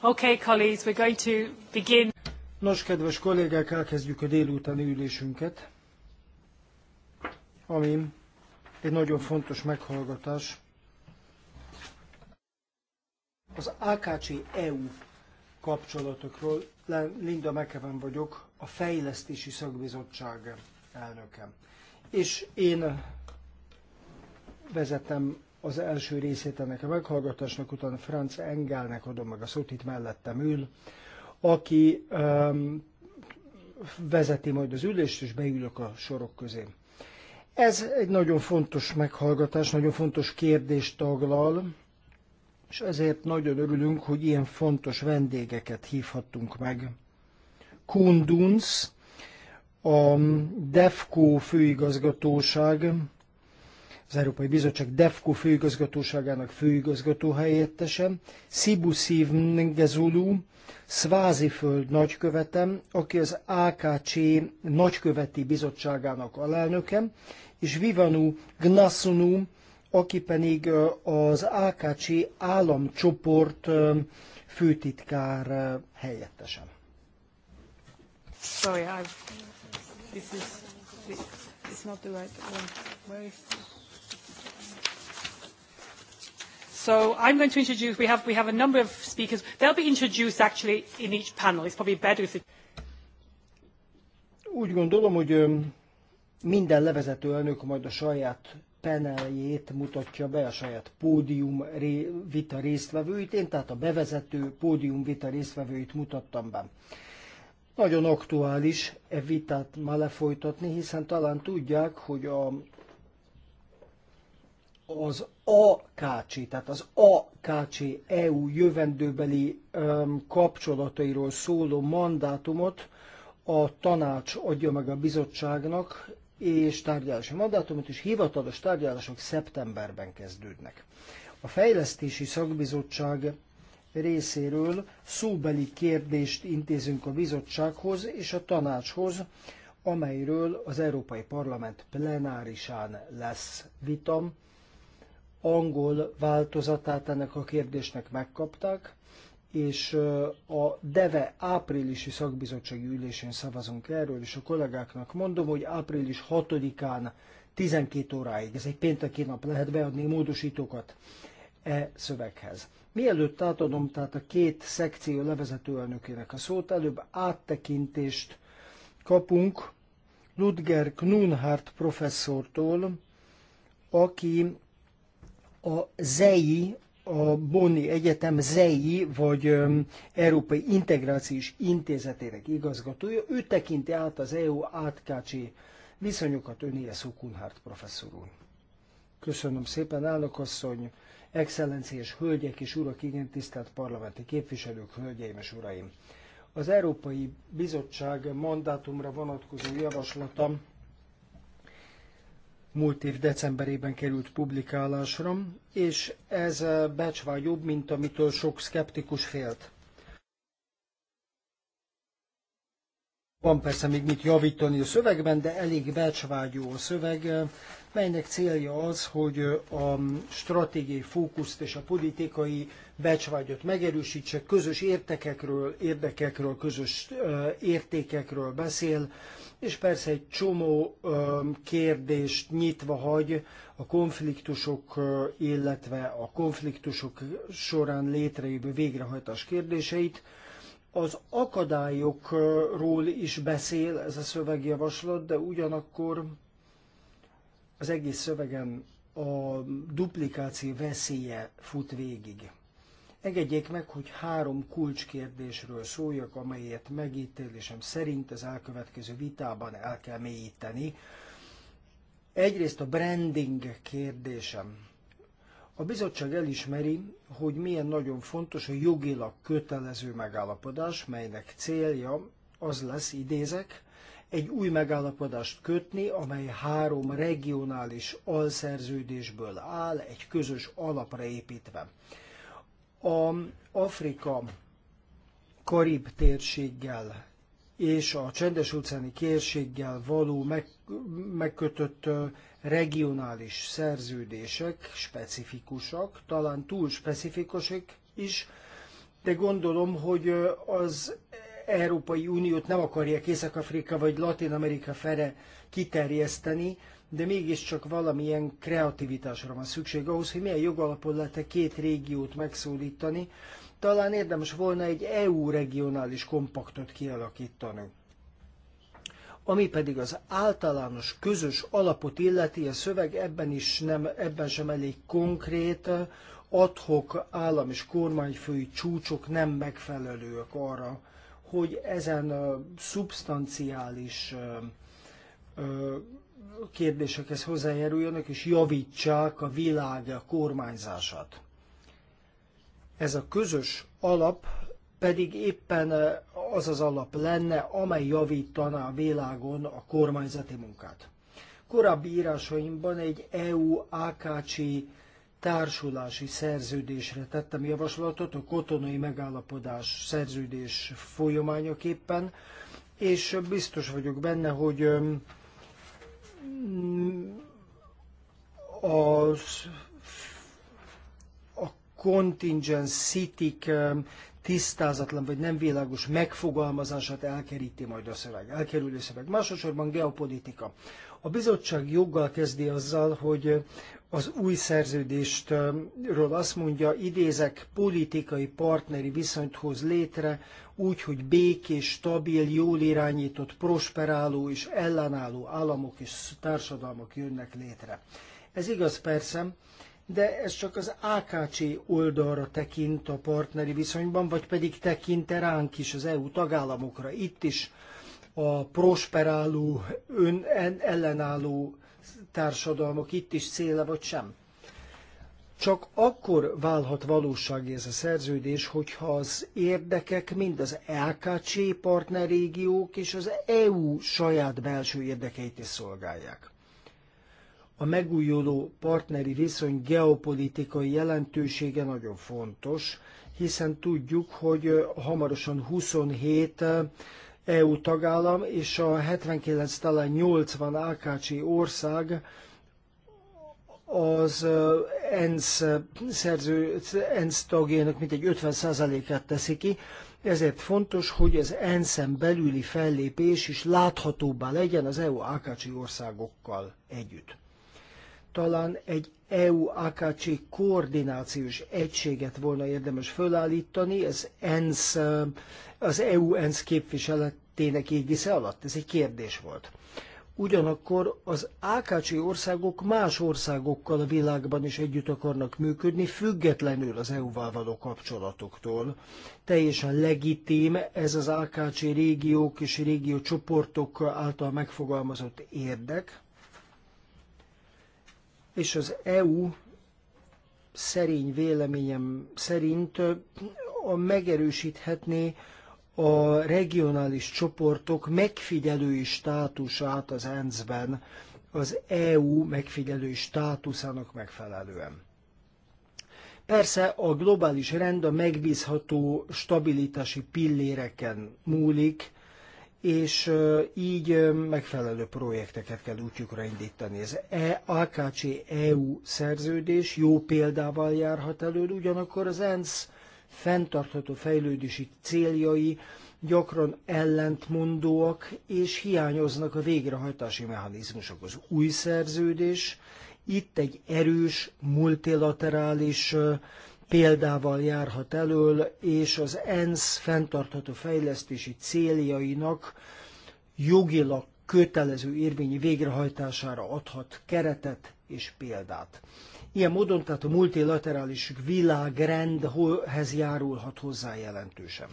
Okay, colleagues, we're going to begin. Nos, kedves kollégák, elkezdjük a délutáni ülésünket, ami egy nagyon fontos meghallgatás. Az AKC-EU kapcsolatokról Linda Mekeven vagyok, a Fejlesztési Szakbizottság elnöke. És én vezetem az első részét ennek a meghallgatásnak, utána Franz Engelnek adom meg a szót, itt mellettem ül, aki um, vezeti majd az ülést, és beülök a sorok közé. Ez egy nagyon fontos meghallgatás, nagyon fontos kérdést taglal, és ezért nagyon örülünk, hogy ilyen fontos vendégeket hívhattunk meg. Kunduns, a DEFCO főigazgatóság az Európai Bizottság DEFCO főigazgatóságának főigazgató helyettese, Sibu Siv Ngezulu, Sváziföld nagykövetem, aki az AKC nagyköveti bizottságának alelnöke, és Vivanu Gnasunu, aki pedig az AKC államcsoport főtitkár helyettesem. Sorry, I've, this is, this, it's not the right one. Where is this? So I'm going to introduce, we have, we have a number of speakers. They'll be introduced actually in each panel. It's probably better if... Úgy gondolom, hogy minden levezető elnök majd a saját paneljét mutatja be, a saját pódium ré, vita résztvevőit. Én tehát a bevezető pódium vita résztvevőit mutattam be. Nagyon aktuális e vitát már lefolytatni, hiszen talán tudják, hogy a az AKC, tehát az AKC EU jövendőbeli um, kapcsolatairól szóló mandátumot a tanács adja meg a bizottságnak, és tárgyalási mandátumot, és hivatalos tárgyalások szeptemberben kezdődnek. A Fejlesztési Szakbizottság részéről szóbeli kérdést intézünk a bizottsághoz és a tanácshoz, amelyről az Európai Parlament plenárisán lesz vitam angol változatát ennek a kérdésnek megkapták, és a DEVE áprilisi szakbizottsági ülésén szavazunk erről, és a kollégáknak mondom, hogy április 6-án 12 óráig, ez egy pénteki nap lehet beadni módosítókat e szöveghez. Mielőtt átadom tehát a két szekció levezető elnökének a szót, előbb áttekintést kapunk Ludger Knunhardt professzortól, aki a ZEI, a Bonni Egyetem ZEI, vagy Európai Integrációs Intézetének igazgatója, ő tekinti át az EU átkácsi viszonyokat Önieszó Kunhárt professzor úr. Köszönöm szépen, állakasszony, excellenciás hölgyek és urak, igen tisztelt parlamenti képviselők, hölgyeim és uraim! Az Európai Bizottság mandátumra vonatkozó javaslata múlt év decemberében került publikálásra, és ez jobb, eh, mint amitől sok szkeptikus félt. Van persze még mit javítani a szövegben, de elég becsvágyó a szöveg, eh, melynek célja az, hogy eh, a stratégiai fókuszt és a politikai becsvágyot megerősítse, közös értekekről, érdekekről, közös értékekről beszél, és persze egy csomó kérdést nyitva hagy a konfliktusok, illetve a konfliktusok során létrejövő végrehajtás kérdéseit. Az akadályokról is beszél ez a szövegjavaslat, de ugyanakkor az egész szövegem a duplikáció veszélye fut végig. Engedjék meg, hogy három kulcskérdésről szóljak, amelyet megítélésem szerint az elkövetkező vitában el kell mélyíteni. Egyrészt a branding kérdésem. A bizottság elismeri, hogy milyen nagyon fontos a jogilag kötelező megállapodás, melynek célja az lesz, idézek, egy új megállapodást kötni, amely három regionális alszerződésből áll, egy közös alapra építve a Afrika Karib térséggel és a csendes-óceáni térséggel való meg, megkötött regionális szerződések specifikusak, talán túl specifikusak is, de gondolom, hogy az Európai Uniót nem akarják Észak-Afrika vagy Latin Amerika fele kiterjeszteni, de mégiscsak valamilyen kreativitásra van szükség ahhoz, hogy milyen jogalapon lehet két régiót megszólítani. Talán érdemes volna egy EU regionális kompaktot kialakítani. Ami pedig az általános közös alapot illeti, a szöveg ebben is nem, ebben sem elég konkrét, adhok állam és kormányfői csúcsok nem megfelelőek arra, hogy ezen a szubstanciális kérdésekhez hozzájáruljanak és javítsák a világ kormányzását. Ez a közös alap pedig éppen eh, az az alap lenne, amely javítaná a világon a kormányzati munkát. Korábbi írásaimban egy EU-AKC társulási szerződésre tettem javaslatot a kotonai megállapodás szerződés folyamányaképpen, és biztos vagyok benne, hogy Mm, az a contingent city um, tisztázatlan vagy nem világos megfogalmazását elkeríti majd a szöveg, elkerüli a szöveg. Másodszorban geopolitika. A bizottság joggal kezdi azzal, hogy az új szerződéstről azt mondja, idézek, politikai partneri viszonyt hoz létre, úgy, hogy békés, stabil, jól irányított, prosperáló és ellenálló államok és társadalmak jönnek létre. Ez igaz persze, de ez csak az AKC oldalra tekint a partneri viszonyban, vagy pedig tekint -e ránk is az EU tagállamokra. Itt is a prosperáló, ön ellenálló társadalmak itt is céle vagy sem. Csak akkor válhat valóság ez a szerződés, hogyha az érdekek mind az LKC partnerrégiók és az EU saját belső érdekeit is szolgálják. A megújuló partneri viszony geopolitikai jelentősége nagyon fontos, hiszen tudjuk, hogy hamarosan 27 EU tagállam és a 79 talán 80 Ákácsi ország az ENSZ, szerző, ENSZ tagjának mintegy 50%-át teszi ki, ezért fontos, hogy az ENSZ-en belüli fellépés is láthatóbbá legyen az EU Ákácsi országokkal együtt. Talán egy EU-AKC koordinációs egységet volna érdemes fölállítani, ez ENSZ, az EU-ENSZ képviseletének égisze alatt? Ez egy kérdés volt. Ugyanakkor az AKC országok más országokkal a világban is együtt akarnak működni, függetlenül az EU-val való kapcsolatoktól. Teljesen legitim ez az AKC régiók és régió csoportok által megfogalmazott érdek, és az EU szerény véleményem szerint a megerősíthetné a regionális csoportok megfigyelői státusát az ENSZ-ben, az EU megfigyelői státuszának megfelelően. Persze a globális rend a megbízható stabilitási pilléreken múlik, és így megfelelő projekteket kell útjukra indítani. Az e AKC EU szerződés jó példával járhat elő, ugyanakkor az ENSZ fenntartható fejlődési céljai gyakran ellentmondóak és hiányoznak a végrehajtási mechanizmusok. Az új szerződés itt egy erős multilaterális példával járhat elől, és az ENSZ fenntartható fejlesztési céljainak jogilag kötelező érvényi végrehajtására adhat keretet és példát. Ilyen módon tehát a multilaterális világrendhez járulhat hozzá jelentősen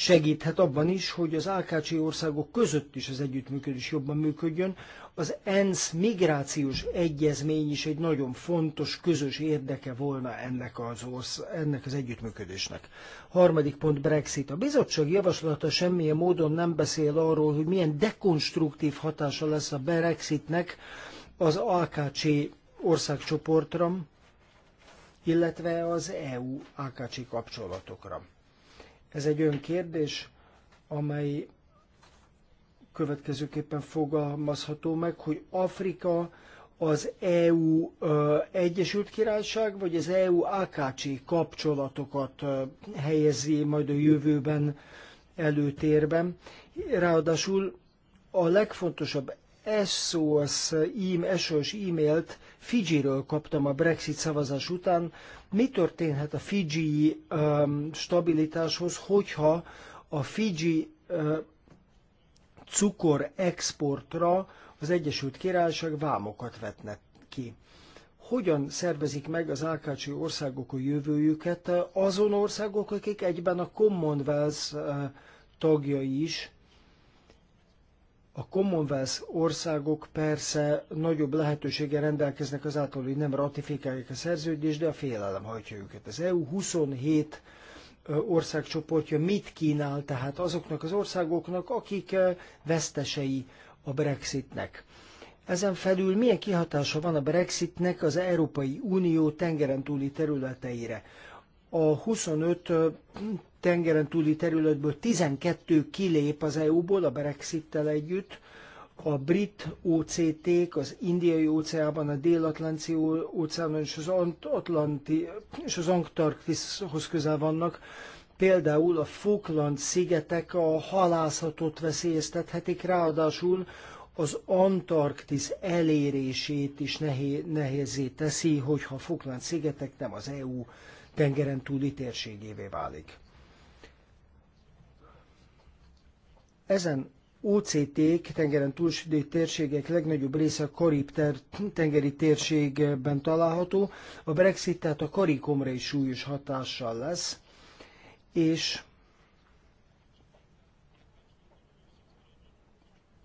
segíthet abban is, hogy az AKC országok között is az együttműködés jobban működjön. Az ENSZ migrációs egyezmény is egy nagyon fontos közös érdeke volna ennek az, orsz, ennek az együttműködésnek. Harmadik pont Brexit. A bizottság javaslata semmilyen módon nem beszél arról, hogy milyen dekonstruktív hatása lesz a Brexitnek az AKC országcsoportra, illetve az EU-AKC kapcsolatokra. Ez egy kérdés, amely következőképpen fogalmazható meg, hogy Afrika az EU Egyesült Királyság, vagy az EU AKC kapcsolatokat helyezi majd a jövőben előtérben. Ráadásul a legfontosabb SOS, im, SOS e-, e-mailt Fidzsiről kaptam a Brexit szavazás után, mi történhet a Fiji um, stabilitáshoz, hogyha a Fiji uh, cukor exportra az Egyesült Királyság vámokat vetne ki? Hogyan szervezik meg az ákácsi országok a jövőjüket? Uh, azon országok, akik egyben a Commonwealth uh, tagjai is, a Commonwealth országok persze nagyobb lehetőséggel rendelkeznek azáltal, hogy nem ratifikálják a szerződést, de a félelem hajtja őket. Az EU 27 országcsoportja mit kínál tehát azoknak az országoknak, akik vesztesei a Brexitnek. Ezen felül milyen kihatása van a Brexitnek az Európai Unió tengeren túli területeire? A 25 tengeren túli területből 12 kilép az EU-ból a Brexittel együtt, a brit OCT-k az indiai óceában, a dél-atlanti óceánon és az atlanti és az Antarktiszhoz közel vannak. Például a Falkland szigetek a halászatot veszélyeztethetik, ráadásul az Antarktisz elérését is nehézé teszi, hogyha a Falkland szigetek nem az EU tengeren túli térségévé válik. Ezen OCT-k, tengeren túlsúlyi térségek legnagyobb része a karib tengeri térségben található. A Brexit tehát a karikomra is súlyos hatással lesz, és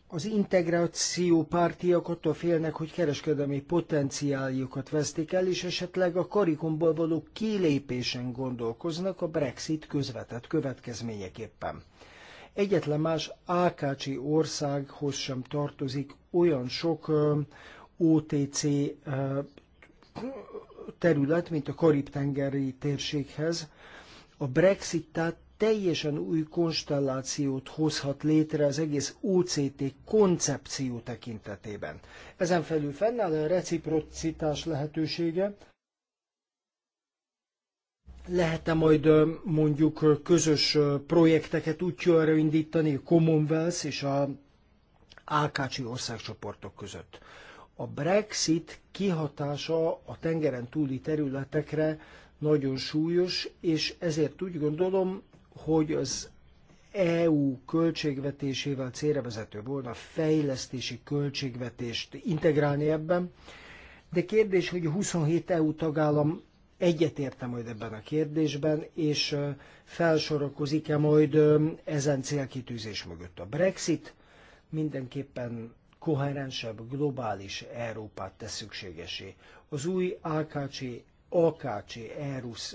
az integráció pártiak attól félnek, hogy kereskedelmi potenciáljukat vesztik el, és esetleg a karikomból való kilépésen gondolkoznak a Brexit közvetett következményeképpen. Egyetlen más AKC országhoz sem tartozik olyan sok OTC terület, mint a Karib-tengeri térséghez. A Brexit tehát teljesen új konstellációt hozhat létre az egész OCT koncepció tekintetében. Ezen felül fennáll a reciprocitás lehetősége, lehetne majd mondjuk közös projekteket útjára indítani Commonwealth és a Ákácsi országcsoportok között. A Brexit kihatása a tengeren túli területekre nagyon súlyos, és ezért úgy gondolom, hogy az EU költségvetésével célra vezető volna a fejlesztési költségvetést integrálni ebben. De kérdés, hogy a 27 EU tagállam egyetértem majd ebben a kérdésben, és felsorakozik-e majd ezen célkitűzés mögött. A Brexit mindenképpen koherensebb, globális Európát tesz szükségesé. Az új AKC, AKC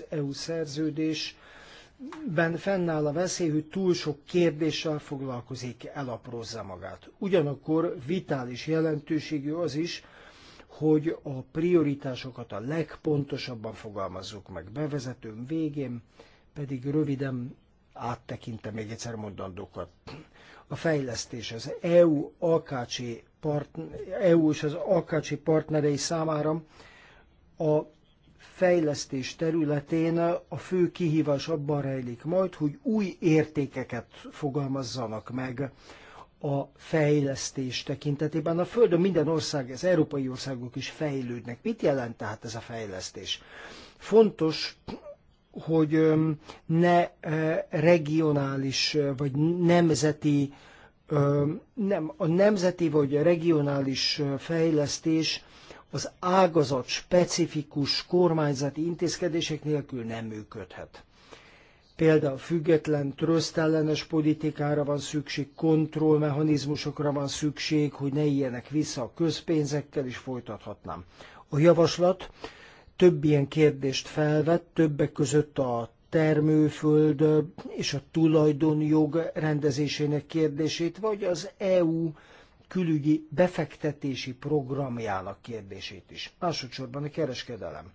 EU e szerződés ben fennáll a veszély, hogy túl sok kérdéssel foglalkozik, elaprózza magát. Ugyanakkor vitális jelentőségű az is, hogy a prioritásokat a legpontosabban fogalmazzuk meg. Bevezetőm végén pedig röviden áttekintem még egyszer mondandókat. A fejlesztés az EU, AKC EU és az AKC partnerei számára a fejlesztés területén a fő kihívás abban rejlik majd, hogy új értékeket fogalmazzanak meg a fejlesztés tekintetében. A Földön minden ország, az európai országok is fejlődnek. Mit jelent tehát ez a fejlesztés? Fontos, hogy ne regionális vagy nemzeti, nem, a nemzeti vagy a regionális fejlesztés az ágazat specifikus kormányzati intézkedések nélkül nem működhet. Például független trösztellenes politikára van szükség, kontrollmechanizmusokra van szükség, hogy ne ilyenek vissza a közpénzekkel, is folytathatnám. A javaslat több ilyen kérdést felvett, többek között a termőföld és a tulajdonjog rendezésének kérdését, vagy az EU külügyi befektetési programjának kérdését is. Másodszorban a kereskedelem.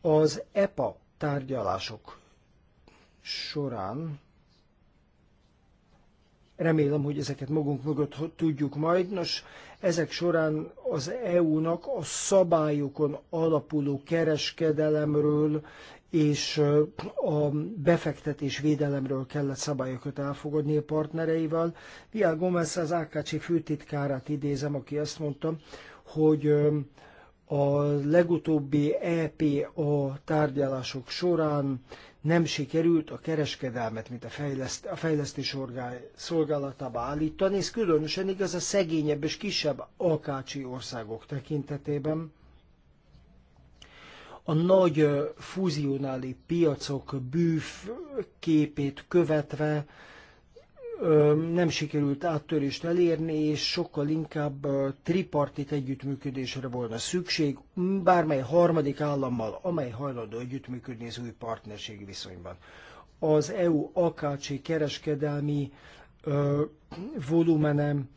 Az EPA tárgyalások során Remélem, hogy ezeket magunk mögött tudjuk majd. Nos, ezek során az EU-nak a szabályokon alapuló kereskedelemről és a befektetés védelemről kellett szabályokat elfogadni a partnereivel. Vial Gomez az AKC főtitkárát idézem, aki azt mondta, hogy a legutóbbi EPA tárgyalások során nem sikerült a kereskedelmet, mint a, fejleszt, a fejlesztés szolgálatába állítani. Ez különösen igaz a szegényebb és kisebb alkácsi országok tekintetében. A nagy fúzionáli piacok bűf képét követve nem sikerült áttörést elérni, és sokkal inkább tripartit együttműködésre volna szükség bármely harmadik állammal, amely hajlandó együttműködni az új partnerségi viszonyban. Az EU-AKC kereskedelmi volumenem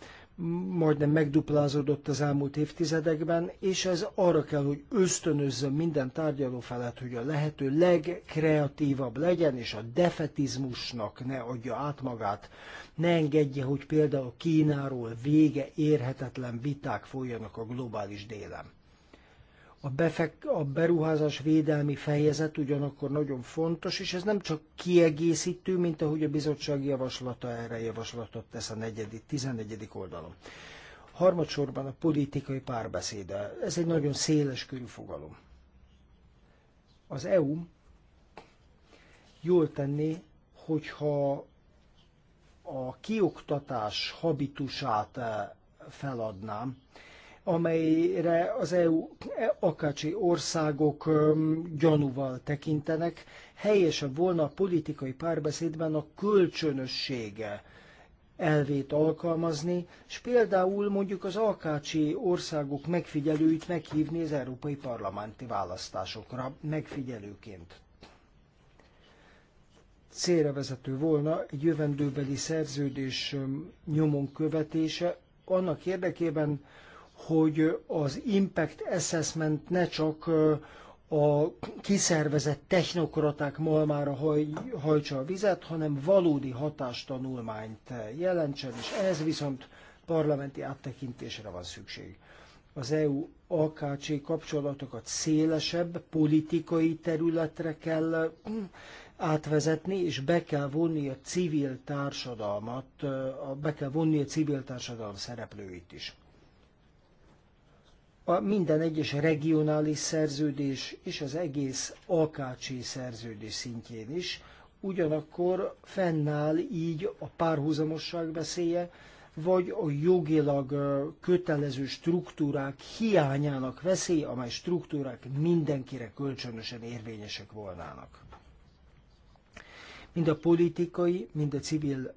majdnem megduplázódott az elmúlt évtizedekben, és ez arra kell, hogy ösztönözze minden tárgyaló felett, hogy a lehető legkreatívabb legyen, és a defetizmusnak ne adja át magát. Ne engedje, hogy például Kínáról vége érhetetlen viták folyjanak a globális délen. A, befek, a beruházás védelmi fejezet ugyanakkor nagyon fontos, és ez nem csak kiegészítő, mint ahogy a bizottság javaslata erre javaslatot tesz a negyedik, 14. oldalon. Harmadsorban a politikai párbeszéd. Ez egy nagyon széles körű fogalom. Az EU jól tenné, hogyha a kioktatás habitusát eh, feladnám, amelyre az EU akácsi országok gyanúval tekintenek, helyesebb volna a politikai párbeszédben a kölcsönössége elvét alkalmazni, és például mondjuk az alkácsi országok megfigyelőit meghívni az európai parlamenti választásokra megfigyelőként. Célra vezető volna egy jövendőbeli szerződés nyomon követése annak érdekében, hogy az impact assessment ne csak a kiszervezett technokraták malmára haj, hajtsa a vizet, hanem valódi hatástanulmányt jelentsen, és ehhez viszont parlamenti áttekintésre van szükség. Az EU AKC kapcsolatokat szélesebb politikai területre kell átvezetni, és be kell vonni a civil társadalmat, be kell vonni a civil társadalom szereplőit is a minden egyes regionális szerződés és az egész alkácsi szerződés szintjén is. Ugyanakkor fennáll így a párhuzamosság veszélye, vagy a jogilag kötelező struktúrák hiányának veszély, amely struktúrák mindenkire kölcsönösen érvényesek volnának. Mind a politikai, mind a civil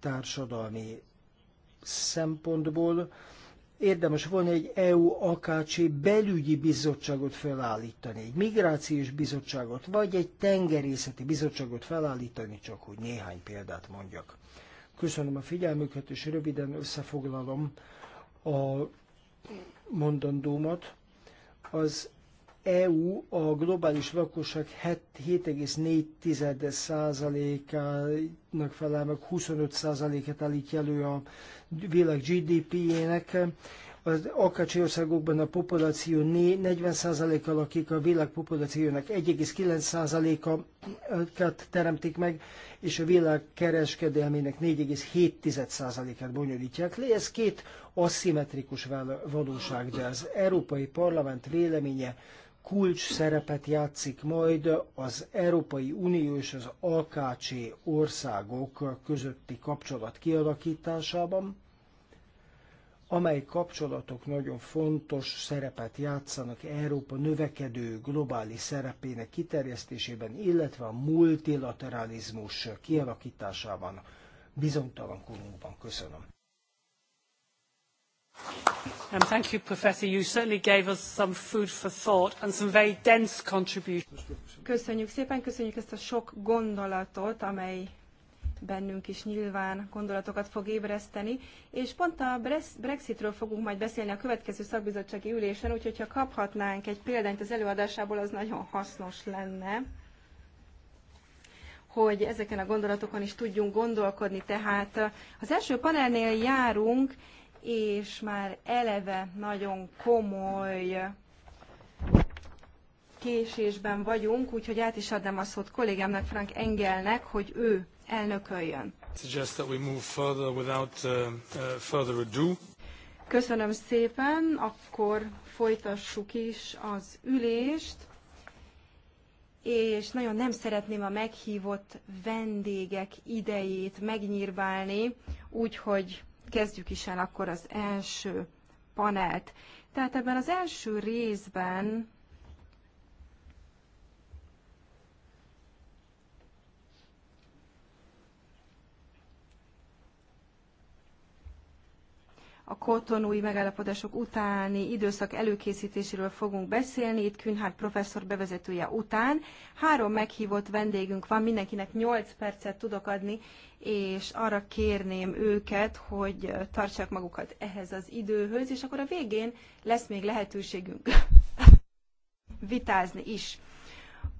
társadalmi szempontból érdemes volna egy EU-AKC belügyi bizottságot felállítani, egy migrációs bizottságot, vagy egy tengerészeti bizottságot felállítani, csak hogy néhány példát mondjak. Köszönöm a figyelmüket, és röviden összefoglalom a mondandómat. Az EU a globális lakosság 7,4%-ának felel meg 25%-et állít elő a világ GDP-jének. Az akácsi országokban a populáció 40%-a lakik, a világ populációjának 1,9%-át teremtik meg, és a világ kereskedelmének 4,7%-át bonyolítják le. Ez két aszimmetrikus valóság, de az Európai Parlament véleménye kulcs szerepet játszik majd az Európai Unió és az AKC országok közötti kapcsolat kialakításában, amely kapcsolatok nagyon fontos szerepet játszanak Európa növekedő globális szerepének kiterjesztésében, illetve a multilateralizmus kialakításában. Bizonytalan korunkban köszönöm. Um, thank you, Professor. You certainly gave us some food for thought and some very dense contributions. Köszönjük szépen, köszönjük ezt a sok gondolatot, amely bennünk is nyilván gondolatokat fog ébreszteni, és pont a Brexitről fogunk majd beszélni a következő szakbizottsági ülésen, úgyhogy ha kaphatnánk egy példányt az előadásából, az nagyon hasznos lenne hogy ezeken a gondolatokon is tudjunk gondolkodni. Tehát eh, az első panelnél járunk, és már eleve nagyon komoly késésben vagyunk, úgyhogy át is adnám a szót kollégámnak, Frank Engelnek, hogy ő elnököljön. Uh, uh, Köszönöm szépen, akkor folytassuk is az ülést, és nagyon nem szeretném a meghívott vendégek idejét megnyírbálni, úgyhogy kezdjük is el akkor az első panelt. Tehát ebben az első részben a kotonúi megállapodások utáni időszak előkészítéséről fogunk beszélni. Itt Künhár professzor bevezetője után három meghívott vendégünk van, mindenkinek 8 percet tudok adni, és arra kérném őket, hogy tartsák magukat ehhez az időhöz, és akkor a végén lesz még lehetőségünk vitázni is.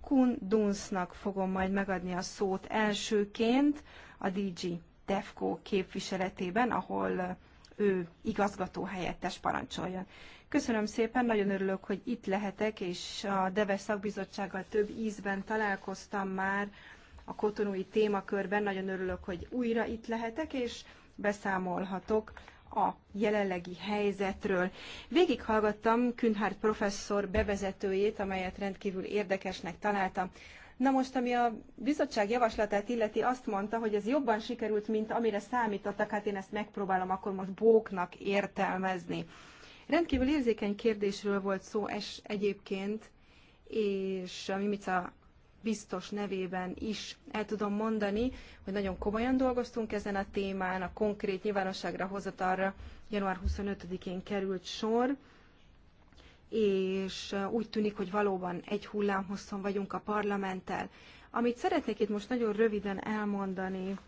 Kun Dunsznak fogom majd megadni a szót elsőként a DG DEFCO képviseletében, ahol ő igazgató helyettes parancsoljon. Köszönöm szépen, nagyon örülök, hogy itt lehetek, és a Deves szakbizottsággal több ízben találkoztam már a kotonúi témakörben. Nagyon örülök, hogy újra itt lehetek, és beszámolhatok a jelenlegi helyzetről. Végighallgattam Künhárt professzor bevezetőjét, amelyet rendkívül érdekesnek találtam. Na most, ami a bizottság javaslatát illeti, azt mondta, hogy ez jobban sikerült, mint amire számítottak, hát én ezt megpróbálom akkor most bóknak értelmezni. Rendkívül érzékeny kérdésről volt szó és egyébként, és a Mimica biztos nevében is el tudom mondani, hogy nagyon komolyan dolgoztunk ezen a témán, a konkrét nyilvánosságra hozatalra január 25-én került sor, és úgy tűnik, hogy valóban egy hullámhosszon vagyunk a parlamenttel. Amit szeretnék itt most nagyon röviden elmondani,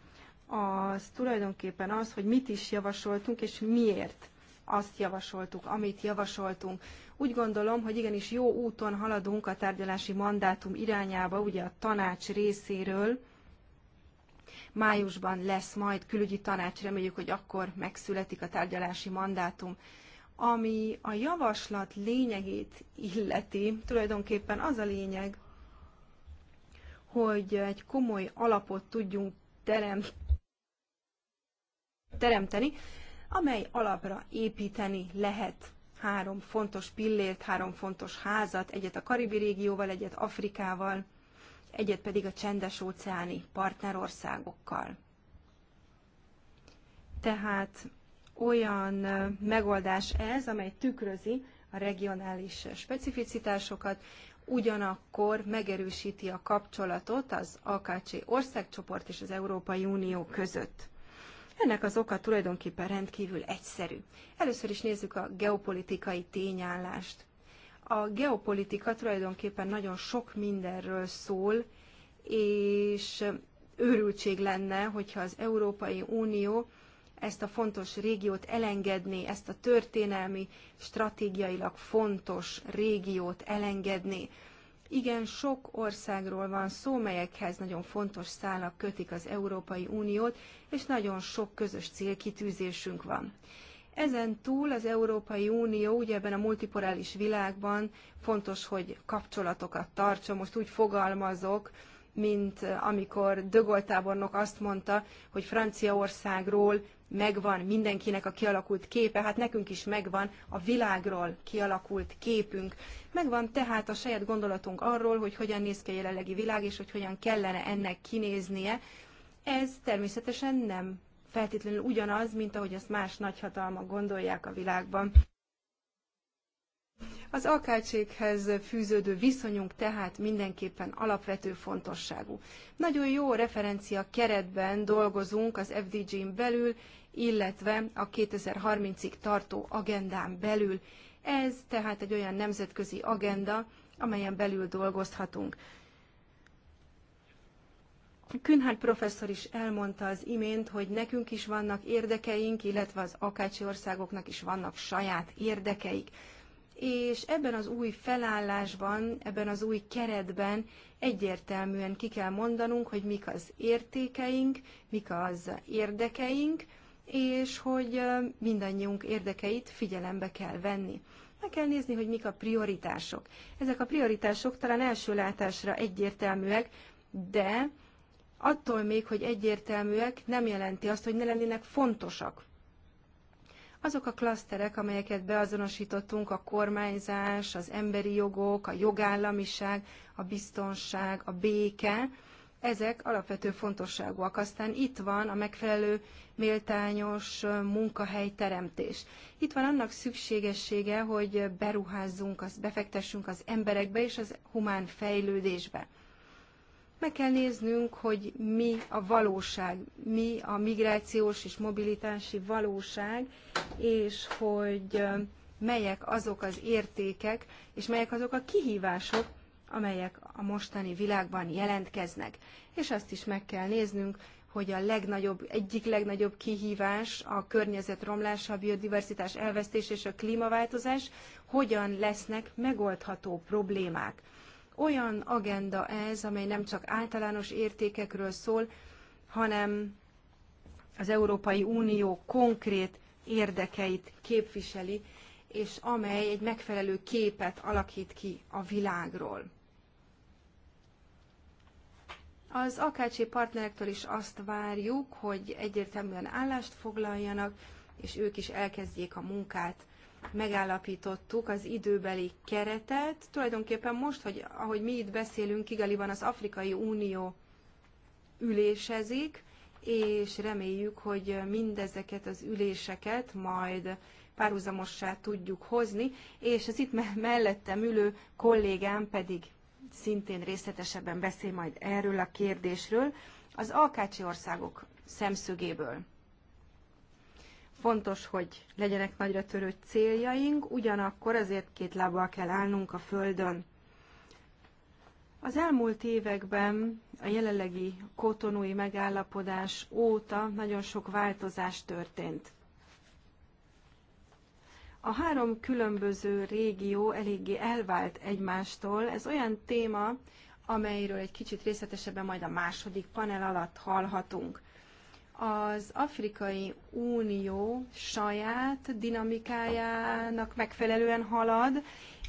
az tulajdonképpen az, hogy mit is javasoltunk, és miért azt javasoltuk, amit javasoltunk. Úgy gondolom, hogy igenis jó úton haladunk a tárgyalási mandátum irányába, ugye a tanács részéről. Májusban lesz majd külügyi tanács, reméljük, hogy akkor megszületik a tárgyalási mandátum. Ami a javaslat lényegét illeti, tulajdonképpen az a lényeg, hogy egy komoly alapot tudjunk terem, teremteni, amely alapra építeni lehet három fontos pillért, három fontos házat, egyet a Karibi régióval, egyet Afrikával, egyet pedig a csendes-óceáni partnerországokkal. Tehát olyan megoldás ez, amely tükrözi a regionális specificitásokat, ugyanakkor megerősíti a kapcsolatot az AKC országcsoport és az Európai Unió között. Ennek az oka tulajdonképpen rendkívül egyszerű. Először is nézzük a geopolitikai tényállást. A geopolitika tulajdonképpen nagyon sok mindenről szól, és őrültség lenne, hogyha az Európai Unió ezt a fontos régiót elengedni, ezt a történelmi, stratégiailag fontos régiót elengedni. Igen, sok országról van szó, melyekhez nagyon fontos szálak kötik az Európai Uniót, és nagyon sok közös célkitűzésünk van. Ezen túl az Európai Unió ugye ebben a multiporális világban fontos, hogy kapcsolatokat tartson, most úgy fogalmazok, mint eh, amikor De Gaulle tábornok azt mondta, hogy Franciaországról megvan mindenkinek a kialakult képe, hát nekünk is megvan a világról kialakult képünk. Megvan tehát a saját gondolatunk arról, hogy hogyan néz ki a jelenlegi világ, és hogy hogyan kellene ennek kinéznie. Ez természetesen nem feltétlenül ugyanaz, mint ahogy ezt más nagyhatalmak gondolják a világban. Az alkácsékhez fűződő viszonyunk tehát mindenképpen alapvető fontosságú. Nagyon jó referencia keretben dolgozunk az FDG-n belül, illetve a 2030-ig tartó agendán belül. Ez tehát egy olyan nemzetközi agenda, amelyen belül dolgozhatunk. Künhárd professzor is elmondta az imént, hogy nekünk is vannak érdekeink, illetve az akácsi országoknak is vannak saját érdekeik és ebben az új felállásban, ebben az új keretben egyértelműen ki kell mondanunk, hogy mik az értékeink, mik az érdekeink, és hogy mindannyiunk érdekeit figyelembe kell venni. Meg kell nézni, hogy mik a prioritások. Ezek a prioritások talán első látásra egyértelműek, de attól még, hogy egyértelműek, nem jelenti azt, hogy ne lennének fontosak. Azok a klaszterek, amelyeket beazonosítottunk, a kormányzás, az emberi jogok, a jogállamiság, a biztonság, a béke, ezek alapvető fontosságúak. Aztán itt van a megfelelő méltányos munkahely teremtés. Itt van annak szükségessége, hogy beruházzunk, befektessünk az emberekbe és az humán fejlődésbe. Meg kell néznünk, hogy mi a valóság, mi a migrációs és mobilitási valóság, és hogy melyek azok az értékek, és melyek azok a kihívások, amelyek a mostani világban jelentkeznek. És azt is meg kell néznünk, hogy a legnagyobb, egyik legnagyobb kihívás a környezet romlása, a biodiversitás elvesztés és a klímaváltozás hogyan lesznek megoldható problémák. Olyan agenda ez, amely nem csak általános értékekről szól, hanem az Európai Unió konkrét érdekeit képviseli, és amely egy megfelelő képet alakít ki a világról. Az AKC partnerektől is azt várjuk, hogy egyértelműen állást foglaljanak, és ők is elkezdjék a munkát megállapítottuk az időbeli keretet. Tulajdonképpen most, hogy ahogy mi itt beszélünk, Kigaliban az Afrikai Unió ülésezik, és reméljük, hogy mindezeket az üléseket majd párhuzamossá tudjuk hozni, és az itt mellettem ülő kollégám pedig szintén részletesebben beszél majd erről a kérdésről, az alkácsi országok szemszögéből. Fontos, hogy legyenek nagyra törő céljaink, ugyanakkor ezért két lábbal kell állnunk a földön. Az elmúlt években a jelenlegi kotonói megállapodás óta nagyon sok változás történt. A három különböző régió eléggé elvált egymástól. Ez olyan téma, amelyről egy kicsit részletesebben majd a második panel alatt hallhatunk az Afrikai Unió saját dinamikájának megfelelően halad,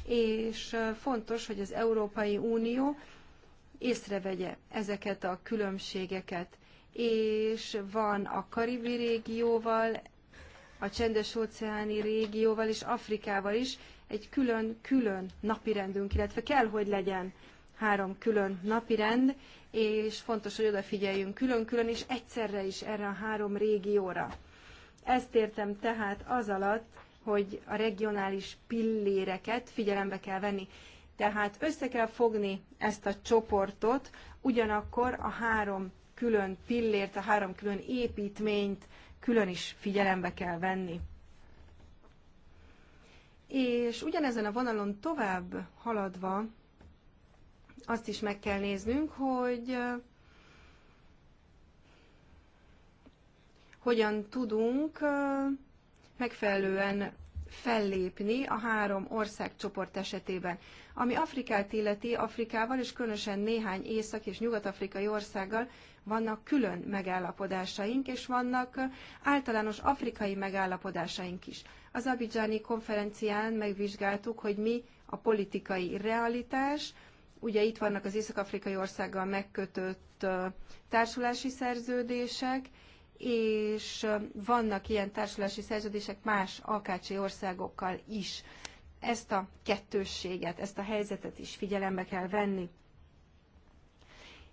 és fontos, hogy az Európai Unió észrevegye ezeket a különbségeket. És van a karibi régióval, a csendes-óceáni régióval és Afrikával is egy külön-külön napirendünk, illetve kell, hogy legyen három külön napirend, és fontos, hogy odafigyeljünk külön-külön, és egyszerre is erre a három régióra. Ezt értem tehát az alatt, hogy a regionális pilléreket figyelembe kell venni. Tehát össze kell fogni ezt a csoportot, ugyanakkor a három külön pillért, a három külön építményt külön is figyelembe kell venni. És ugyanezen a vonalon tovább haladva, azt is meg kell néznünk, hogy hogyan tudunk megfelelően fellépni a három országcsoport esetében. Ami Afrikát illeti, Afrikával és különösen néhány észak- és nyugat-afrikai országgal vannak külön megállapodásaink, és vannak általános afrikai megállapodásaink is. Az Abidjani konferencián megvizsgáltuk, hogy mi a politikai realitás, Ugye itt vannak az észak-afrikai országgal megkötött társulási szerződések, és vannak ilyen társulási szerződések más alkácsi országokkal is. Ezt a kettősséget, ezt a helyzetet is figyelembe kell venni.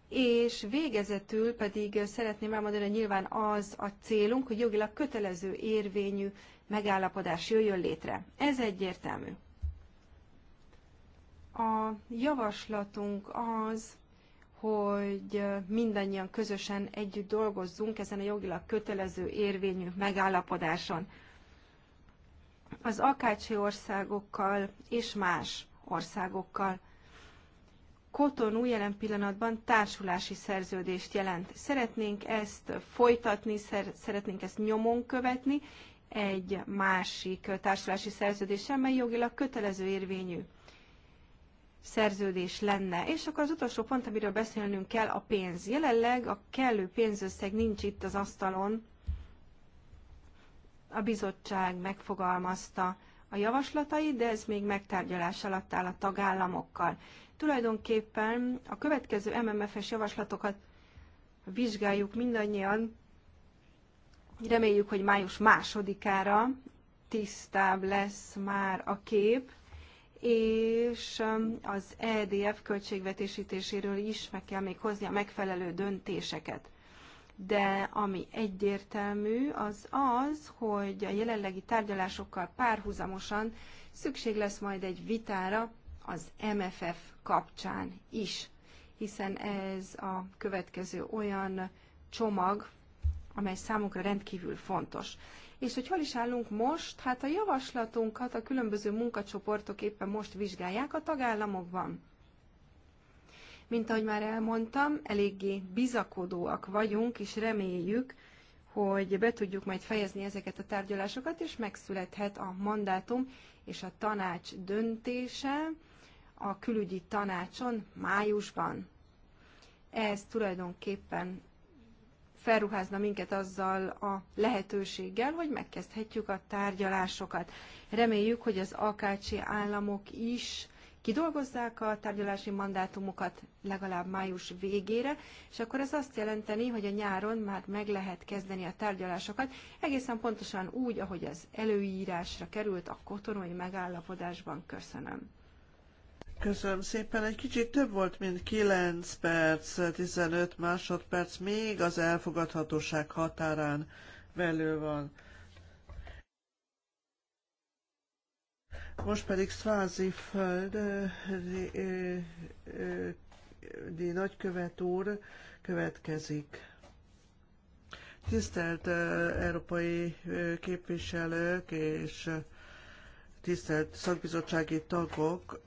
És végezetül pedig szeretném elmondani, hogy nyilván az a célunk, hogy jogilag kötelező érvényű megállapodás jöjjön létre. Ez egyértelmű. A javaslatunk az, hogy mindannyian közösen együtt dolgozzunk ezen a jogilag kötelező érvényű megállapodáson. Az akácsi országokkal és más országokkal. Kotonú jelen pillanatban társulási szerződést jelent. Szeretnénk ezt folytatni, szeretnénk ezt nyomon követni egy másik társulási szerződéssel, mely jogilag kötelező érvényű szerződés lenne. És akkor az utolsó pont, amiről beszélnünk kell, a pénz. Jelenleg a kellő pénzösszeg nincs itt az asztalon. A bizottság megfogalmazta a javaslatai, de ez még megtárgyalás alatt áll a tagállamokkal. Tulajdonképpen a következő MMF-es javaslatokat vizsgáljuk mindannyian. Reméljük, hogy május másodikára tisztább lesz már a kép és um, az EDF költségvetésítéséről is meg kell még hozni a megfelelő döntéseket. De ami egyértelmű, az az, hogy a jelenlegi tárgyalásokkal párhuzamosan szükség lesz majd egy vitára az MFF kapcsán is, hiszen ez a következő olyan csomag, amely számunkra rendkívül fontos. És hogy hol is állunk most? Hát a javaslatunkat a különböző munkacsoportok éppen most vizsgálják a tagállamokban. Mint ahogy már elmondtam, eléggé bizakodóak vagyunk, és reméljük, hogy be tudjuk majd fejezni ezeket a tárgyalásokat, és megszülethet a mandátum és a tanács döntése a külügyi tanácson májusban. Ez tulajdonképpen felruházna minket azzal a lehetőséggel, hogy megkezdhetjük a tárgyalásokat. Reméljük, hogy az AKC államok is kidolgozzák a tárgyalási mandátumokat legalább május végére, és akkor ez azt jelenteni, hogy a nyáron már meg lehet kezdeni a tárgyalásokat, egészen pontosan úgy, ahogy az előírásra került a kotonói megállapodásban. Köszönöm. Köszönöm szépen. Egy kicsit több volt, mint 9 perc, 15 másodperc, még az elfogadhatóság határán belül van. Most pedig Szvázi Föld di nagykövet úr következik. Tisztelt európai képviselők és tisztelt szakbizottsági tagok,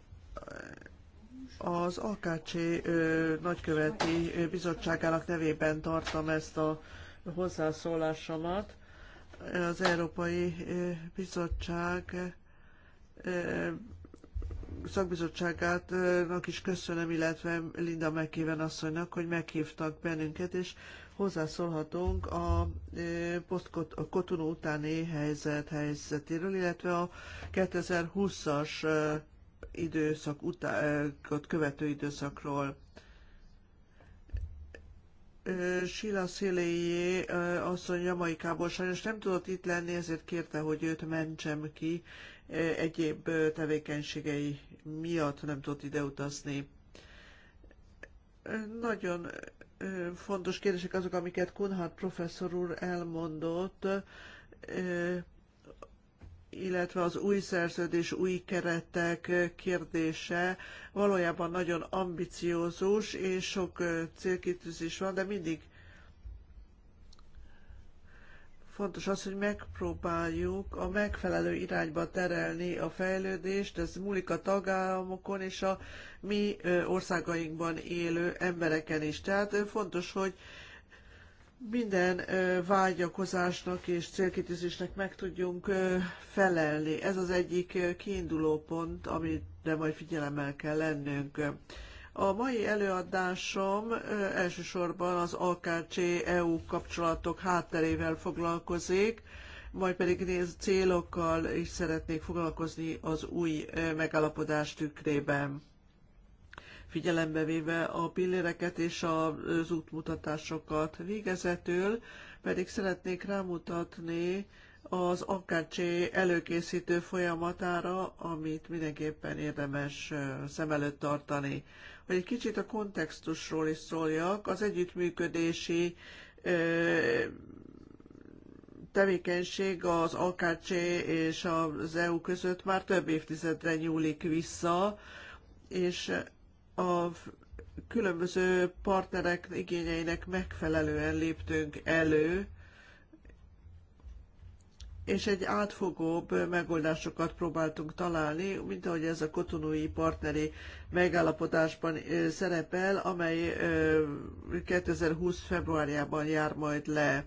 az AKC nagyköveti bizottságának nevében tartom ezt a hozzászólásomat. Az Európai Bizottság szakbizottságának is köszönöm, illetve Linda Mekéven asszonynak, hogy meghívtak bennünket, és hozzászólhatunk a kotonó utáni helyzet helyzetéről, illetve a 2020-as időszak utánkat követő időszakról. Sila Széléjé asszony Jamaikából sajnos nem tudott itt lenni, ezért kérte, hogy őt mentsem ki egyéb tevékenységei miatt nem tudott ide utazni. Nagyon fontos kérdések azok, amiket Kunhardt professzor úr elmondott illetve az új szerződés, új keretek kérdése valójában nagyon ambiciózus, és sok célkitűzés van, de mindig fontos az, hogy megpróbáljuk a megfelelő irányba terelni a fejlődést, ez múlik a tagállamokon és a mi országainkban élő embereken is. Tehát fontos, hogy minden vágyakozásnak és célkitűzésnek meg tudjunk felelni. Ez az egyik kiinduló pont, amire majd figyelemmel kell lennünk. A mai előadásom elsősorban az AKC-EU kapcsolatok hátterével foglalkozik, majd pedig néz célokkal is szeretnék foglalkozni az új megállapodás tükrében figyelembe véve a pilléreket és az útmutatásokat. Végezetül pedig szeretnék rámutatni az akácsé előkészítő folyamatára, amit mindenképpen érdemes szem előtt tartani. Hogy egy kicsit a kontextusról is szóljak, az együttműködési tevékenység az AKC és az EU között már több évtizedre nyúlik vissza, és a különböző partnerek igényeinek megfelelően léptünk elő, és egy átfogóbb megoldásokat próbáltunk találni, mint ahogy ez a kotonói partneri megállapodásban szerepel, amely 2020. februárjában jár majd le.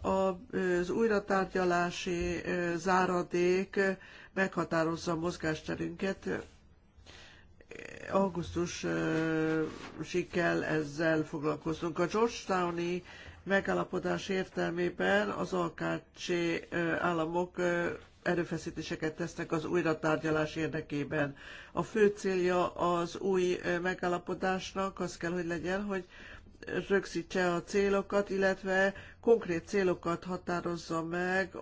Az újratárgyalási záradék meghatározza a mozgásterünket, Augusztus sikkel ezzel foglalkoztunk A Georgetowni megállapodás értelmében az AKC államok erőfeszítéseket tesznek az tárgyalás érdekében. A fő célja az új megállapodásnak az kell, hogy legyen, hogy rögzítse a célokat, illetve konkrét célokat határozza meg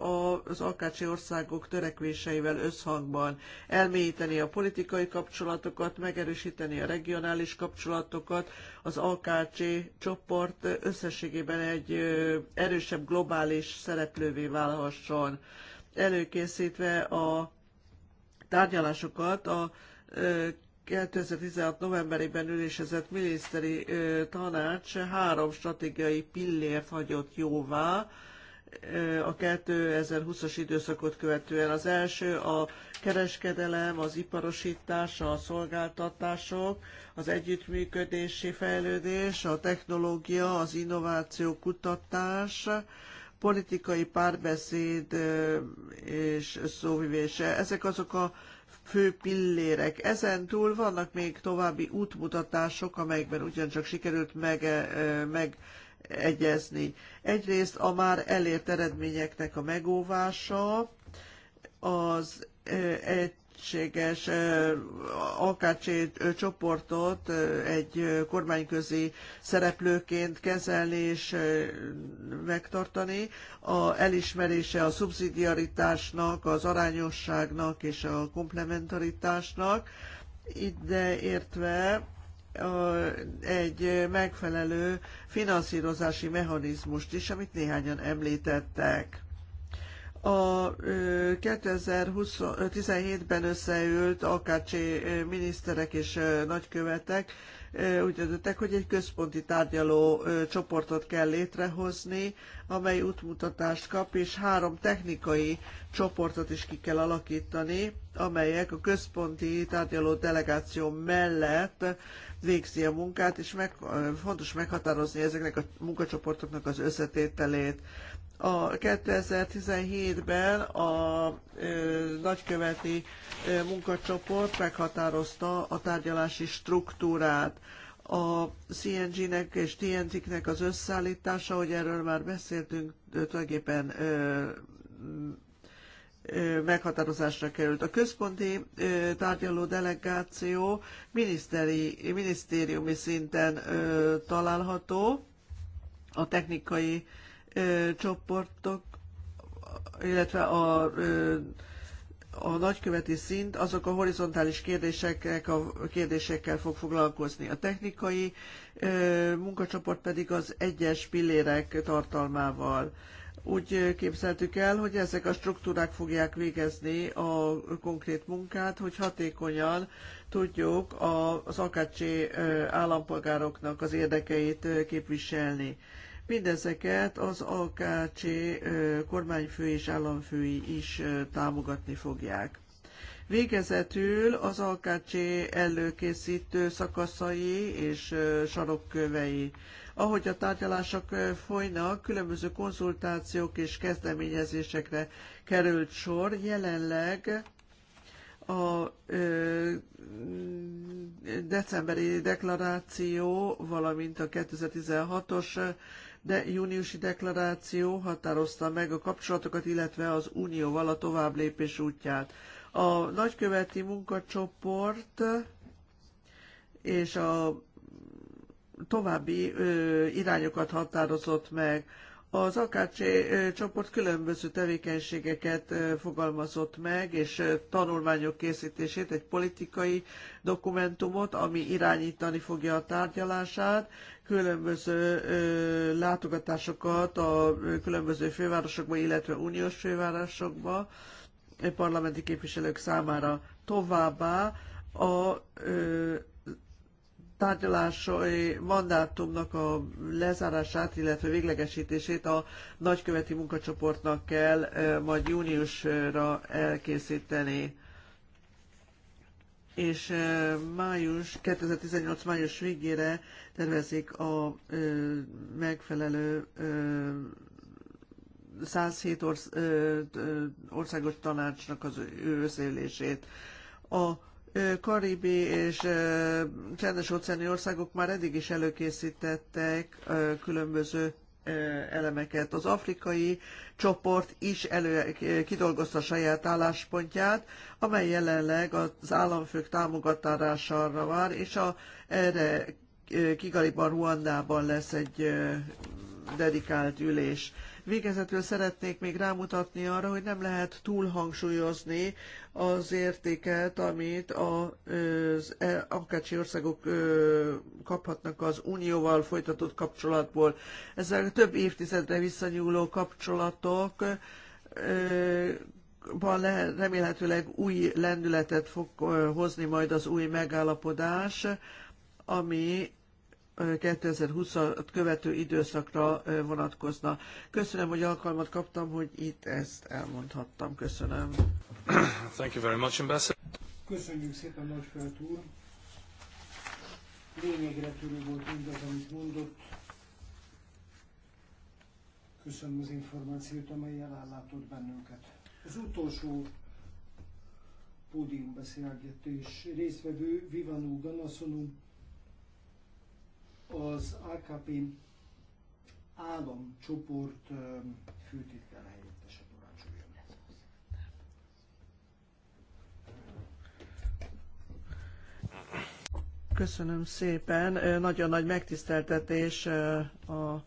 az alkácsi országok törekvéseivel összhangban. Elmélyíteni a politikai kapcsolatokat, megerősíteni a regionális kapcsolatokat, az alkácsi csoport összességében egy erősebb globális szereplővé válhasson. Előkészítve a tárgyalásokat a 2016. novemberében ülésezett miniszteri tanács három stratégiai pillért hagyott jóvá a 2020-as időszakot követően. Az első a kereskedelem, az iparosítás, a szolgáltatások, az együttműködési fejlődés, a technológia, az innováció, kutatás, politikai párbeszéd és szóvivése. Ezek azok a fő pillérek. Ezen túl vannak még további útmutatások, amelyekben ugyancsak sikerült meg, meg egyezni. Egyrészt a már elért eredményeknek a megóvása, az egy lehetséges AKC csoportot egy kormányközi szereplőként kezelni és megtartani. A elismerése a szubszidiaritásnak, az arányosságnak és a komplementaritásnak, ide értve egy megfelelő finanszírozási mechanizmust is, amit néhányan említettek a 2017-ben összeült AKC miniszterek és nagykövetek úgy döntöttek, hogy egy központi tárgyaló csoportot kell létrehozni, amely útmutatást kap, és három technikai csoportot is ki kell alakítani, amelyek a központi tárgyaló delegáció mellett végzi a munkát, és meg, fontos meghatározni ezeknek a munkacsoportoknak az összetételét a 2017-ben a nagyköveti munkacsoport meghatározta a tárgyalási struktúrát. A CNG-nek és TNT-nek az összeállítása, hogy erről már beszéltünk, tulajdonképpen meghatározásra került. A központi tárgyaló delegáció miniszteri, minisztériumi szinten található, a technikai csoportok, illetve a a nagyköveti szint azok a horizontális kérdésekkel, a kérdésekkel fog foglalkozni. A technikai munkacsoport pedig az egyes pillérek tartalmával. Úgy képzeltük el, hogy ezek a struktúrák fogják végezni a konkrét munkát, hogy hatékonyan tudjuk az akácsi állampolgároknak az érdekeit képviselni. Mindezeket az AKC kormányfő és államfői is támogatni fogják. Végezetül az Alkácsi előkészítő szakaszai és sarokkövei. Ahogy a tárgyalások folynak, különböző konzultációk és kezdeményezésekre került sor. Jelenleg a ö, decemberi deklaráció, valamint a 2016-os de júniusi deklaráció határozta meg a kapcsolatokat, illetve az unióval a tovább lépés útját. A nagyköveti munkacsoport és a további irányokat határozott meg. Az AKC csoport különböző tevékenységeket fogalmazott meg, és tanulmányok készítését, egy politikai dokumentumot, ami irányítani fogja a tárgyalását, különböző látogatásokat a különböző fővárosokba, illetve uniós fővárosokba parlamenti képviselők számára. Továbbá a tárgyalásai mandátumnak a lezárását, illetve véglegesítését a nagyköveti munkacsoportnak kell majd júniusra elkészíteni és május, 2018 május végére tervezik a megfelelő 107 országos tanácsnak az őszélését. A karibi és csendes óceáni országok már eddig is előkészítettek különböző elemeket. Az afrikai csoport is elő, kidolgozta saját álláspontját, amely jelenleg az államfők támogatására vár, és a, erre Kigaliban, Ruandában lesz egy dedikált ülés. Végezetül szeretnék még rámutatni arra, hogy nem lehet túlhangsúlyozni az értéket, amit az e, akácsi országok kaphatnak az unióval folytatott kapcsolatból. Ezzel több évtizedre visszanyúló kapcsolatok remélhetőleg új lendületet fog hozni majd az új megállapodás, ami 2020 követő időszakra vonatkozna. Köszönöm, hogy alkalmat kaptam, hogy itt ezt elmondhattam. Köszönöm. Thank you very much, Ambassador. Köszönjük szépen, Nagyföld úr. Lényegre törő volt mindaz, amit mondott. Köszönöm az információt, amely ellátott bennünket. Az utolsó pódiumbeszélgetés résztvevő Vivanú Ganaszonú az AKP államcsoport főtitkára helyettese parancsoljon. Köszönöm szépen. Nagyon nagy megtiszteltetés a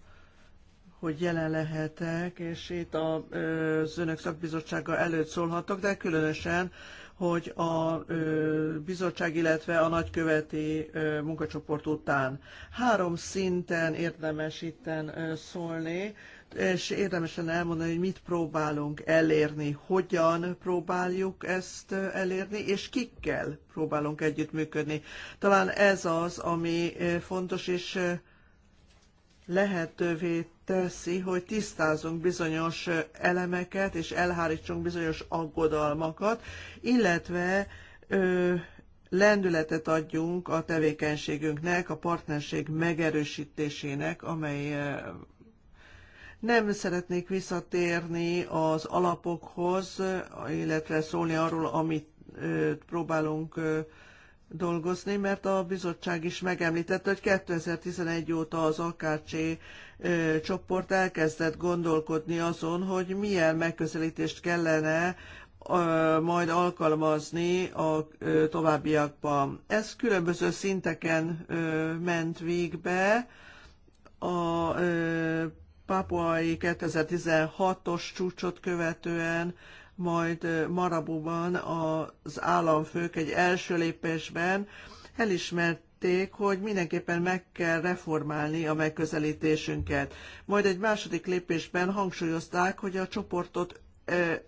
hogy jelen lehetek, és itt az önök szakbizottsága előtt szólhatok, de különösen hogy a bizottság, illetve a nagyköveti munkacsoport után három szinten érdemes itten szólni, és érdemesen elmondani, hogy mit próbálunk elérni, hogyan próbáljuk ezt elérni, és kikkel próbálunk együttműködni. Talán ez az, ami fontos, és lehetővé teszi, hogy tisztázunk bizonyos elemeket és elhárítsunk bizonyos aggodalmakat, illetve ö, lendületet adjunk a tevékenységünknek, a partnerség megerősítésének, amely nem szeretnék visszatérni az alapokhoz, illetve szólni arról, amit próbálunk dolgozni, mert a bizottság is megemlítette, hogy 2011 óta az AKC csoport elkezdett gondolkodni azon, hogy milyen megközelítést kellene majd alkalmazni a továbbiakban. Ez különböző szinteken ment végbe. A papuai 2016-os csúcsot követően majd Marabuban az államfők egy első lépésben elismert hogy mindenképpen meg kell reformálni a megközelítésünket. Majd egy második lépésben hangsúlyozták, hogy a csoportot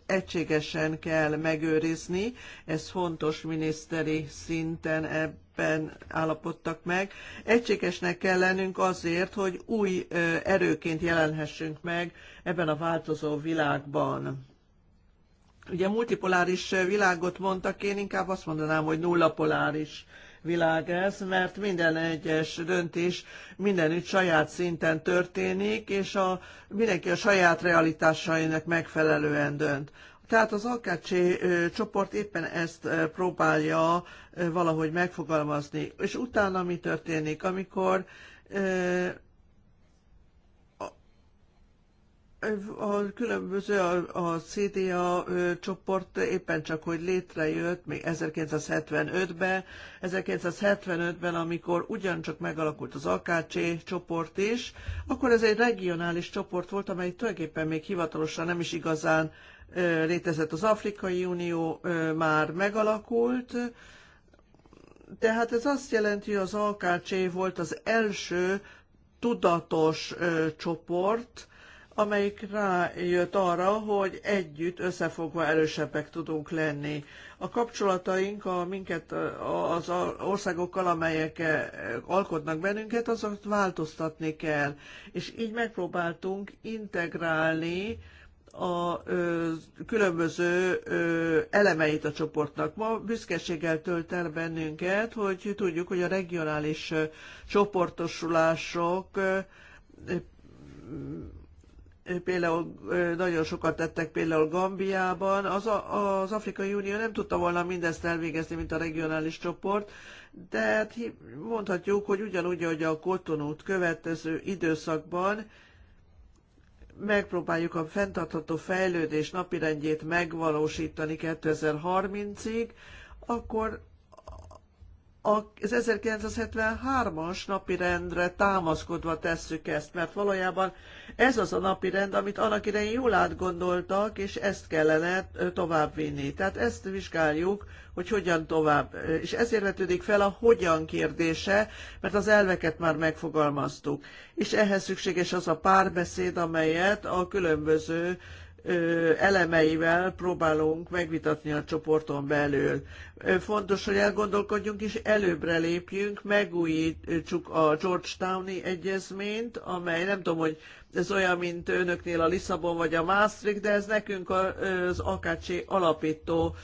egységesen kell megőrizni, ez fontos miniszteri szinten ebben állapodtak meg. Egységesnek kell lennünk azért, hogy új erőként jelenhessünk meg ebben a változó világban Ugye multipoláris világot mondtak, én inkább azt mondanám, hogy nullapoláris világ ez, mert minden egyes döntés mindenütt saját szinten történik, és a, mindenki a saját realitásainak megfelelően dönt. Tehát az AKC csoport éppen ezt próbálja valahogy megfogalmazni. És utána mi történik, amikor A különböző a, a CDA csoport éppen csak, hogy létrejött még 1975-ben. 1975-ben, amikor ugyancsak megalakult az AKC csoport is, akkor ez egy regionális csoport volt, amely tulajdonképpen még hivatalosan nem is igazán létezett. Az Afrikai Unió már megalakult, tehát ez azt jelenti, hogy az AKC volt az első tudatos csoport, amelyik rájött arra, hogy együtt összefogva erősebbek tudunk lenni. A kapcsolataink a minket az országokkal, amelyek alkotnak bennünket, azokat változtatni kell. És így megpróbáltunk integrálni a ö, különböző ö, elemeit a csoportnak. Ma büszkeséggel tölt el bennünket, hogy tudjuk, hogy a regionális ö, csoportosulások ö, ö, például nagyon sokat tettek például Gambiában, az, a, az Afrikai Unió nem tudta volna mindezt elvégezni, mint a regionális csoport, de hát mondhatjuk, hogy ugyanúgy, ahogy a kotonút következő időszakban megpróbáljuk a fenntartható fejlődés napirendjét megvalósítani 2030-ig, akkor az 1973-as napirendre támaszkodva tesszük ezt, mert valójában ez az a napirend, amit annak idején jól átgondoltak, és ezt kellene továbbvinni. Tehát ezt vizsgáljuk, hogy hogyan tovább. És ezért vetődik fel a hogyan kérdése, mert az elveket már megfogalmaztuk. És ehhez szükséges az a párbeszéd, amelyet a különböző elemeivel próbálunk megvitatni a csoporton belül. Fontos, hogy elgondolkodjunk és előbbre lépjünk, megújítsuk a Georgetowni egyezményt, amely nem tudom, hogy ez olyan, mint önöknél a Lisszabon vagy a Maastricht, de ez nekünk az AKC alapító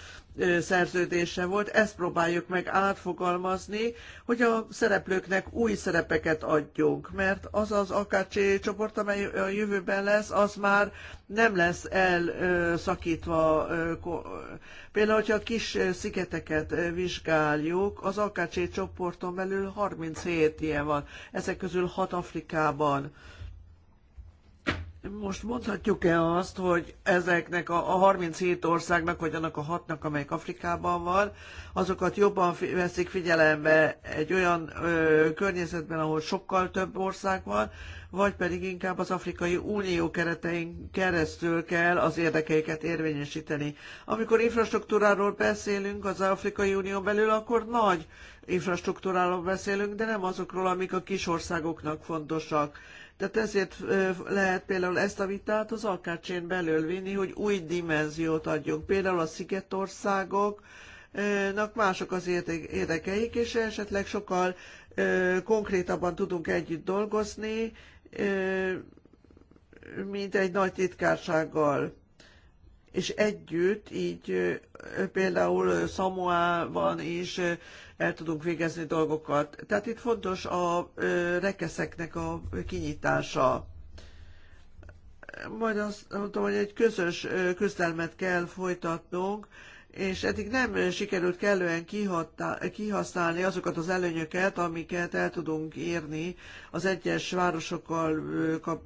szerződése volt, ezt próbáljuk meg átfogalmazni, hogy a szereplőknek új szerepeket adjunk, mert az az AKC csoport, amely a jövőben lesz, az már nem lesz elszakítva. Például, hogyha a kis szigeteket vizsgáljuk, az AKC csoporton belül 37 ilyen van, ezek közül 6 Afrikában most mondhatjuk-e azt, hogy ezeknek a, a 37 országnak, vagy annak a hatnak, amelyik Afrikában van, azokat jobban veszik figyelembe egy olyan ö, környezetben, ahol sokkal több ország van, vagy pedig inkább az Afrikai Unió keretein keresztül kell az érdekeiket érvényesíteni. Amikor infrastruktúráról beszélünk az Afrikai Unió belül, akkor nagy infrastruktúráról beszélünk, de nem azokról, amik a kis országoknak fontosak tehát ezért lehet például ezt a vitát az alkácsén belül vinni, hogy új dimenziót adjunk. Például a szigetországok, mások az érdekeik, és esetleg sokkal konkrétabban tudunk együtt dolgozni, mint egy nagy titkársággal és együtt így például Szamoában is el tudunk végezni dolgokat. Tehát itt fontos a rekeszeknek a kinyitása. Majd azt mondtam, hogy egy közös küzdelmet kell folytatnunk, és eddig nem sikerült kellően kihasználni azokat az előnyöket, amiket el tudunk érni az egyes városokkal kap,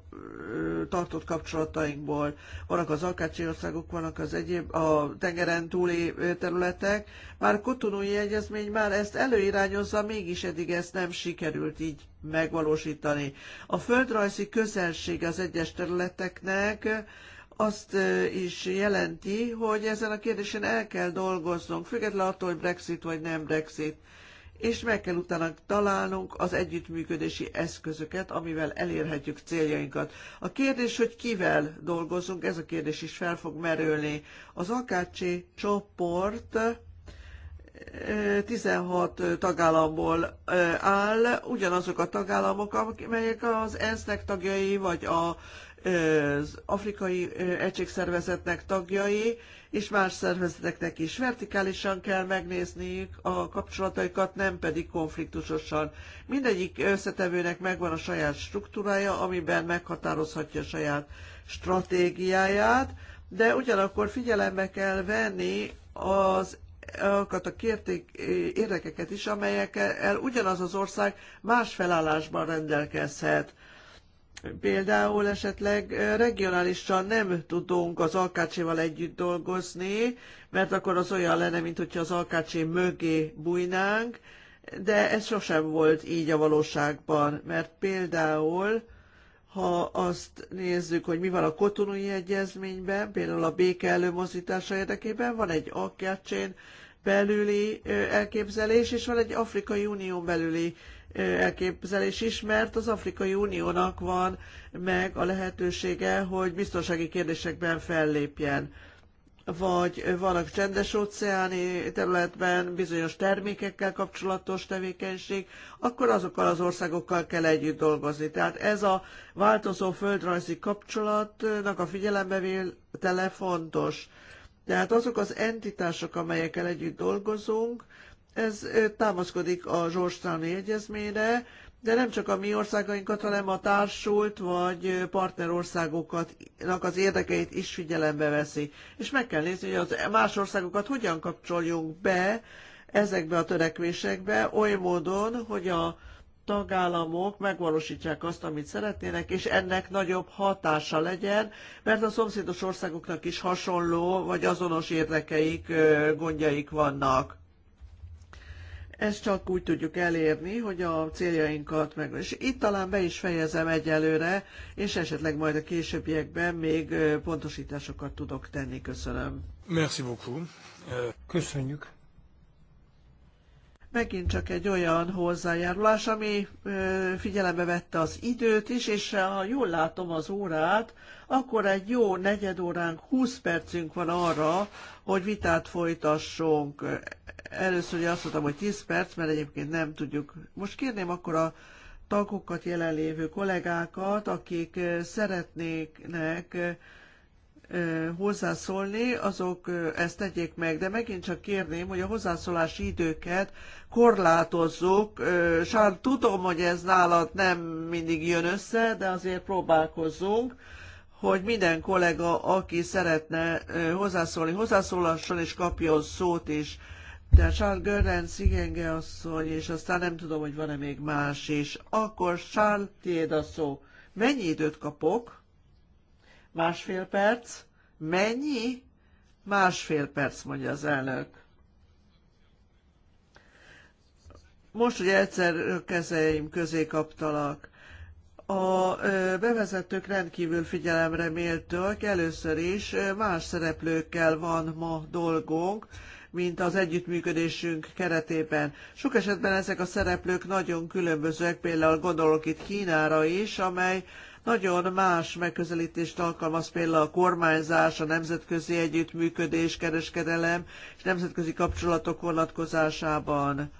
tartott kapcsolatainkból. Vannak az Akácsi országok, vannak az egyéb a tengeren túli területek. Már Kotonúi Egyezmény már ezt előirányozza, mégis eddig ezt nem sikerült így megvalósítani. A földrajzi közelség az egyes területeknek azt is jelenti, hogy ezen a kérdésen el kell dolgoznunk, függetlenül attól, hogy Brexit vagy nem Brexit, és meg kell utána találnunk az együttműködési eszközöket, amivel elérhetjük céljainkat. A kérdés, hogy kivel dolgozunk, ez a kérdés is fel fog merülni. Az Akácsi csoport 16 tagállamból áll, ugyanazok a tagállamok, amelyek az ENSZ-nek tagjai, vagy a az Afrikai Egységszervezetnek tagjai, és más szervezeteknek is vertikálisan kell megnézniük a kapcsolataikat, nem pedig konfliktusosan. Mindegyik összetevőnek megvan a saját struktúrája, amiben meghatározhatja a saját stratégiáját, de ugyanakkor figyelembe kell venni az azokat a kérték, érdekeket is, amelyekkel ugyanaz az ország más felállásban rendelkezhet. Például esetleg regionálisan nem tudunk az alkácséval együtt dolgozni, mert akkor az olyan lenne, mint hogyha az alkácsé mögé bújnánk, de ez sosem volt így a valóságban, mert például ha azt nézzük, hogy mi van a kotonui egyezményben, például a béke előmozdítása érdekében, van egy alkácsén belüli elképzelés, és van egy Afrikai Unión belüli elképzelés is, mert az Afrikai Uniónak van meg a lehetősége, hogy biztonsági kérdésekben fellépjen vagy vannak csendes óceáni területben bizonyos termékekkel kapcsolatos tevékenység, akkor azokkal az országokkal kell együtt dolgozni. Tehát ez a változó földrajzi kapcsolatnak a figyelembevétele fontos. Tehát azok az entitások, amelyekkel együtt dolgozunk, ez támaszkodik a Zsorstráni Egyezményre, de nem csak a mi országainkat, hanem a társult vagy partnerországoknak az érdekeit is figyelembe veszi. És meg kell nézni, hogy az más országokat hogyan kapcsoljunk be ezekbe a törekvésekbe, oly módon, hogy a tagállamok megvalósítsák azt, amit szeretnének, és ennek nagyobb hatása legyen, mert a szomszédos országoknak is hasonló vagy azonos érdekeik, gondjaik vannak ezt csak úgy tudjuk elérni, hogy a céljainkat meg... És itt talán be is fejezem egyelőre, és esetleg majd a későbbiekben még pontosításokat tudok tenni. Köszönöm. Merci beaucoup. Euh, Köszönjük. Megint csak egy olyan hozzájárulás, ami figyelembe vette az időt is, és ha jól látom az órát, akkor egy jó negyed óránk, 20 percünk van arra, hogy vitát folytassunk Először ugye azt mondtam, hogy 10 perc, mert egyébként nem tudjuk. Most kérném akkor a tagokat, jelenlévő kollégákat, akik szeretnének hozzászólni, azok ezt tegyék meg, de megint csak kérném, hogy a hozzászólási időket korlátozzuk. Sár, tudom, hogy ez nálad nem mindig jön össze, de azért próbálkozzunk, hogy minden kollega, aki szeretne hozzászólni, hozzászólasson és kapjon szót is. Charles Görens, Szigenge asszony, és aztán nem tudom, hogy van-e még más is. Akkor Charles, tiéd a szó. Mennyi időt kapok? Másfél perc? Mennyi? Másfél perc, mondja az elnök. Most, hogy egyszer kezeim közé kaptalak. A bevezetők rendkívül figyelemre méltőek. Először is más szereplőkkel van ma dolgunk, mint az együttműködésünk keretében. Sok esetben ezek a szereplők nagyon különbözőek, például gondolok itt Kínára is, amely nagyon más megközelítést alkalmaz például a kormányzás, a nemzetközi együttműködés, kereskedelem és nemzetközi kapcsolatok vonatkozásában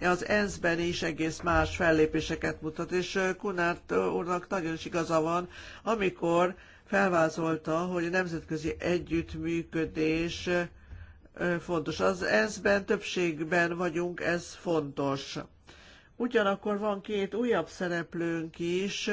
az ENSZ-ben is egész más fellépéseket mutat, és Kunárt úrnak nagyon is igaza van, amikor felvázolta, hogy a nemzetközi együttműködés fontos. Az ezben ben többségben vagyunk, ez fontos. Ugyanakkor van két újabb szereplőnk is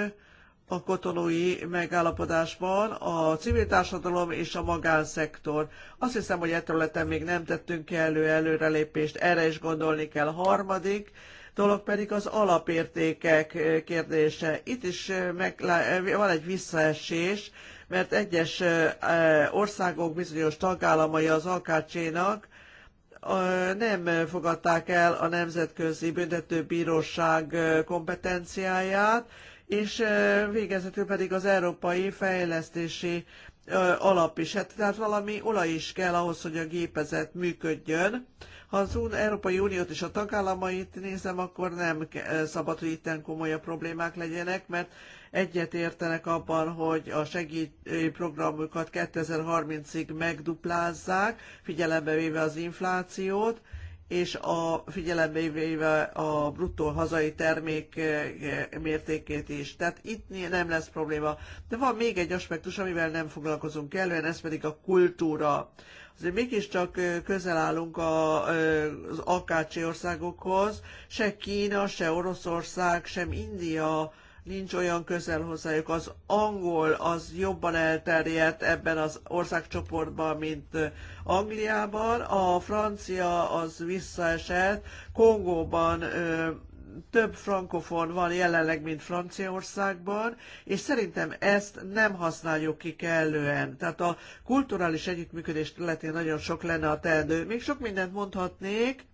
a kotonói megállapodásban, a civil társadalom és a magánszektor. Azt hiszem, hogy e területen még nem tettünk elő előrelépést, erre is gondolni kell. Harmadik, dolog pedig az alapértékek kérdése. Itt is meg, van egy visszaesés, mert egyes országok bizonyos tagállamai az alkácsénak nem fogadták el a Nemzetközi Büntetőbíróság kompetenciáját, és végezetül pedig az Európai Fejlesztési Alap is. Hát, tehát valami olaj is kell ahhoz, hogy a gépezet működjön. Ha az Európai Uniót és a tagállamait nézem, akkor nem szabad, hogy itten komolyabb problémák legyenek, mert egyet értenek abban, hogy a segélyprogramokat 2030-ig megduplázzák, figyelembe véve az inflációt, és a figyelembe véve a bruttó hazai termék eh, mértékét is. Tehát itt nem lesz probléma. De van még egy aspektus, amivel nem foglalkozunk kellően, ez pedig a kultúra. Azért mégiscsak eh, közel állunk a, eh, az AKC országokhoz, se Kína, se Oroszország, sem India nincs olyan közel hozzájuk. Az angol az jobban elterjedt ebben az országcsoportban, mint Angliában, a francia az visszaesett, Kongóban ö, több frankofon van jelenleg, mint Franciaországban, és szerintem ezt nem használjuk ki kellően. Tehát a kulturális együttműködés területén nagyon sok lenne a teendő. Még sok mindent mondhatnék,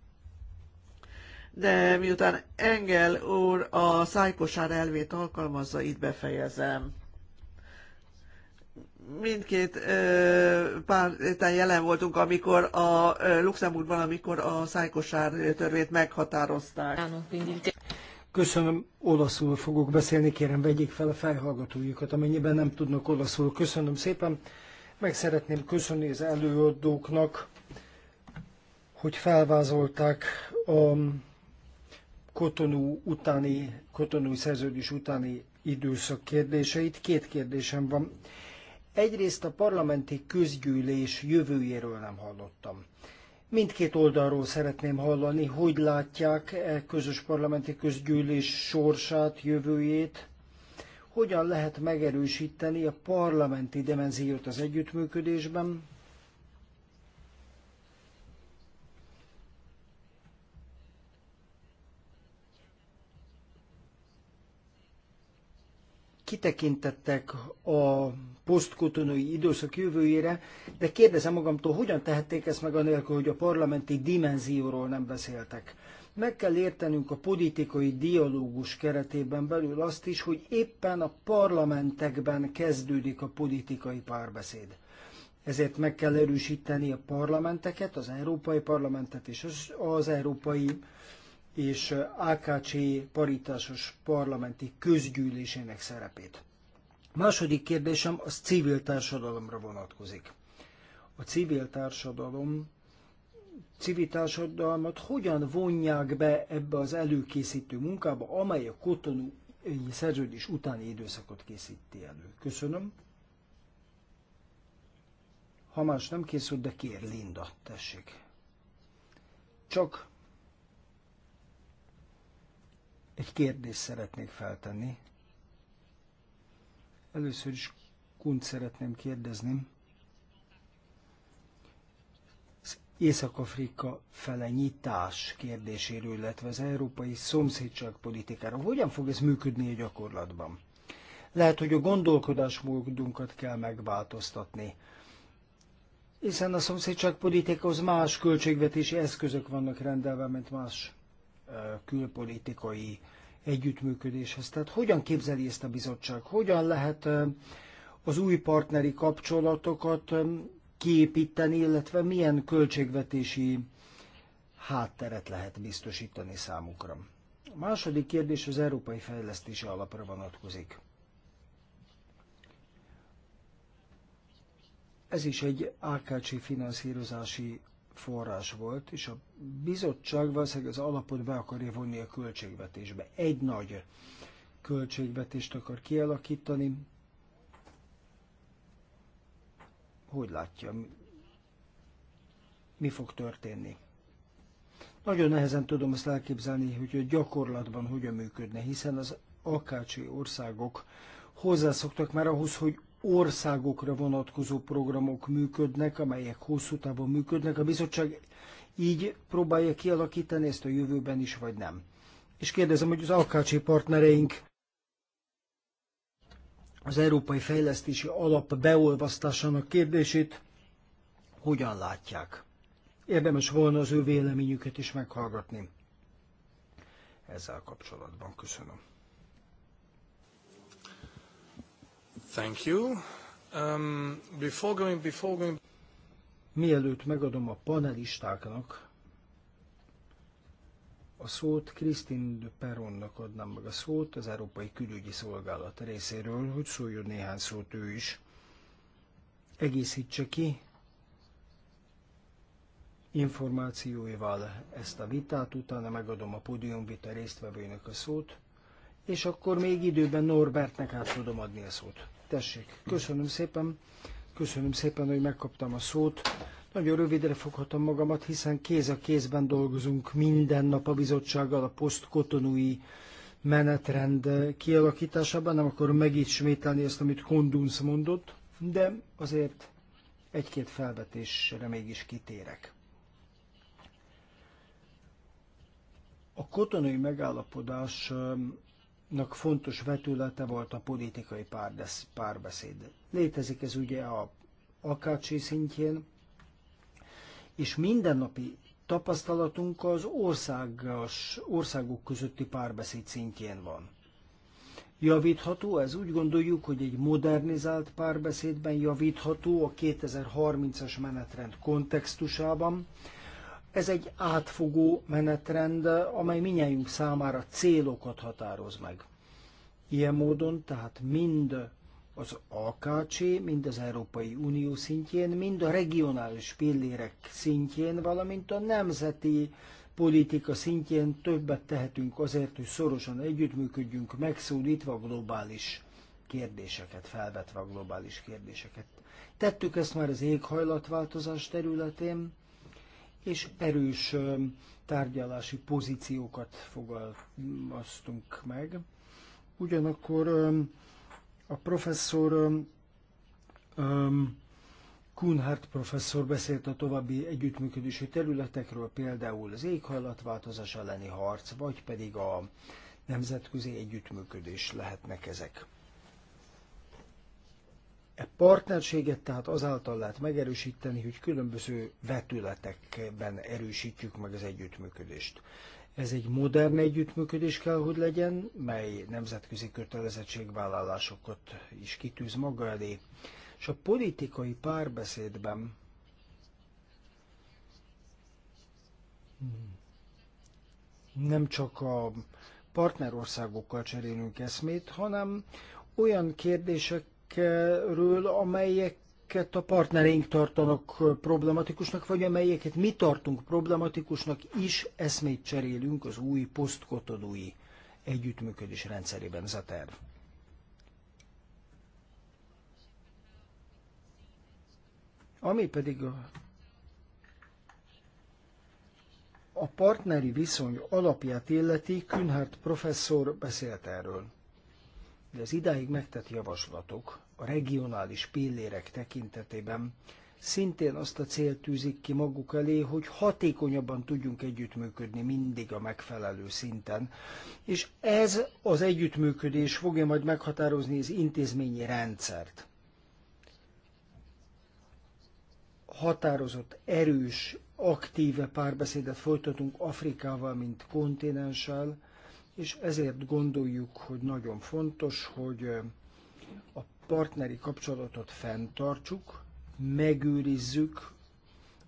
de miután Engel úr a szájkosár elvét alkalmazza, itt befejezem mindkét pár héten jelen voltunk, amikor a Luxemburgban, amikor a szájkosár törvényt meghatározták. Köszönöm, olaszul fogok beszélni, kérem vegyék fel a fejhallgatójukat, amennyiben nem tudnak olaszul. Köszönöm szépen, meg szeretném köszönni az előadóknak, hogy felvázolták a kotonú utáni, kotonú szerződés utáni időszak kérdéseit. Két kérdésem van. Egyrészt a parlamenti közgyűlés jövőjéről nem hallottam. Mindkét oldalról szeretném hallani, hogy látják e közös parlamenti közgyűlés sorsát, jövőjét, hogyan lehet megerősíteni a parlamenti dimenziót az együttműködésben, kitekintettek a posztkotonai időszak jövőjére, de kérdezem magamtól, hogyan tehették ezt meg anélkül, hogy a parlamenti dimenzióról nem beszéltek. Meg kell értenünk a politikai dialógus keretében belül azt is, hogy éppen a parlamentekben kezdődik a politikai párbeszéd. Ezért meg kell erősíteni a parlamenteket, az Európai Parlamentet és az, az Európai és AKC paritásos parlamenti közgyűlésének szerepét. Második kérdésem az civil társadalomra vonatkozik. A civil társadalom civil társadalmat hogyan vonják be ebbe az előkészítő munkába, amely a kotonú szerződés utáni időszakot készíti elő. Köszönöm. Ha más nem készült, de kér Linda, tessék. Csak Egy kérdést szeretnék feltenni. Először is Kunt szeretném kérdezni. Észak-Afrika fele nyitás kérdéséről, illetve az európai szomszédságpolitikára. Hogyan fog ez működni a gyakorlatban? Lehet, hogy a gondolkodásmódunkat kell megváltoztatni, hiszen a szomszédságpolitikához más költségvetési eszközök vannak rendelve, mint más külpolitikai együttműködéshez. Tehát hogyan képzeli ezt a bizottság? Hogyan lehet az új partneri kapcsolatokat kiépíteni, illetve milyen költségvetési hátteret lehet biztosítani számukra? A második kérdés az Európai Fejlesztési Alapra vonatkozik. Ez is egy AKC finanszírozási forrás volt, és a bizottság valószínűleg az alapot be akarja vonni a költségvetésbe. Egy nagy költségvetést akar kialakítani. Hogy látja, mi fog történni? Nagyon nehezen tudom azt elképzelni, hogy a gyakorlatban hogyan működne, hiszen az akácsi országok hozzászoktak már ahhoz, hogy országokra vonatkozó programok működnek, amelyek hosszú távon működnek. A bizottság így próbálja kialakítani ezt a jövőben is, vagy nem. És kérdezem, hogy az alkácsi partnereink az Európai Fejlesztési Alap beolvasztásának kérdését hogyan látják. Érdemes volna az ő véleményüket is meghallgatni ezzel kapcsolatban. Köszönöm. Thank you. Um, before going, before going... Mielőtt megadom a panelistáknak a szót, Christine de Peronnak adnám meg a szót az Európai Külügyi Szolgálat részéről, hogy szóljon néhány szót ő is. Egészítse ki információival ezt a vitát, utána megadom a pódiumvita résztvevőinek a szót, és akkor még időben Norbertnek át tudom adni a szót. Tessék, köszönöm szépen, köszönöm szépen, hogy megkaptam a szót. Nagyon rövidre foghatom magamat, hiszen kéz a kézben dolgozunk minden nap a bizottsággal a posztkotonúi menetrend kialakításában. Nem akarom megismételni ezt, amit Kondunsz mondott, de azért egy-két felvetésre mégis kitérek. A kotonai megállapodás nak fontos vetülete volt a politikai párbeszéd. Létezik ez ugye a akácsi szintjén, és mindennapi tapasztalatunk az országos, országok közötti párbeszéd szintjén van. Javítható ez? Úgy gondoljuk, hogy egy modernizált párbeszédben javítható a 2030-as menetrend kontextusában, ez egy átfogó menetrend, amely minnyájunk számára célokat határoz meg. Ilyen módon tehát mind az AKC, mind az Európai Unió szintjén, mind a regionális pillérek szintjén, valamint a nemzeti politika szintjén többet tehetünk azért, hogy szorosan együttműködjünk, megszólítva globális kérdéseket, felvetve a globális kérdéseket. Tettük ezt már az éghajlatváltozás területén, és erős tárgyalási pozíciókat fogalmaztunk meg. Ugyanakkor a professzor Kunhardt professzor beszélt a további együttműködési területekről, például az éghajlatváltozás elleni harc, vagy pedig a nemzetközi együttműködés lehetnek ezek. E partnerséget tehát azáltal lehet megerősíteni, hogy különböző vetületekben erősítjük meg az együttműködést. Ez egy modern együttműködés kell, hogy legyen, mely nemzetközi kötelezettségvállalásokat is kitűz maga elé. És a politikai párbeszédben nem csak a partnerországokkal cserélünk eszmét, hanem olyan kérdések ről, amelyeket a partnereink tartanak problematikusnak, vagy amelyeket mi tartunk problematikusnak is eszmét cserélünk az új posztkotodói együttműködés rendszerében, ez a terv. Ami pedig a, a partneri viszony alapját illeti, Künhárt professzor beszélt erről de az idáig megtett javaslatok a regionális pillérek tekintetében szintén azt a célt tűzik ki maguk elé, hogy hatékonyabban tudjunk együttműködni mindig a megfelelő szinten. És ez az együttműködés fogja majd meghatározni az intézményi rendszert. Határozott, erős, aktíve párbeszédet folytatunk Afrikával, mint kontinenssel, és ezért gondoljuk, hogy nagyon fontos, hogy a partneri kapcsolatot fenntartsuk, megőrizzük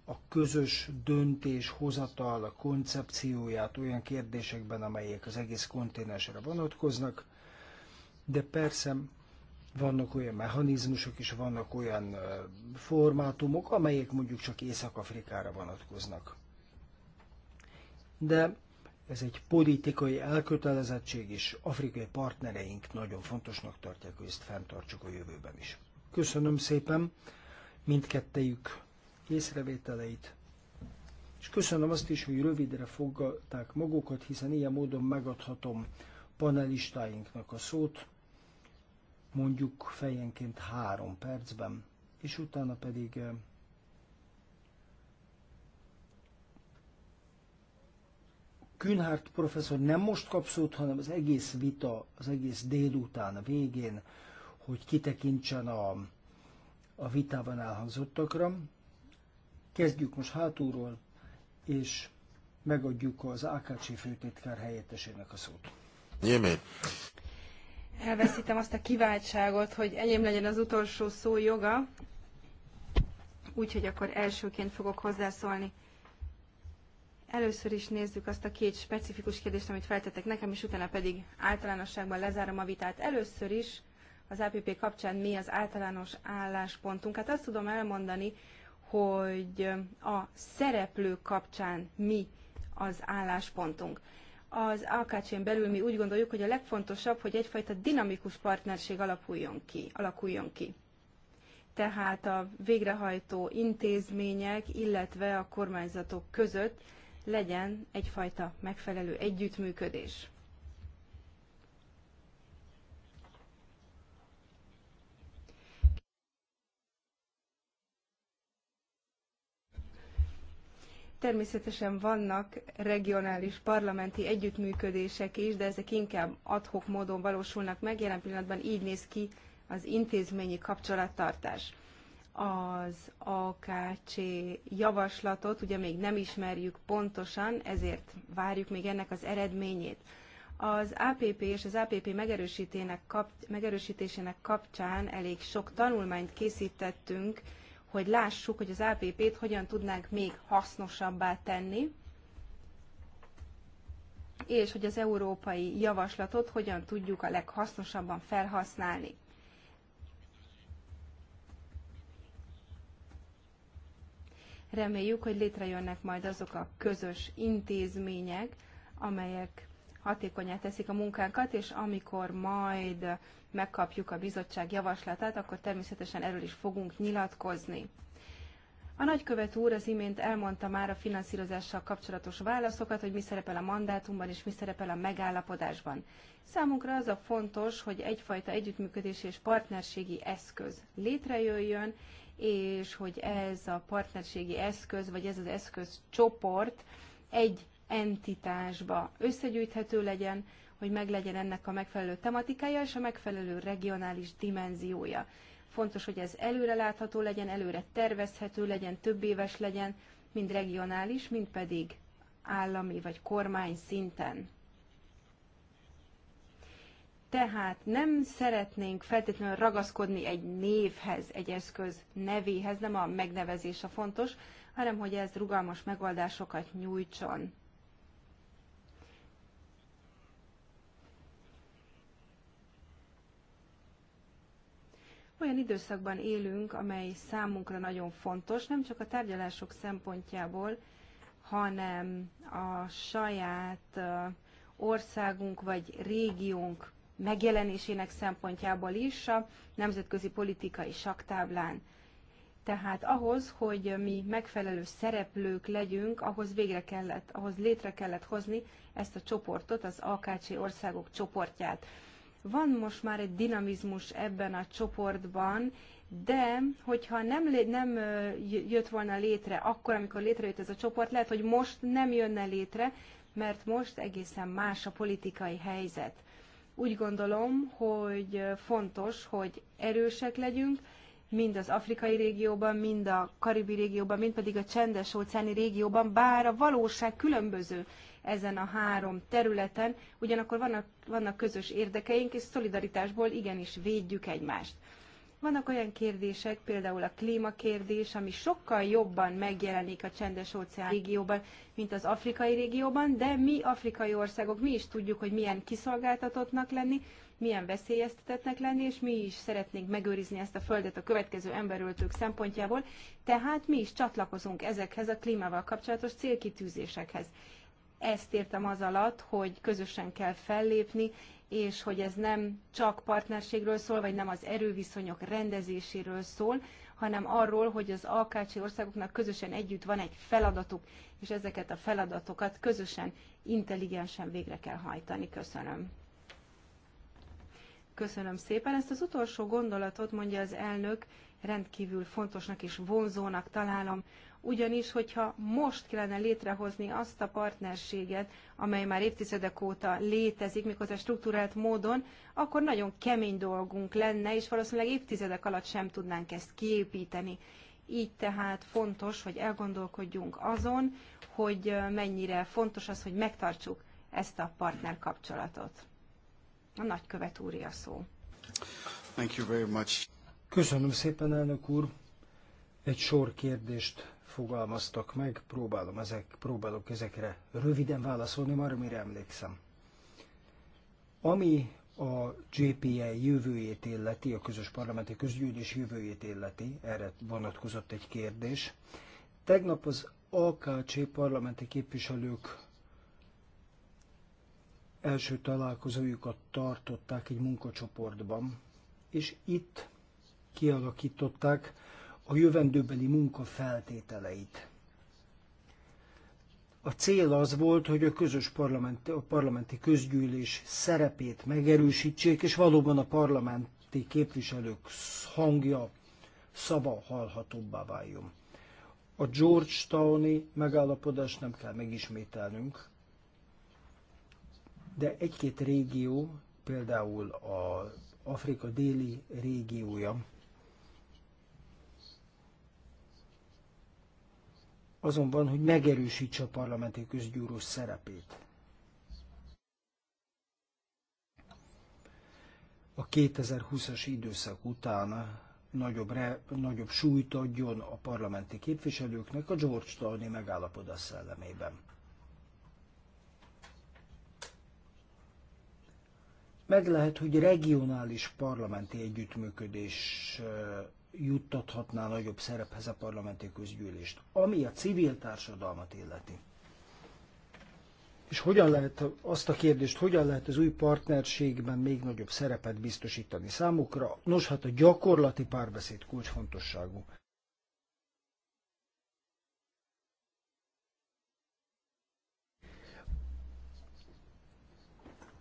a közös döntéshozatal koncepcióját olyan kérdésekben, amelyek az egész konténesre vonatkoznak, de persze vannak olyan mechanizmusok és vannak olyan formátumok, amelyek mondjuk csak Észak-Afrikára vonatkoznak. De ez egy politikai elkötelezettség, és afrikai partnereink nagyon fontosnak tartják, hogy ezt fenntartsuk a jövőben is. Köszönöm szépen mindkettejük észrevételeit, és köszönöm azt is, hogy rövidre fogták magukat, hiszen ilyen módon megadhatom panelistáinknak a szót, mondjuk fejenként három percben, és utána pedig eh, Künhárt professzor nem most kap szót, hanem az egész vita, az egész délután a végén, hogy kitekintsen a, a vitában elhangzottakra. Kezdjük most hátulról, és megadjuk az AKC főtétkár helyettesének a szót. Nyilván. Elveszítem azt a kiváltságot, hogy enyém legyen az utolsó szó joga, úgyhogy akkor elsőként fogok hozzászólni. Először is nézzük azt a két specifikus kérdést, amit feltettek nekem, és utána pedig általánosságban lezárom a vitát. Először is az APP kapcsán mi az általános álláspontunk. Hát azt tudom elmondani, hogy a szereplők kapcsán mi az álláspontunk. Az AKC-n belül mi úgy gondoljuk, hogy a legfontosabb, hogy egyfajta dinamikus partnerség alakuljon ki, alakuljon ki. Tehát a végrehajtó intézmények, illetve a kormányzatok között legyen egyfajta megfelelő együttműködés. Természetesen vannak regionális parlamenti együttműködések is, de ezek inkább adhok módon valósulnak meg. Jelen pillanatban így néz ki az intézményi kapcsolattartás az AKC javaslatot, ugye még nem ismerjük pontosan, ezért várjuk még ennek az eredményét. Az APP és az APP kap, megerősítésének kapcsán elég sok tanulmányt készítettünk, hogy lássuk, hogy az APP-t hogyan tudnánk még hasznosabbá tenni, és hogy az európai javaslatot hogyan tudjuk a leghasznosabban felhasználni. Reméljük, hogy létrejönnek majd azok a közös intézmények, amelyek hatékonyá teszik a munkánkat, és amikor majd megkapjuk a bizottság javaslatát, akkor természetesen erről is fogunk nyilatkozni. A nagykövet úr az imént elmondta már a finanszírozással kapcsolatos válaszokat, hogy mi szerepel a mandátumban és mi szerepel a megállapodásban. Számunkra az a fontos, hogy egyfajta együttműködési és partnerségi eszköz létrejöjjön, és hogy ez a partnerségi eszköz, vagy ez az eszköz csoport egy entitásba összegyűjthető legyen, hogy meglegyen ennek a megfelelő tematikája és a megfelelő regionális dimenziója. Fontos, hogy ez előre látható legyen, előre tervezhető legyen, több éves legyen, mind regionális, mind pedig állami vagy kormány szinten. Tehát nem szeretnénk feltétlenül ragaszkodni egy névhez, egy eszköz nevéhez, nem a megnevezés a fontos, hanem hogy ez rugalmas megoldásokat nyújtson. olyan időszakban élünk, amely számunkra nagyon fontos, nem csak a tárgyalások szempontjából, hanem a saját országunk vagy régiónk megjelenésének szempontjából is a nemzetközi politikai saktáblán. Tehát ahhoz, hogy mi megfelelő szereplők legyünk, ahhoz végre kellett, ahhoz létre kellett hozni ezt a csoportot, az AKC országok csoportját. Van most már egy dinamizmus ebben a csoportban, de hogyha nem, nem jött volna létre akkor, amikor létrejött ez a csoport, lehet, hogy most nem jönne létre, mert most egészen más a politikai helyzet. Úgy gondolom, hogy fontos, hogy erősek legyünk, mind az afrikai régióban, mind a karibi régióban, mind pedig a csendes óceáni régióban, bár a valóság különböző ezen a három területen, ugyanakkor vannak, vannak közös érdekeink, és szolidaritásból igenis védjük egymást. Vannak olyan kérdések, például a klímakérdés, ami sokkal jobban megjelenik a csendes óceán régióban, mint az afrikai régióban, de mi afrikai országok, mi is tudjuk, hogy milyen kiszolgáltatottnak lenni, milyen veszélyeztetetnek lenni, és mi is szeretnénk megőrizni ezt a földet a következő emberöltők szempontjából, tehát mi is csatlakozunk ezekhez a klímával kapcsolatos célkitűzésekhez. Ezt értem az alatt, hogy közösen kell fellépni, és hogy ez nem csak partnerségről szól, vagy nem az erőviszonyok rendezéséről szól, hanem arról, hogy az alkácsi országoknak közösen együtt van egy feladatuk, és ezeket a feladatokat közösen, intelligensen végre kell hajtani. Köszönöm. Köszönöm szépen. Ezt az utolsó gondolatot, mondja az elnök, rendkívül fontosnak és vonzónak találom ugyanis hogyha most kellene létrehozni azt a partnerséget, amely már évtizedek óta létezik, a struktúrált módon, akkor nagyon kemény dolgunk lenne, és valószínűleg évtizedek alatt sem tudnánk ezt kiépíteni. Így tehát fontos, hogy elgondolkodjunk azon, hogy mennyire fontos az, hogy megtartsuk ezt a partnerkapcsolatot. A nagykövet úri a szó. Thank you very much. Köszönöm szépen, elnök úr. Egy sor kérdést fogalmaztak meg, próbálom ezek, próbálok ezekre röviden válaszolni, már mire emlékszem. Ami a JPA e jövőjét illeti, a közös parlamenti közgyűlés jövőjét illeti, erre vonatkozott egy kérdés. Tegnap az AKC parlamenti képviselők első találkozójukat tartották egy munkacsoportban, és itt kialakították a jövendőbeli munka feltételeit. A cél az volt, hogy a közös parlamenti, a parlamenti közgyűlés szerepét megerősítsék, és valóban a parlamenti képviselők hangja, szava hallhatóbbá váljon. A Georgetowni megállapodást nem kell megismételnünk, de egy-két régió, például az Afrika déli régiója, azonban, hogy megerősítse a parlamenti közgyúrós szerepét. A 2020-as időszak után nagyobb, re, nagyobb súlyt adjon a parlamenti képviselőknek a Georgetowni megállapodás szellemében. Meg lehet, hogy regionális parlamenti együttműködés juttathatná nagyobb szerephez a parlamenti közgyűlést, ami a civil társadalmat illeti. És hogyan lehet azt a kérdést, hogyan lehet az új partnerségben még nagyobb szerepet biztosítani számukra? Nos, hát a gyakorlati párbeszéd kulcsfontosságú.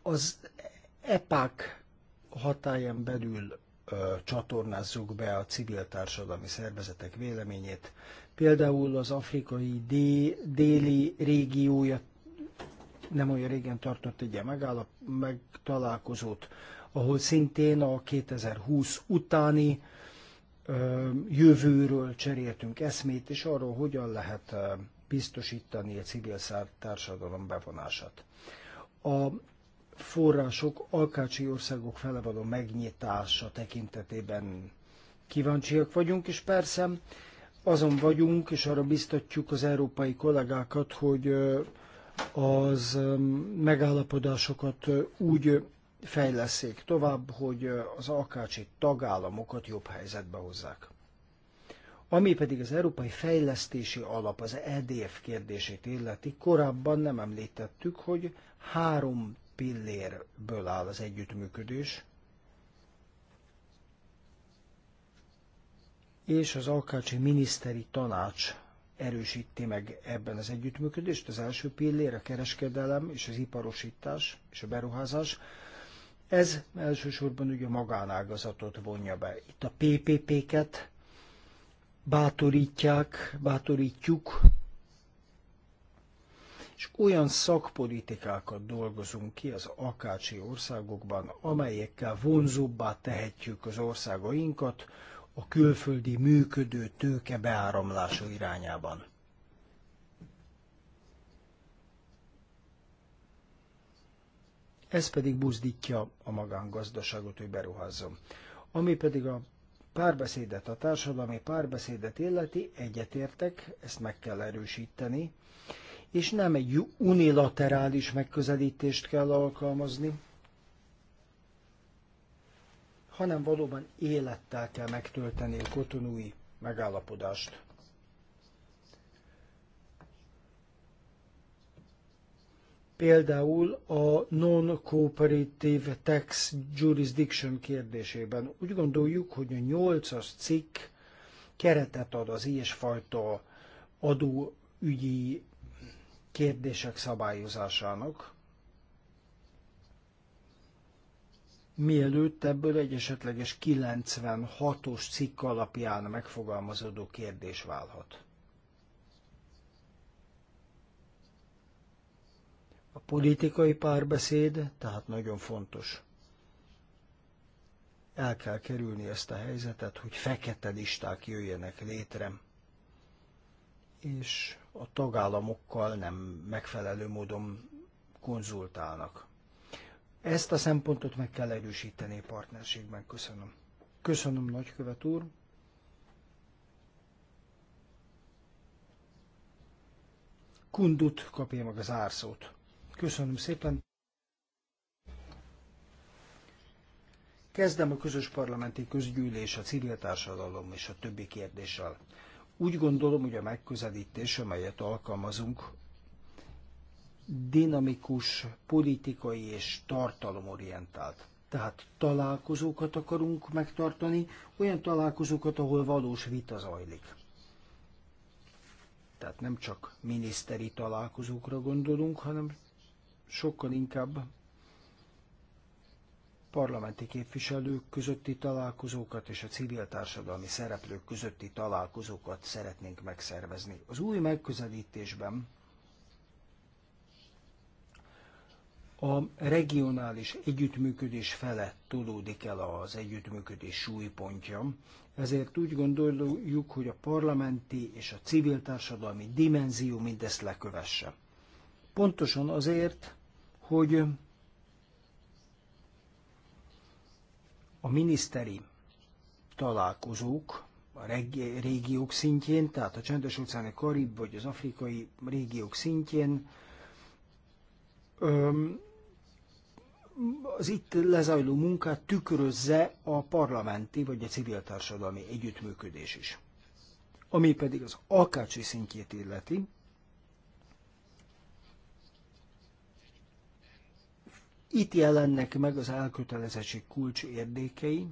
Az EPÁK hatályán belül csatornázzuk be a civil társadalmi szervezetek véleményét. Például az afrikai déli régiója nem olyan régen tartott egy ilyen megállap, megtalálkozót, ahol szintén a 2020 utáni ö, jövőről cseréltünk eszmét, és arról, hogyan lehet biztosítani a civil társadalom bevonását. A források alkácsi országok fele való megnyitása tekintetében kíváncsiak vagyunk, és persze azon vagyunk, és arra biztatjuk az európai kollégákat, hogy az megállapodásokat úgy fejleszék tovább, hogy az alkácsi tagállamokat jobb helyzetbe hozzák. Ami pedig az Európai Fejlesztési Alap, az EDF kérdését illeti, korábban nem említettük, hogy három pillérből áll az együttműködés, és az Alkácsi Miniszteri Tanács erősíti meg ebben az együttműködést. Az első pillér a kereskedelem és az iparosítás és a beruházás. Ez elsősorban ugye a magánágazatot vonja be. Itt a PPP-ket bátorítják, bátorítjuk, és olyan szakpolitikákat dolgozunk ki az akácsi országokban, amelyekkel vonzóbbá tehetjük az országainkat a külföldi működő tőke beáramlása irányában. Ez pedig buzdítja a magángazdaságot, hogy beruházzon. Ami pedig a párbeszédet, a társadalmi párbeszédet illeti, egyetértek, ezt meg kell erősíteni, és nem egy unilaterális megközelítést kell alkalmazni, hanem valóban élettel kell megtölteni a kotonúi megállapodást. például a non-cooperative tax jurisdiction kérdésében. Úgy gondoljuk, hogy a 8-as cikk keretet ad az ilyesfajta adóügyi kérdések szabályozásának, mielőtt ebből egy esetleges 96-os cikk alapján megfogalmazódó kérdés válhat. A politikai párbeszéd tehát nagyon fontos. El kell kerülni ezt a helyzetet, hogy fekete listák jöjjenek létre, és a tagállamokkal nem megfelelő módon konzultálnak. Ezt a szempontot meg kell erősíteni a partnerségben. Köszönöm. Köszönöm, nagykövet úr. Kundut kapja meg az árszót. Köszönöm szépen. Kezdem a közös parlamenti közgyűlés, a civil társadalom és a többi kérdéssel. Úgy gondolom, hogy a megközelítés, amelyet alkalmazunk, dinamikus, politikai és tartalomorientált. Tehát találkozókat akarunk megtartani, olyan találkozókat, ahol valós vita zajlik. Tehát nem csak miniszteri találkozókra gondolunk, hanem sokkal inkább parlamenti képviselők közötti találkozókat és a civil társadalmi szereplők közötti találkozókat szeretnénk megszervezni. Az új megközelítésben a regionális együttműködés fele tolódik el az együttműködés súlypontja, ezért úgy gondoljuk, hogy a parlamenti és a civil társadalmi dimenzió mindezt lekövesse. Pontosan azért, hogy a miniszteri találkozók a régiók szintjén, tehát a csendes óceáni Karib vagy az afrikai régiók szintjén, az itt lezajló munkát tükrözze a parlamenti vagy a civil társadalmi együttműködés is. Ami pedig az Akácsi szintjét illeti, Itt jelennek meg az elkötelezettség érdékei,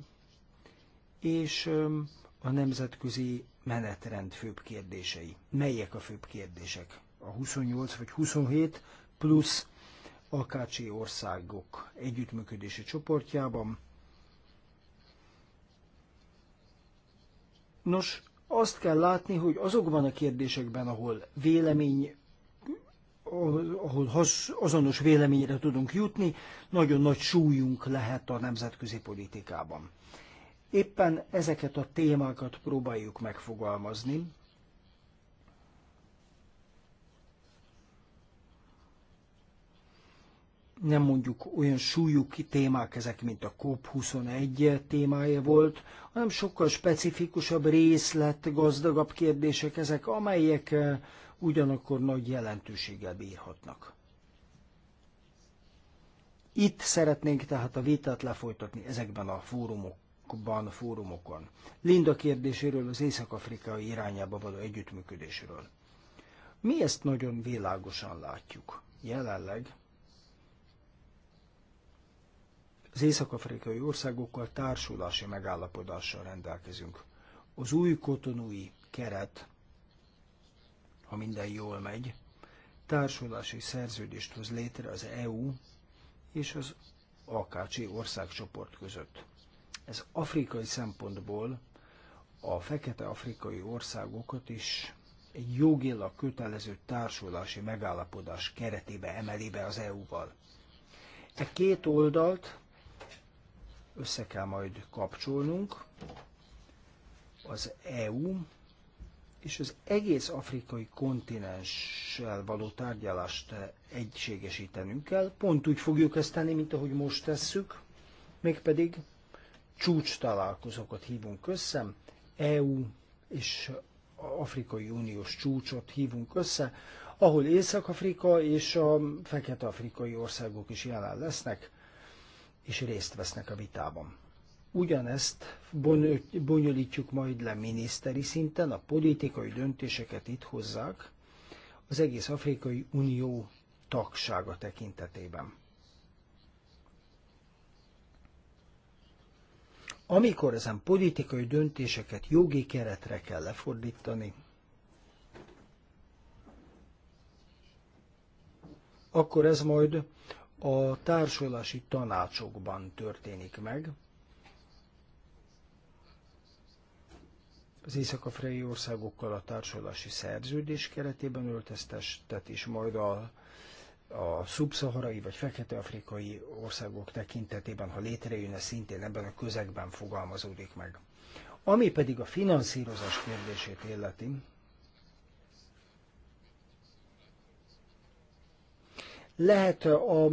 és a nemzetközi menetrend főbb kérdései. Melyek a főbb kérdések? A 28 vagy 27 plusz AKC országok együttműködési csoportjában. Nos, azt kell látni, hogy azokban a kérdésekben, ahol vélemény ahol azonos véleményre tudunk jutni, nagyon nagy súlyunk lehet a nemzetközi politikában. Éppen ezeket a témákat próbáljuk megfogalmazni. Nem mondjuk olyan súlyú témák ezek, mint a COP21 témája volt, hanem sokkal specifikusabb, részlet, gazdagabb kérdések ezek, amelyek ugyanakkor nagy jelentőséggel bírhatnak. Itt szeretnénk tehát a vitát lefolytatni ezekben a fórumokban, fórumokon. Linda kérdéséről az észak-afrikai irányába való együttműködésről. Mi ezt nagyon világosan látjuk. Jelenleg az észak-afrikai országokkal társulási megállapodással rendelkezünk. Az új kotonúi keret ha minden jól megy, társulási szerződést hoz létre az EU és az AKC országcsoport között. Ez afrikai szempontból a fekete afrikai országokat is egy jogilag kötelező társulási megállapodás keretébe emeli be az EU-val. E két oldalt össze kell majd kapcsolnunk, az EU és az egész afrikai kontinenssel való tárgyalást egységesítenünk kell. Pont úgy fogjuk ezt tenni, mint ahogy most tesszük, mégpedig csúcs találkozókat hívunk össze, EU és Afrikai Uniós csúcsot hívunk össze, ahol Észak-Afrika és a fekete-afrikai országok is jelen lesznek, és részt vesznek a vitában. Ugyanezt bonyolítjuk majd le miniszteri szinten, a politikai döntéseket itt hozzák az egész Afrikai Unió tagsága tekintetében. Amikor ezen politikai döntéseket jogi keretre kell lefordítani, akkor ez majd a társulási tanácsokban történik meg, az észak-afrikai országokkal a társulási szerződés keretében öltöztetett, és majd a, a szubszaharai vagy fekete-afrikai országok tekintetében, ha létrejön, ez szintén ebben a közegben fogalmazódik meg. Ami pedig a finanszírozás kérdését illeti, Lehet a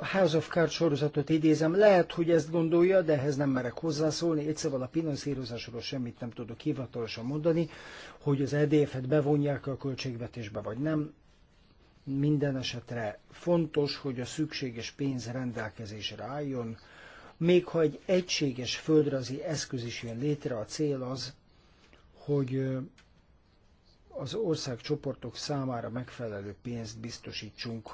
House of Cards sorozatot idézem, lehet, hogy ezt gondolja, de ehhez nem merek hozzászólni. Egyszerűen szóval a finanszírozásról semmit nem tudok hivatalosan mondani, hogy az EDF-et bevonják a költségvetésbe, vagy nem. Minden esetre fontos, hogy a szükséges pénz rendelkezésre álljon, még ha egy egységes földrajzi eszköz is jön létre, a cél az, hogy az országcsoportok számára megfelelő pénzt biztosítsunk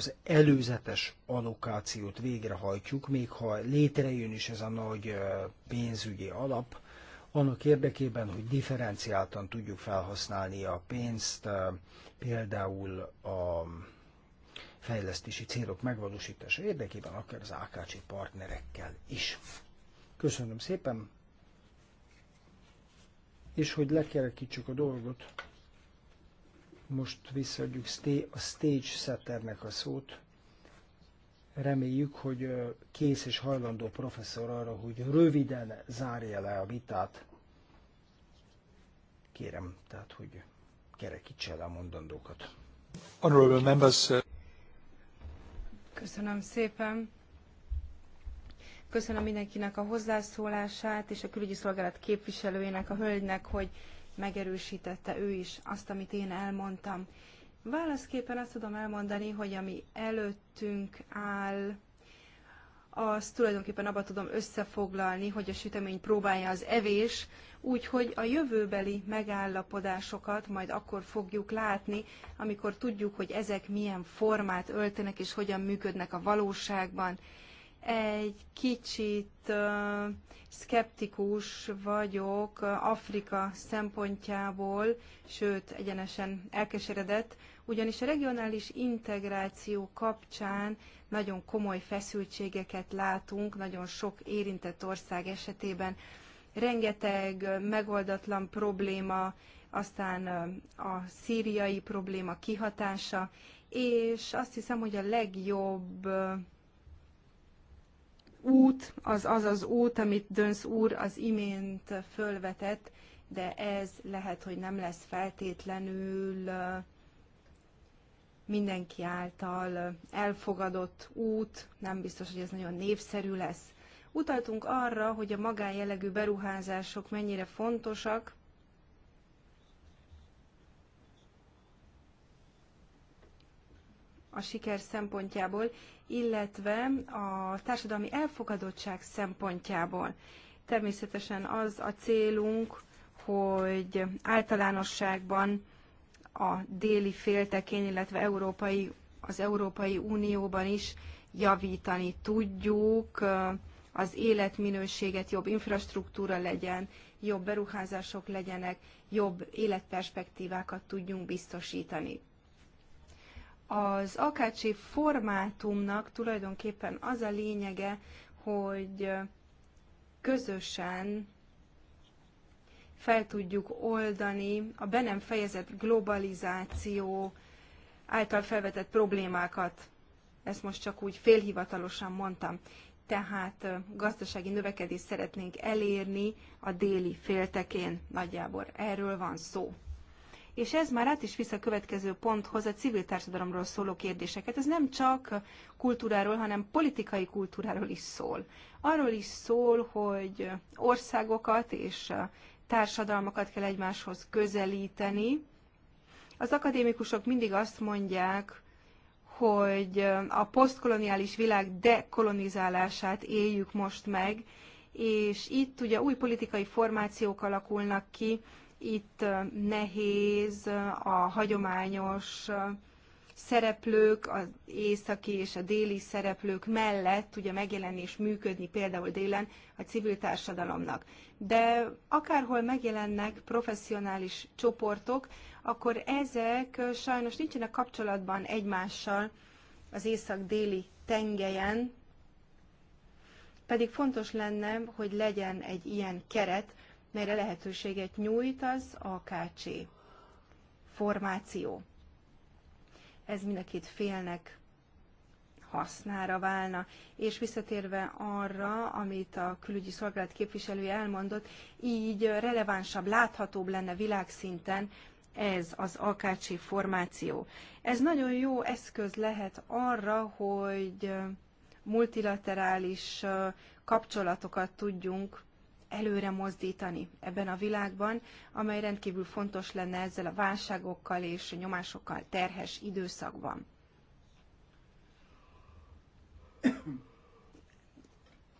az előzetes allokációt végrehajtjuk, még ha létrejön is ez a nagy pénzügyi alap, annak érdekében, hogy differenciáltan tudjuk felhasználni a pénzt, például a fejlesztési célok megvalósítása érdekében, akár az AKC partnerekkel is. Köszönöm szépen, és hogy lekerekítsük a dolgot, most visszaadjuk a stage setternek a szót. Reméljük, hogy kész és hajlandó professzor arra, hogy röviden zárja le a vitát. Kérem, tehát, hogy kerekítse le a mondandókat. Honorable members. Uh, Köszönöm szépen. Köszönöm mindenkinek a hozzászólását, és a külügyi szolgálat képviselőjének, a hölgynek, hogy megerősítette ő is azt, amit én elmondtam. Válaszképpen azt tudom elmondani, hogy ami előttünk áll, azt tulajdonképpen abba tudom összefoglalni, hogy a sütemény próbálja az evés, úgyhogy a jövőbeli megállapodásokat majd akkor fogjuk látni, amikor tudjuk, hogy ezek milyen formát öltenek és hogyan működnek a valóságban egy kicsit uh, szkeptikus vagyok Afrika szempontjából, sőt, egyenesen elkeseredett, ugyanis a regionális integráció kapcsán nagyon komoly feszültségeket látunk, nagyon sok érintett ország esetében. Rengeteg megoldatlan probléma, aztán a szíriai probléma kihatása, és azt hiszem, hogy a legjobb út az az az út, amit Dönsz úr az imént fölvetett, de ez lehet, hogy nem lesz feltétlenül mindenki által elfogadott út, nem biztos, hogy ez nagyon népszerű lesz. Utaltunk arra, hogy a magánjellegű beruházások mennyire fontosak, a siker szempontjából, illetve a társadalmi elfogadottság szempontjából. Természetesen az a célunk, hogy általánosságban a déli féltekén, illetve európai, az Európai Unióban is javítani tudjuk, az életminőséget jobb infrastruktúra legyen, jobb beruházások legyenek, jobb életperspektívákat tudjunk biztosítani. Az akácsi formátumnak tulajdonképpen az a lényege, hogy közösen fel tudjuk oldani a be nem fejezett globalizáció által felvetett problémákat. Ezt most csak úgy félhivatalosan mondtam. Tehát gazdasági növekedést szeretnénk elérni a déli féltekén. Nagyjából erről van szó. És ez már át is vissza a következő ponthoz, a civil társadalomról szóló kérdéseket. Ez nem csak kultúráról, hanem politikai kultúráról is szól. Arról is szól, hogy országokat és társadalmakat kell egymáshoz közelíteni. Az akadémikusok mindig azt mondják, hogy a posztkoloniális világ dekolonizálását éljük most meg, és itt ugye új politikai formációk alakulnak ki, itt nehéz a hagyományos szereplők, az északi és a déli szereplők mellett ugye megjelenni és működni például délen a civil társadalomnak. De akárhol megjelennek professzionális csoportok, akkor ezek sajnos nincsenek kapcsolatban egymással az észak-déli tengelyen, pedig fontos lenne, hogy legyen egy ilyen keret, melyre lehetőséget nyújt az AKC formáció. Ez mind a két félnek hasznára válna. És visszatérve arra, amit a külügyi szolgálat képviselője elmondott, így relevánsabb, láthatóbb lenne világszinten ez az AKC formáció. Ez nagyon jó eszköz lehet arra, hogy multilaterális kapcsolatokat tudjunk előre mozdítani ebben a világban, amely rendkívül fontos lenne ezzel a válságokkal és nyomásokkal terhes időszakban.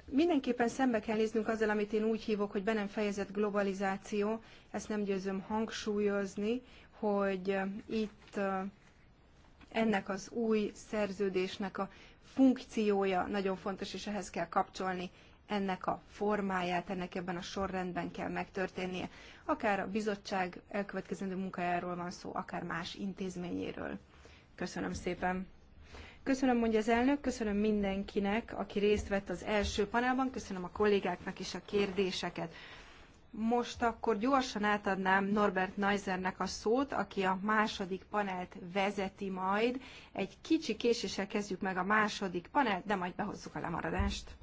Mindenképpen szembe kell néznünk azzal, amit én úgy hívok, hogy be nem fejezett globalizáció. Ezt nem győzöm hangsúlyozni, hogy itt ennek az új szerződésnek a funkciója nagyon fontos, és ehhez kell kapcsolni ennek a formáját, ennek ebben a sorrendben kell megtörténnie. Akár a bizottság elkövetkezendő munkájáról van szó, akár más intézményéről. Köszönöm szépen! Köszönöm, mondja az elnök, köszönöm mindenkinek, aki részt vett az első panelban, köszönöm a kollégáknak is a kérdéseket. Most akkor gyorsan átadnám Norbert Neisernek a szót, aki a második panelt vezeti majd. Egy kicsi késéssel kezdjük meg a második panelt, de majd behozzuk a lemaradást.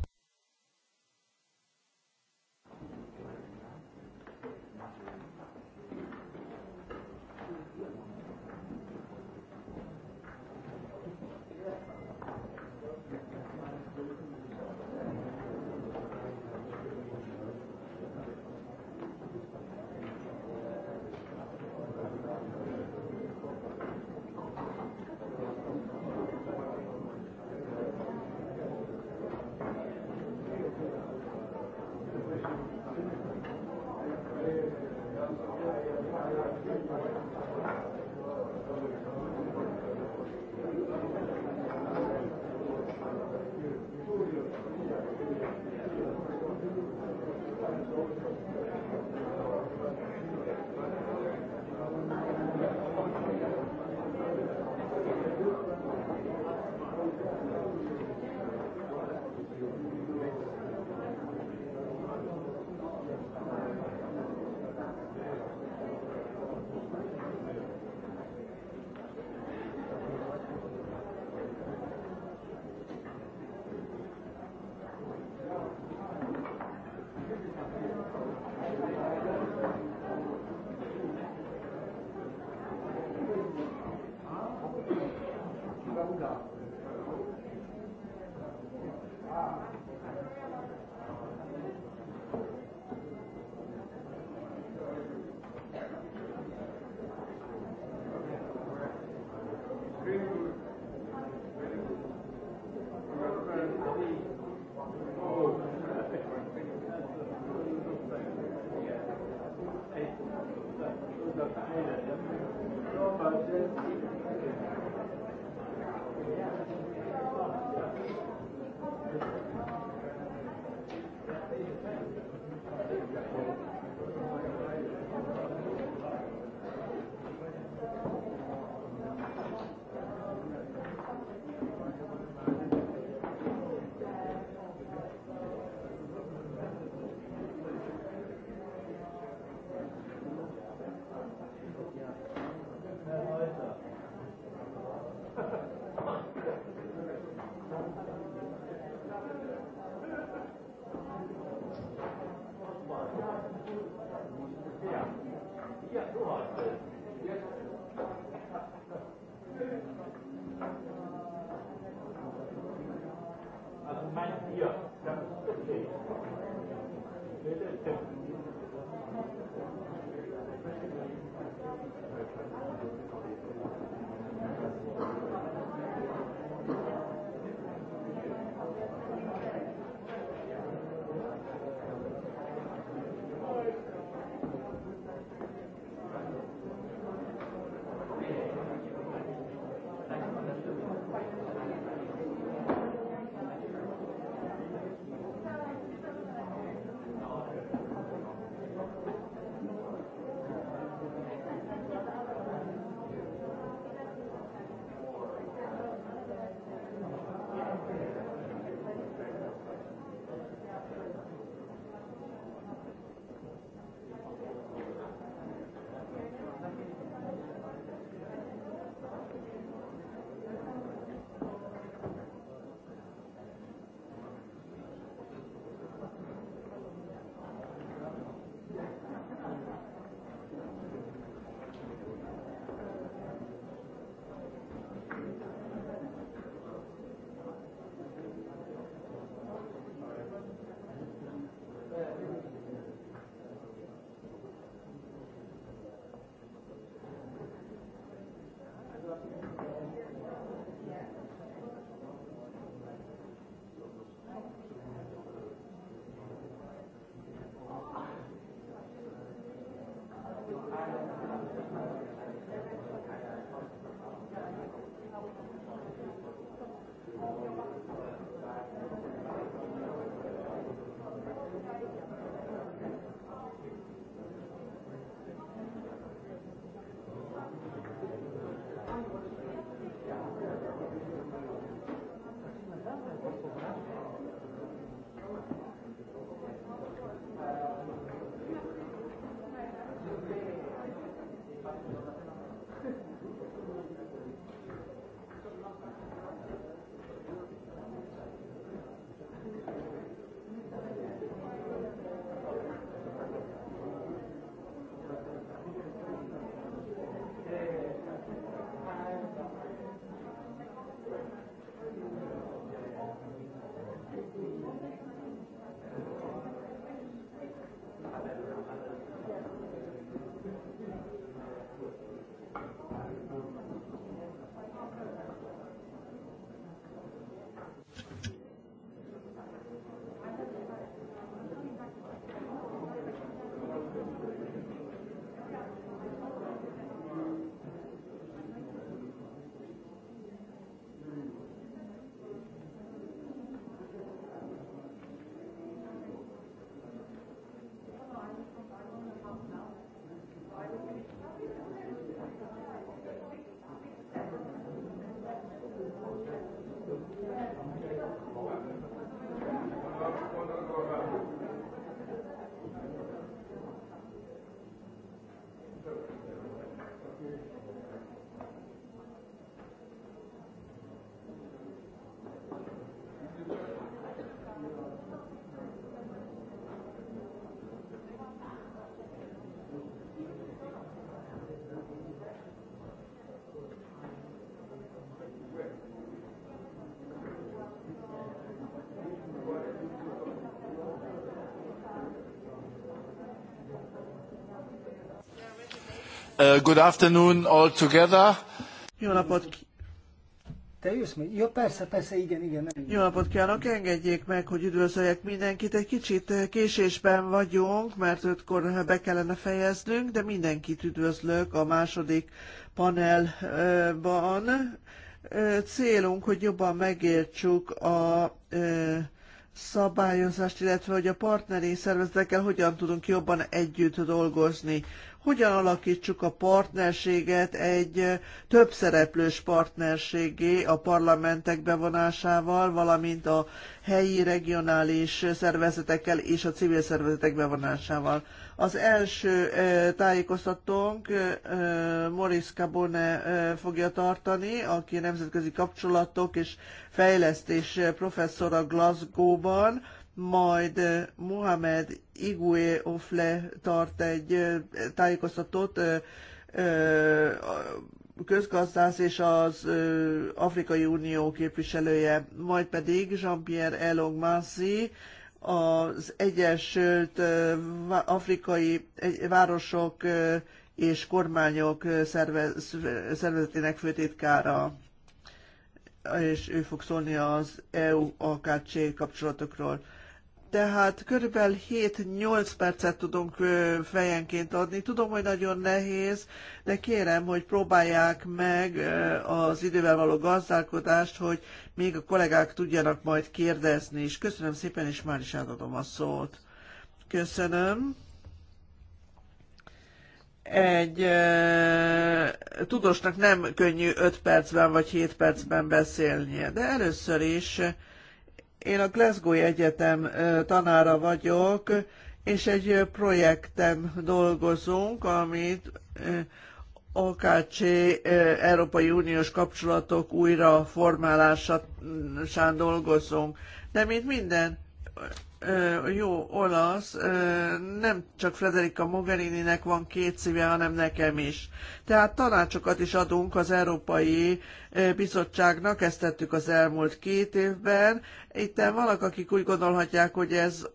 Uh, good afternoon all together. Jó napot! Te jössz még? Jó, persze, persze, igen, igen. Nem. Jó napot kívánok, engedjék meg, hogy üdvözöljek mindenkit. Egy kicsit eh, késésben vagyunk, mert ötkor be kellene fejeznünk, de mindenkit üdvözlök a második panelban. Eh, célunk, hogy jobban megértsük a eh, szabályozást, illetve hogy a partneri szervezetekkel hogyan tudunk jobban együtt dolgozni. Hogyan alakítsuk a partnerséget egy több szereplős partnerségé a parlamentek bevonásával, valamint a helyi, regionális szervezetekkel és a civil szervezetek bevonásával. Az első tájékoztatónk Maurice Cabone fogja tartani, aki nemzetközi kapcsolatok és fejlesztés professzora Glasgow-ban, majd Mohamed Igwe Ofle tart egy tájékoztatót közgazdász és az Afrikai Unió képviselője, majd pedig Jean-Pierre Elong Massi, az Egyesült Afrikai Városok és Kormányok szervez, Szervezetének főtitkára, és ő fog szólni az EU-AKC kapcsolatokról tehát körülbelül 7-8 percet tudunk fejenként adni. Tudom, hogy nagyon nehéz, de kérem, hogy próbálják meg az idővel való gazdálkodást, hogy még a kollégák tudjanak majd kérdezni és Köszönöm szépen, és már is átadom a szót. Köszönöm egy e, tudósnak nem könnyű 5 percben vagy 7 percben beszélnie, de először is én a Glasgow Egyetem tanára vagyok, és egy projekten dolgozunk, amit AKC Európai Uniós kapcsolatok újraformálásán dolgozunk. De mint minden jó olasz, nem csak Frederica mogherini van két szíve, hanem nekem is. Tehát tanácsokat is adunk az Európai Bizottságnak, ezt tettük az elmúlt két évben. Itt vannak, akik úgy gondolhatják, hogy ez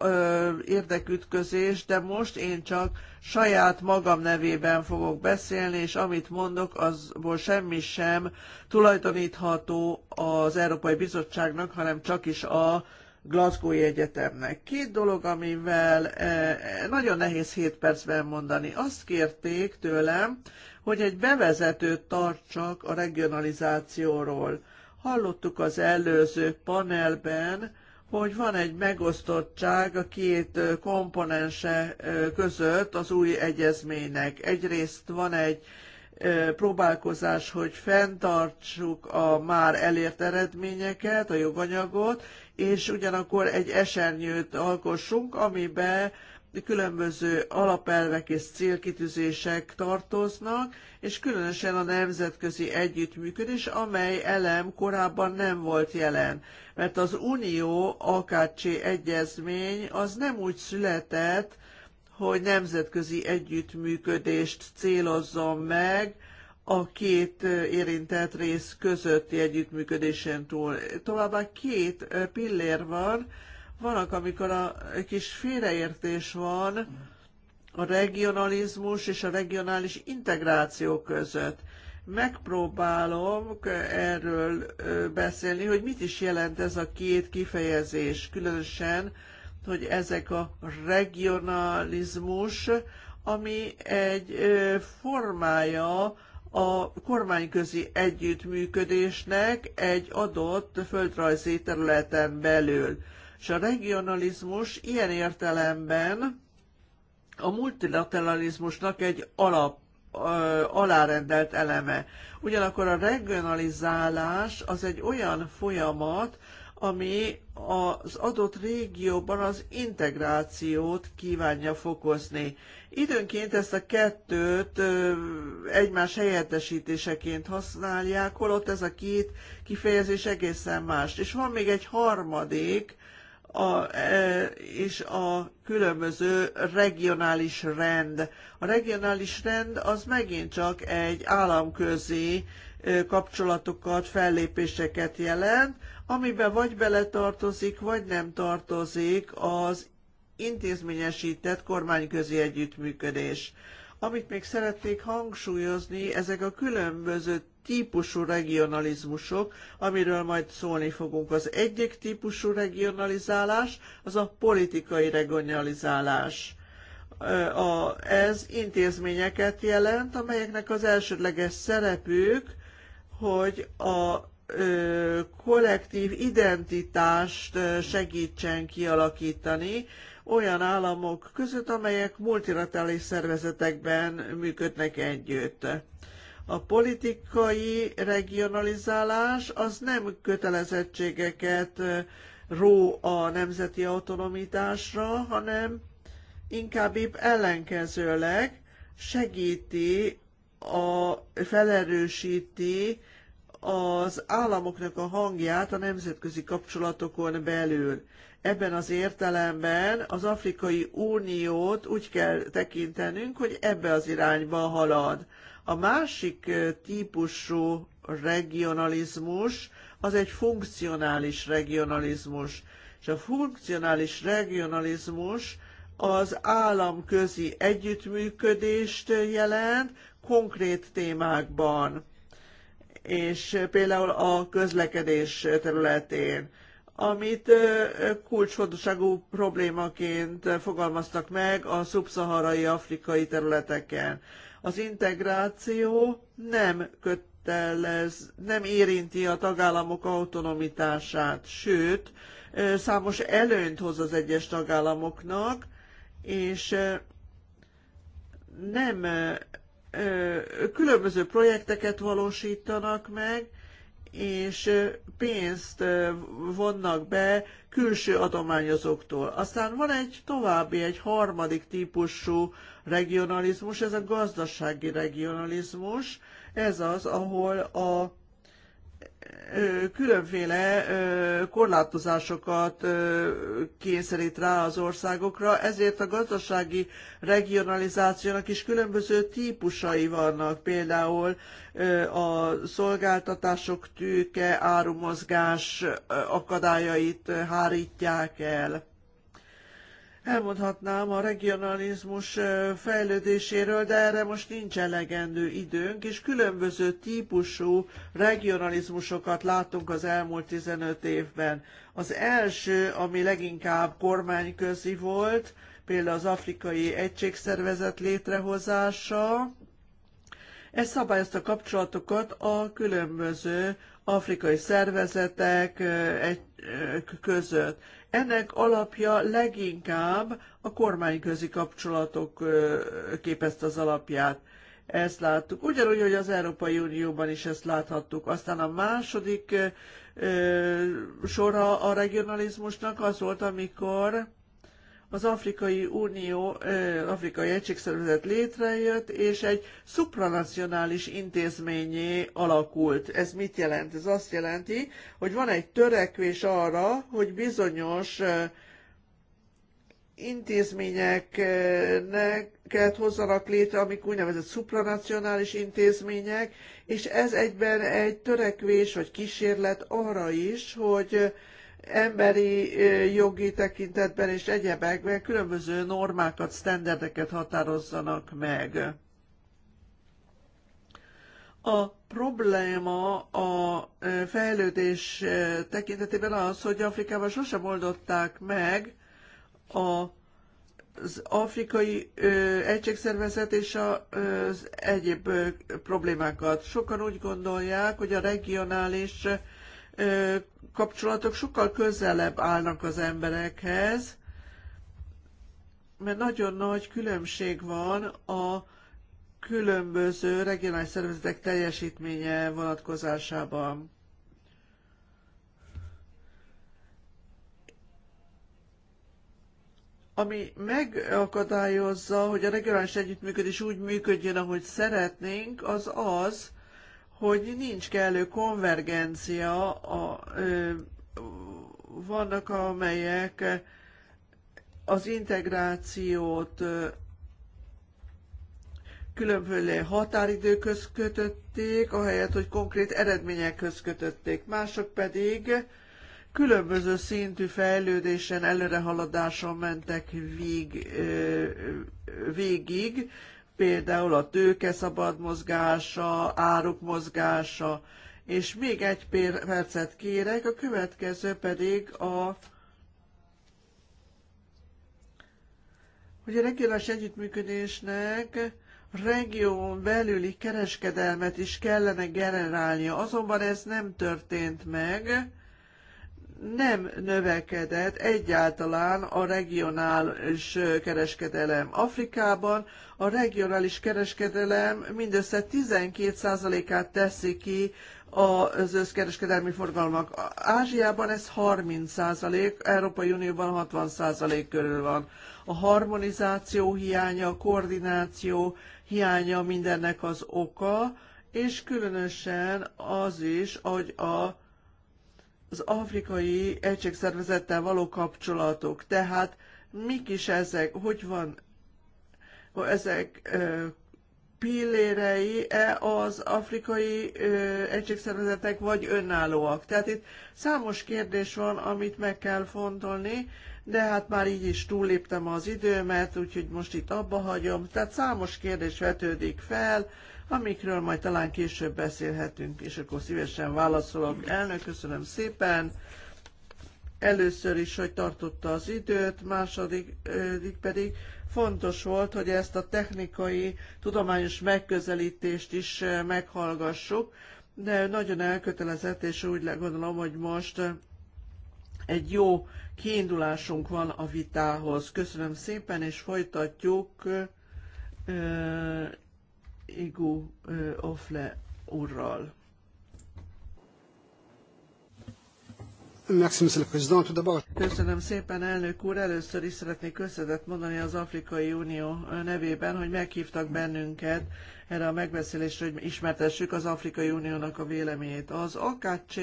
érdekütközés, de most én csak saját magam nevében fogok beszélni, és amit mondok, azból semmi sem tulajdonítható az Európai Bizottságnak, hanem csak is a Glasgow Egyetemnek. Két dolog, amivel e, nagyon nehéz 7 percben mondani. Azt kérték tőlem, hogy egy bevezetőt tartsak a regionalizációról. Hallottuk az előző panelben, hogy van egy megosztottság a két komponense között az új egyezménynek. Egyrészt van egy próbálkozás, hogy fenntartsuk a már elért eredményeket, a joganyagot, és ugyanakkor egy esernyőt alkossunk, amiben különböző alapelvek és célkitűzések tartoznak, és különösen a nemzetközi együttműködés, amely elem korábban nem volt jelen. Mert az Unió AKC egyezmény az nem úgy született, hogy nemzetközi együttműködést célozzon meg, a két érintett rész közötti együttműködésen túl. Továbbá két pillér van, vannak, amikor a kis félreértés van a regionalizmus és a regionális integráció között. Megpróbálom erről beszélni, hogy mit is jelent ez a két kifejezés, különösen, hogy ezek a regionalizmus, ami egy formája a kormányközi együttműködésnek egy adott földrajzi területen belül. És a regionalizmus ilyen értelemben a multilateralizmusnak egy alap alárendelt eleme. Ugyanakkor a regionalizálás az egy olyan folyamat, ami az adott régióban az integrációt kívánja fokozni. Időnként ezt a kettőt egymás helyettesítéseként használják, holott ez a két kifejezés egészen más. És van még egy harmadik, a, e, és a különböző regionális rend. A regionális rend az megint csak egy államközi kapcsolatokat, fellépéseket jelent, amiben vagy beletartozik, vagy nem tartozik az intézményesített kormányközi együttműködés. Amit még szeretnék hangsúlyozni, ezek a különböző típusú regionalizmusok, amiről majd szólni fogunk. Az egyik típusú regionalizálás az a politikai regionalizálás. Ez intézményeket jelent, amelyeknek az elsődleges szerepük, hogy a kollektív identitást segítsen kialakítani olyan államok között, amelyek multilaterális szervezetekben működnek együtt. A politikai regionalizálás az nem kötelezettségeket ró a nemzeti autonomitásra, hanem inkább épp ellenkezőleg segíti, a, felerősíti az államoknak a hangját a nemzetközi kapcsolatokon belül. Ebben az értelemben az Afrikai Uniót úgy kell tekintenünk, hogy ebbe az irányba halad. A másik típusú regionalizmus az egy funkcionális regionalizmus. És a funkcionális regionalizmus az államközi együttműködést jelent konkrét témákban és például a közlekedés területén amit kulcsfontosságú problémaként fogalmaztak meg a szubszaharai afrikai területeken. Az integráció nem kötelez, nem érinti a tagállamok autonomitását, sőt, számos előnyt hoz az egyes tagállamoknak, és nem különböző projekteket valósítanak meg, és pénzt vonnak be külső adományozóktól. Aztán van egy további, egy harmadik típusú regionalizmus, ez a gazdasági regionalizmus, ez az, ahol a különféle korlátozásokat kényszerít rá az országokra, ezért a gazdasági regionalizációnak is különböző típusai vannak, például a szolgáltatások tőke, árumozgás akadályait hárítják el Elmondhatnám a regionalizmus fejlődéséről, de erre most nincs elegendő időnk, és különböző típusú regionalizmusokat látunk az elmúlt 15 évben. Az első, ami leginkább kormányközi volt, például az Afrikai Egységszervezet létrehozása, ez szabályozta a kapcsolatokat a különböző afrikai szervezetek között. Ennek alapja leginkább a kormányközi kapcsolatok képezte az alapját. Ezt láttuk. Ugyanúgy, hogy az Európai Unióban is ezt láthattuk. Aztán a második ö, sora a regionalizmusnak az volt, amikor az Afrikai Unió, Afrikai Egységszervezet létrejött, és egy supranacionális intézményé alakult. Ez mit jelent? Ez azt jelenti, hogy van egy törekvés arra, hogy bizonyos intézményeket hozzanak létre, amik úgynevezett supranacionális intézmények, és ez egyben egy törekvés vagy kísérlet arra is, hogy emberi jogi tekintetben és egyebekben különböző normákat, sztenderdeket határozzanak meg. A probléma a fejlődés tekintetében az, hogy Afrikában sosem oldották meg a az afrikai ö, egységszervezet és a, az egyéb ö, problémákat. Sokan úgy gondolják, hogy a regionális ö, kapcsolatok sokkal közelebb állnak az emberekhez, mert nagyon nagy különbség van a különböző regionális szervezetek teljesítménye vonatkozásában. ami megakadályozza, hogy a regionális együttműködés úgy működjön, ahogy szeretnénk, az az, hogy nincs kellő konvergencia, a, ö, vannak amelyek az integrációt különböző határidőköz kötötték, ahelyett, hogy konkrét eredményekhöz kötötték. Mások pedig különböző szintű fejlődésen, előrehaladáson mentek vég, végig, például a tőke szabad mozgása, áruk mozgása, és még egy percet kérek, a következő pedig a hogy a regionális együttműködésnek region belüli kereskedelmet is kellene generálnia. Azonban ez nem történt meg, nem növekedett egyáltalán a regionális kereskedelem. Afrikában a regionális kereskedelem mindössze 12%-át teszi ki az összkereskedelmi forgalmak. Ázsiában ez 30%, Európai Unióban 60% körül van. A harmonizáció hiánya, a koordináció hiánya mindennek az oka, és különösen az is, hogy a az afrikai egységszervezettel való kapcsolatok. Tehát mik is ezek, hogy van ezek pillérei-e az afrikai egységszervezetek, vagy önállóak. Tehát itt számos kérdés van, amit meg kell fontolni, de hát már így is túlléptem az időmet, úgyhogy most itt abba hagyom. Tehát számos kérdés vetődik fel, amikről majd talán később beszélhetünk, és akkor szívesen válaszolok. Elnök, köszönöm szépen! Először is, hogy tartotta az időt, második pedig fontos volt, hogy ezt a technikai, tudományos megközelítést is meghallgassuk, de nagyon elkötelezett, és úgy gondolom, hogy most egy jó kiindulásunk van a vitához. Köszönöm szépen, és folytatjuk Igu Ofle úrral. Köszönöm szépen, elnök úr! Először is szeretnék köszönetet mondani az Afrikai Unió nevében, hogy meghívtak bennünket erre a megbeszélésre, hogy ismertessük az Afrikai Uniónak a véleményét. Az AKC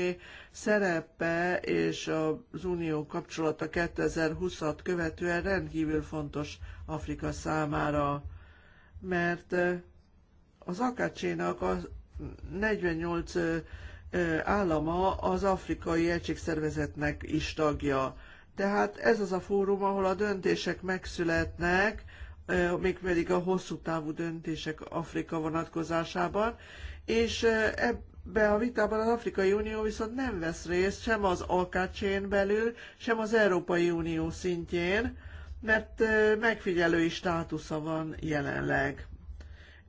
szerepe és az Unió kapcsolata 2020-at követően rendkívül fontos Afrika számára, mert az Akácsénak a 48 állama az Afrikai Egységszervezetnek is tagja. Tehát ez az a fórum, ahol a döntések megszületnek, mégpedig a hosszú távú döntések Afrika vonatkozásában, és be a vitában az Afrikai Unió viszont nem vesz részt sem az Alkácsén belül, sem az Európai Unió szintjén, mert megfigyelői státusza van jelenleg.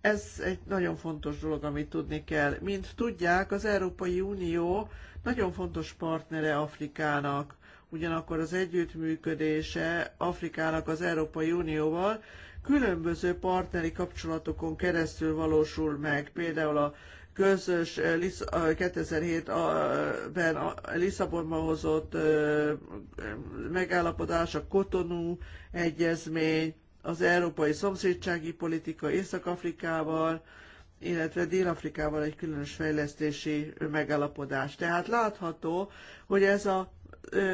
Ez egy nagyon fontos dolog, amit tudni kell. Mint tudják, az Európai Unió nagyon fontos partnere Afrikának. Ugyanakkor az együttműködése Afrikának az Európai Unióval különböző partneri kapcsolatokon keresztül valósul meg. Például a közös 2007-ben eh, eh, Lisszabonba hozott eh, megállapodás, a Kotonú egyezmény, az európai szomszédsági politika Észak-Afrikával, illetve Dél-Afrikával egy különös fejlesztési megállapodás. Tehát látható, hogy ez a,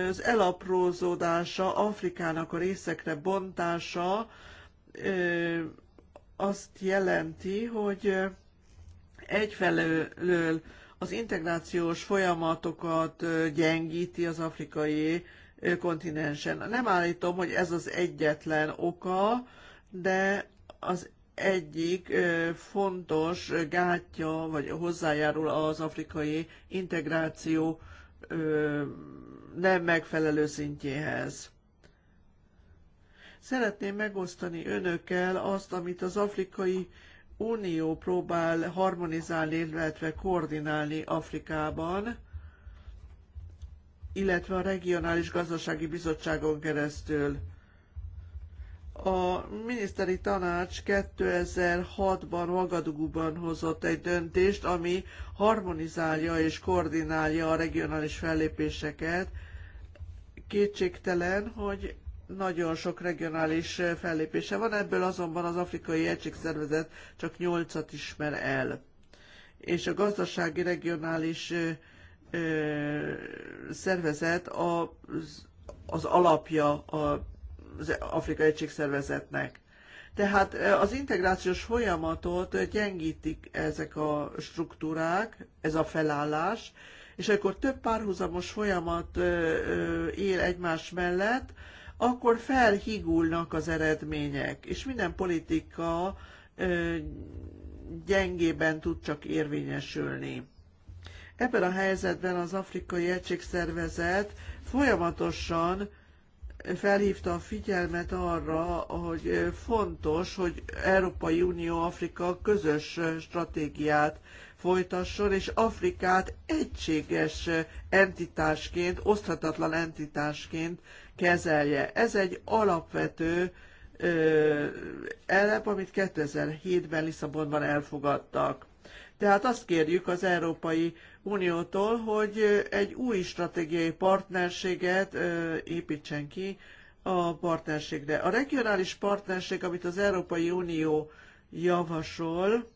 az elaprózódása, Afrikának a részekre bontása azt jelenti, hogy egyfelől az integrációs folyamatokat gyengíti az afrikai kontinensen. Nem állítom, hogy ez az egyetlen oka, de az egyik fontos gátja, vagy hozzájárul az afrikai integráció nem megfelelő szintjéhez. Szeretném megosztani önökkel azt, amit az Afrikai Unió próbál harmonizálni, illetve koordinálni Afrikában, illetve a regionális gazdasági bizottságon keresztül. A miniszteri tanács 2006-ban Magadugúban hozott egy döntést, ami harmonizálja és koordinálja a regionális fellépéseket. Kétségtelen, hogy nagyon sok regionális fellépése van, ebből azonban az Afrikai Egységszervezet csak nyolcat ismer el. És a gazdasági regionális szervezet az, az alapja az Afrika Egységszervezetnek. Tehát az integrációs folyamatot gyengítik ezek a struktúrák, ez a felállás, és akkor több párhuzamos folyamat él egymás mellett, akkor felhigulnak az eredmények, és minden politika gyengében tud csak érvényesülni. Ebben a helyzetben az Afrikai Egységszervezet folyamatosan felhívta a figyelmet arra, hogy fontos, hogy Európai Unió-Afrika közös stratégiát folytasson, és Afrikát egységes entitásként, oszthatatlan entitásként kezelje. Ez egy alapvető elep, amit 2007-ben Lisszabonban elfogadtak. Tehát azt kérjük az Európai Uniótól, hogy egy új stratégiai partnerséget építsen ki a partnerségre. A regionális partnerség, amit az Európai Unió javasol,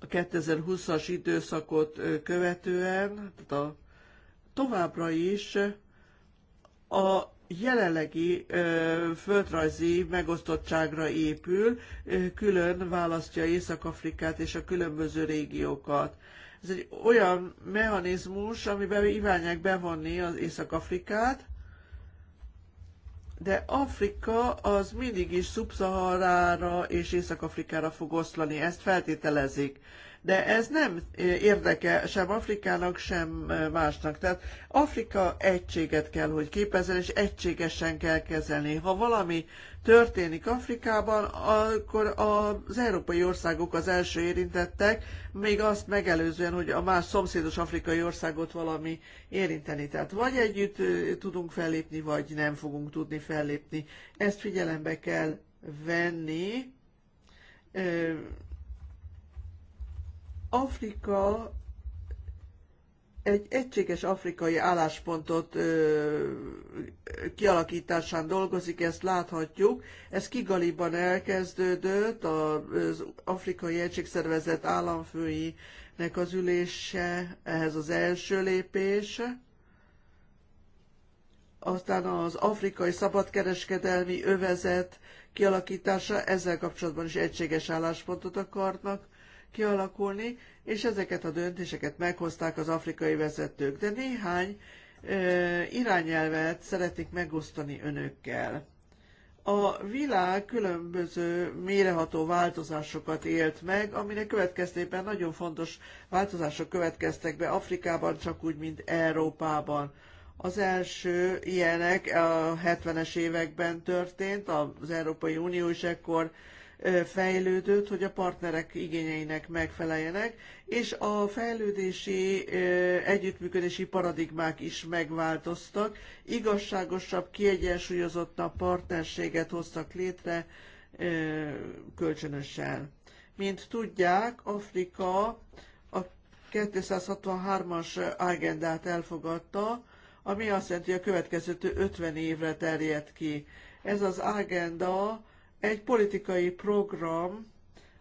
a 2020-as időszakot követően, tehát a, továbbra is a jelenlegi ö, földrajzi megosztottságra épül, ö, külön választja Észak-Afrikát és a különböző régiókat. Ez egy olyan mechanizmus, amiben iványák bevonni az Észak-Afrikát, de Afrika az mindig is Szubszaharára és Észak-Afrikára fog oszlani, ezt feltételezik de ez nem érdeke sem Afrikának, sem másnak. Tehát Afrika egységet kell, hogy képezzen, és egységesen kell kezelni. Ha valami történik Afrikában, akkor az európai országok az első érintettek, még azt megelőzően, hogy a más szomszédos afrikai országot valami érinteni. Tehát vagy együtt tudunk fellépni, vagy nem fogunk tudni fellépni. Ezt figyelembe kell venni Afrika egy egységes afrikai álláspontot ö, kialakításán dolgozik, ezt láthatjuk. Ez Kigaliban elkezdődött, az Afrikai Egységszervezet államfőinek az ülése, ehhez az első lépés. Aztán az Afrikai Szabadkereskedelmi Övezet kialakítása, ezzel kapcsolatban is egységes álláspontot akarnak kialakulni, és ezeket a döntéseket meghozták az afrikai vezetők. De néhány irányelvet szeretnék megosztani önökkel. A világ különböző méreható változásokat élt meg, aminek következtében nagyon fontos változások következtek be Afrikában, csak úgy, mint Európában. Az első ilyenek a 70-es években történt, az Európai Unió is ekkor fejlődött, hogy a partnerek igényeinek megfeleljenek, és a fejlődési együttműködési paradigmák is megváltoztak, igazságosabb, kiegyensúlyozottabb partnerséget hoztak létre kölcsönösen. Mint tudják, Afrika a 263-as agendát elfogadta, ami azt jelenti, hogy a következő 50 évre terjed ki. Ez az agenda egy politikai program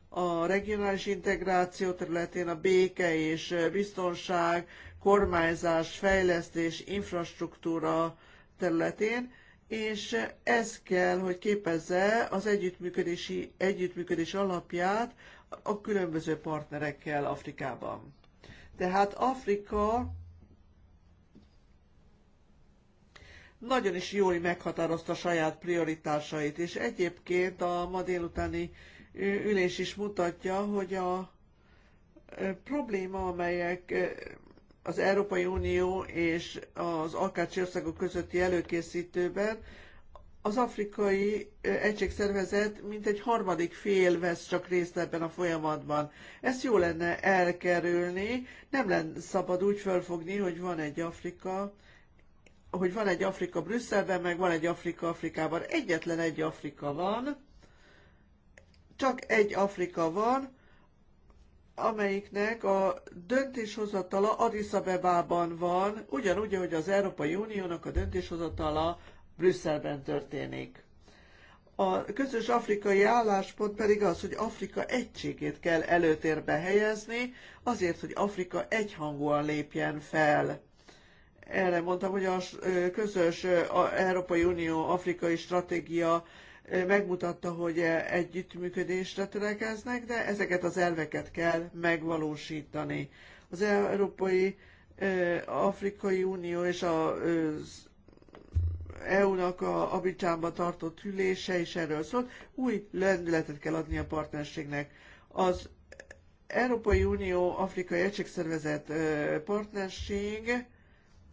a regionális integráció területén a béke és biztonság, kormányzás, fejlesztés, infrastruktúra területén, és ez kell, hogy képezze az együttműködési, együttműködés alapját a különböző partnerekkel Afrikában. Tehát Afrika nagyon is jól meghatározta saját prioritásait, és egyébként a ma délutáni ülés is mutatja, hogy a probléma, amelyek az Európai Unió és az Alkácsi országok közötti előkészítőben, az afrikai egységszervezet mint egy harmadik fél vesz csak részt ebben a folyamatban. Ezt jó lenne elkerülni, nem lenne szabad úgy fölfogni, hogy van egy Afrika, hogy van egy Afrika Brüsszelben, meg van egy Afrika Afrikában. Egyetlen egy Afrika van, csak egy Afrika van, amelyiknek a döntéshozatala Addis Abebában van, ugyanúgy, ahogy az Európai Uniónak a döntéshozatala Brüsszelben történik. A közös afrikai álláspont pedig az, hogy Afrika egységét kell előtérbe helyezni, azért, hogy Afrika egyhangúan lépjen fel erre mondtam, hogy a közös Európai Unió-Afrikai Stratégia megmutatta, hogy együttműködésre törekeznek, de ezeket az elveket kell megvalósítani. Az Európai Afrikai Unió és az EU-nak a e Abicsánba tartott ülése is erről szólt, új lendületet kell adni a partnerségnek. Az Európai Unió Afrikai Egységszervezet partnerség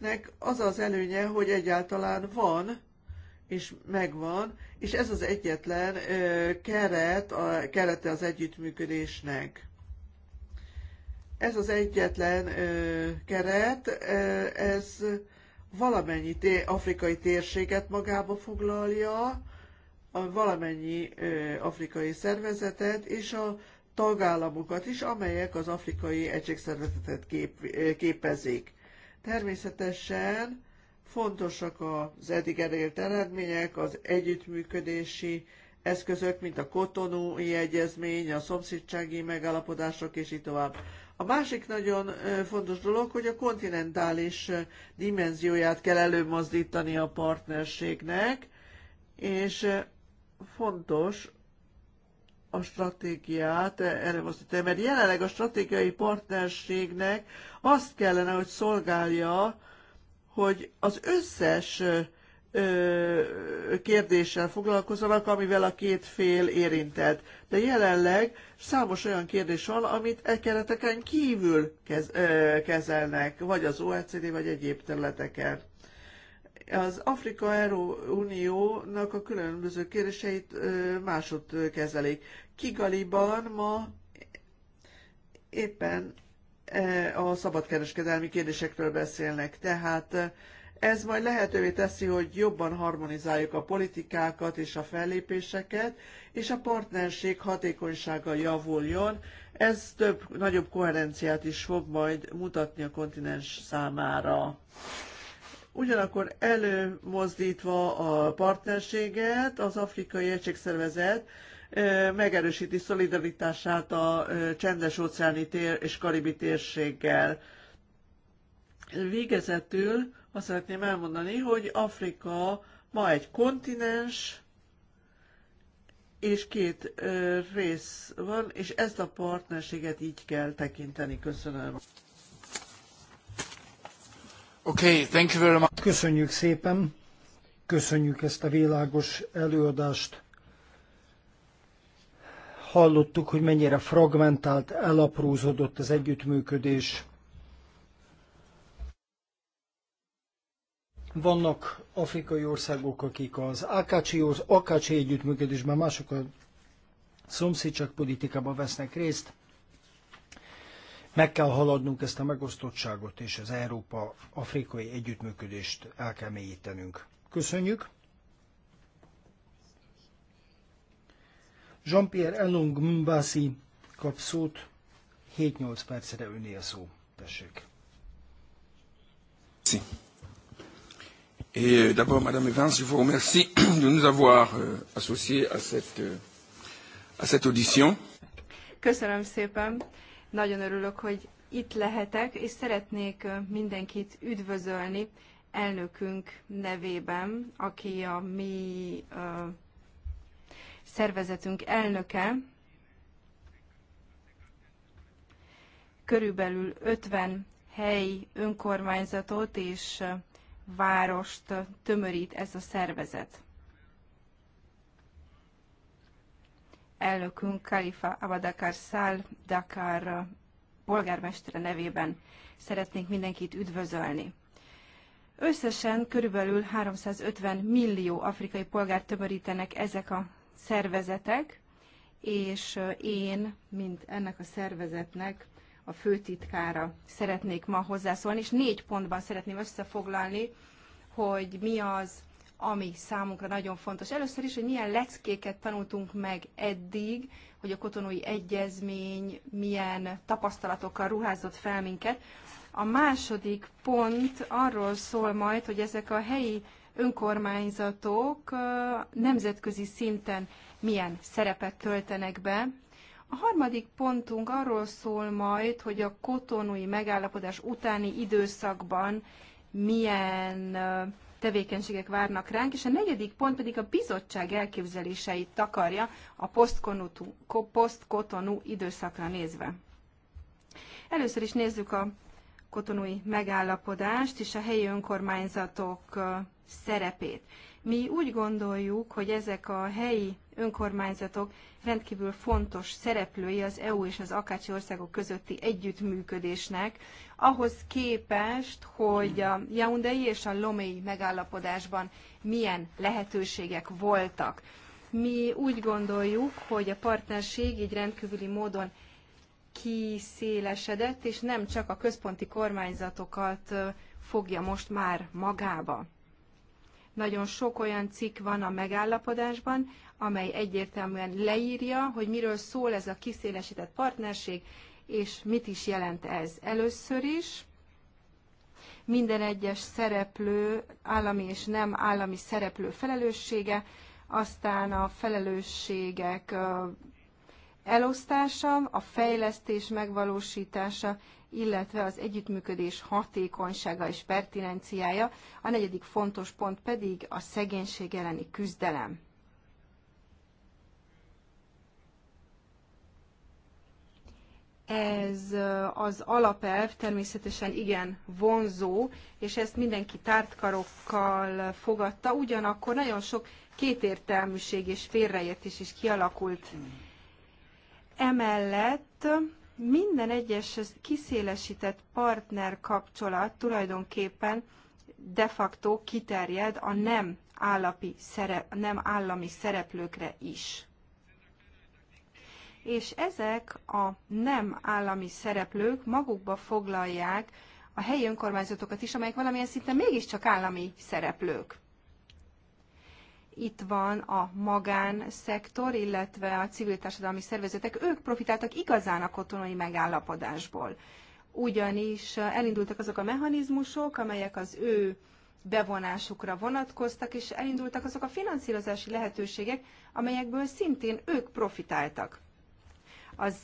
nek az az előnye, hogy egyáltalán van, és megvan, és ez az egyetlen keret, a, kerete az együttműködésnek. Ez az egyetlen keret, ez valamennyi afrikai térséget magába foglalja, a valamennyi afrikai szervezetet és a tagállamokat is, amelyek az afrikai egységszervezetet kép, képezik. Természetesen fontosak az eddig elért eredmények, az együttműködési eszközök, mint a kotonói egyezmény, a szomszédsági megállapodások, és így tovább. A másik nagyon fontos dolog, hogy a kontinentális dimenzióját kell előmozdítani a partnerségnek, és fontos, a stratégiát erre most előmozdítani, mert jelenleg a stratégiai partnerségnek azt kellene, hogy szolgálja, hogy az összes kérdéssel foglalkozanak, amivel a két fél érintett. De jelenleg számos olyan kérdés van, amit e kereteken kívül kezelnek, vagy az OECD, vagy egyéb területeken az Afrika-Euró Uniónak a különböző kéréseit másod kezelik. Kigaliban ma éppen a szabadkereskedelmi kérdésekről beszélnek, tehát ez majd lehetővé teszi, hogy jobban harmonizáljuk a politikákat és a fellépéseket, és a partnerség hatékonysága javuljon. Ez több, nagyobb koherenciát is fog majd mutatni a kontinens számára ugyanakkor előmozdítva a partnerséget, az Afrikai Egységszervezet megerősíti szolidaritását a csendes-óceáni tér és karibi térséggel. Végezetül azt szeretném elmondani, hogy Afrika ma egy kontinens, és két rész van, és ezt a partnerséget így kell tekinteni. Köszönöm. Okay, thank you very much. Köszönjük szépen, köszönjük ezt a világos előadást. Hallottuk, hogy mennyire fragmentált, elaprózódott az együttműködés. Vannak afrikai országok, akik az AKC, az együttműködésben, mások a szomszédságpolitikában vesznek részt. Meg kell haladnunk ezt a megosztottságot, és az Európa-afrikai együttműködést el kell mélyítenünk. Köszönjük! Jean-Pierre Elong Mbassi kap szót, 7-8 percre öné a szó. Tessék. Si. Et euh, d'abord, Madame Evans, je vous remercie de nous avoir euh, associés à cette, euh, à cette audition. Köszönöm szépen. Nagyon örülök, hogy itt lehetek, és szeretnék mindenkit üdvözölni elnökünk nevében, aki a mi ö, szervezetünk elnöke. Körülbelül 50 helyi önkormányzatot és várost tömörít ez a szervezet. elnökünk Kalifa Abadakar Szál Dakar polgármestere nevében szeretnénk mindenkit üdvözölni. Összesen körülbelül 350 millió afrikai polgárt tömörítenek ezek a szervezetek, és én, mint ennek a szervezetnek a főtitkára szeretnék ma hozzászólni, és négy pontban szeretném összefoglalni, hogy mi az, ami számunkra nagyon fontos. Először is, hogy milyen leckéket tanultunk meg eddig, hogy a kotonói egyezmény milyen tapasztalatokkal ruházott fel minket. A második pont arról szól majd, hogy ezek a helyi önkormányzatok nemzetközi szinten milyen szerepet töltenek be. A harmadik pontunk arról szól majd, hogy a kotonói megállapodás utáni időszakban milyen uh, tevékenységek várnak ránk, és a negyedik pont pedig a bizottság elképzeléseit takarja a posztkotonú időszakra nézve. Először is nézzük a kotonúi megállapodást és a helyi önkormányzatok szerepét. Mi úgy gondoljuk, hogy ezek a helyi önkormányzatok rendkívül fontos szereplői az EU és az akácsi országok közötti együttműködésnek, ahhoz képest, hogy a Yaoundé és a Lomé megállapodásban milyen lehetőségek voltak. Mi úgy gondoljuk, hogy a partnerség így rendkívüli módon kiszélesedett, és nem csak a központi kormányzatokat fogja most már magába. Nagyon sok olyan cikk van a megállapodásban, amely egyértelműen leírja, hogy miről szól ez a kiszélesített partnerség, és mit is jelent ez. Először is minden egyes szereplő, állami és nem állami szereplő felelőssége, aztán a felelősségek elosztása, a fejlesztés megvalósítása illetve az együttműködés hatékonysága és pertinenciája, a negyedik fontos pont pedig a szegénység elleni küzdelem. ez az alapelv természetesen igen vonzó, és ezt mindenki tártkarokkal fogadta, ugyanakkor nagyon sok kétértelműség és félreértés is kialakult. Emellett minden egyes kiszélesített partner kapcsolat tulajdonképpen de facto kiterjed a nem, állapi szerep, nem állami szereplőkre is. És ezek a nem állami szereplők magukba foglalják a helyi önkormányzatokat is, amelyek valamilyen szinten mégiscsak állami szereplők itt van a magánszektor, illetve a civil társadalmi szervezetek, ők profitáltak igazán a kotonai megállapodásból. Ugyanis elindultak azok a mechanizmusok, amelyek az ő bevonásukra vonatkoztak, és elindultak azok a finanszírozási lehetőségek, amelyekből szintén ők profitáltak. Az,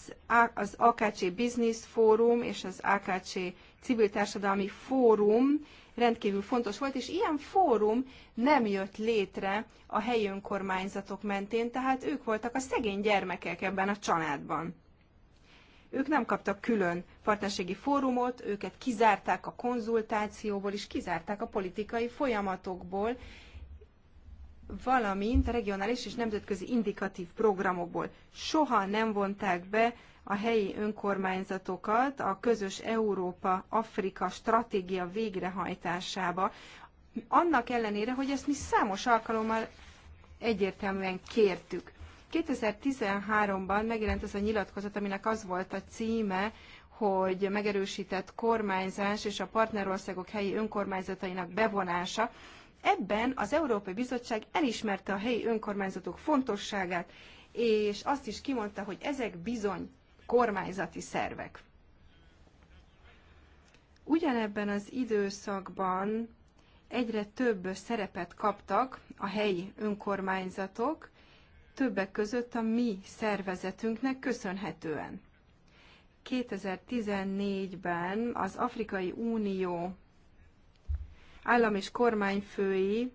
az AKC Business Forum és az AKC Civil Társadalmi Fórum rendkívül fontos volt, és ilyen fórum nem jött létre a helyi önkormányzatok mentén, tehát ők voltak a szegény gyermekek ebben a családban. Ők nem kaptak külön partnerségi fórumot, őket kizárták a konzultációból, és kizárták a politikai folyamatokból, valamint a regionális és nemzetközi indikatív programokból. Soha nem vonták be a helyi önkormányzatokat a közös Európa-Afrika stratégia végrehajtásába, annak ellenére, hogy ezt mi számos alkalommal egyértelműen kértük. 2013-ban megjelent ez a nyilatkozat, aminek az volt a címe, hogy megerősített kormányzás és a partnerországok helyi önkormányzatainak bevonása. Ebben az Európai Bizottság elismerte a helyi önkormányzatok fontosságát, és azt is kimondta, hogy ezek bizony kormányzati szervek. Ugyanebben az időszakban egyre több szerepet kaptak a helyi önkormányzatok, többek között a mi szervezetünknek köszönhetően. 2014-ben az Afrikai Unió állam és kormányfői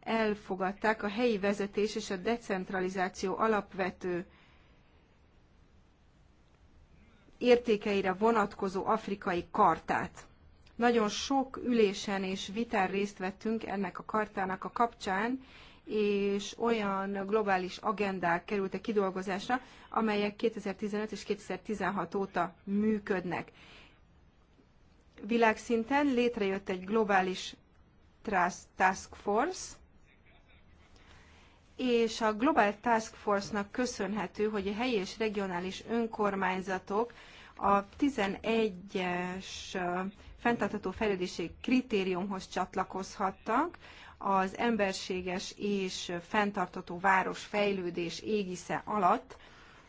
elfogadták a helyi vezetés és a decentralizáció alapvető értékeire vonatkozó afrikai kartát. Nagyon sok ülésen és vitán részt vettünk ennek a kartának a kapcsán, és olyan globális agendák kerültek kidolgozásra, amelyek 2015 és 2016 óta működnek. Világszinten létrejött egy globális task force, és a Global Task Force-nak köszönhető, hogy a helyi és regionális önkormányzatok a 11-es fenntartható fejlődési kritériumhoz csatlakozhattak, az emberséges és fenntartató városfejlődés égisze alatt,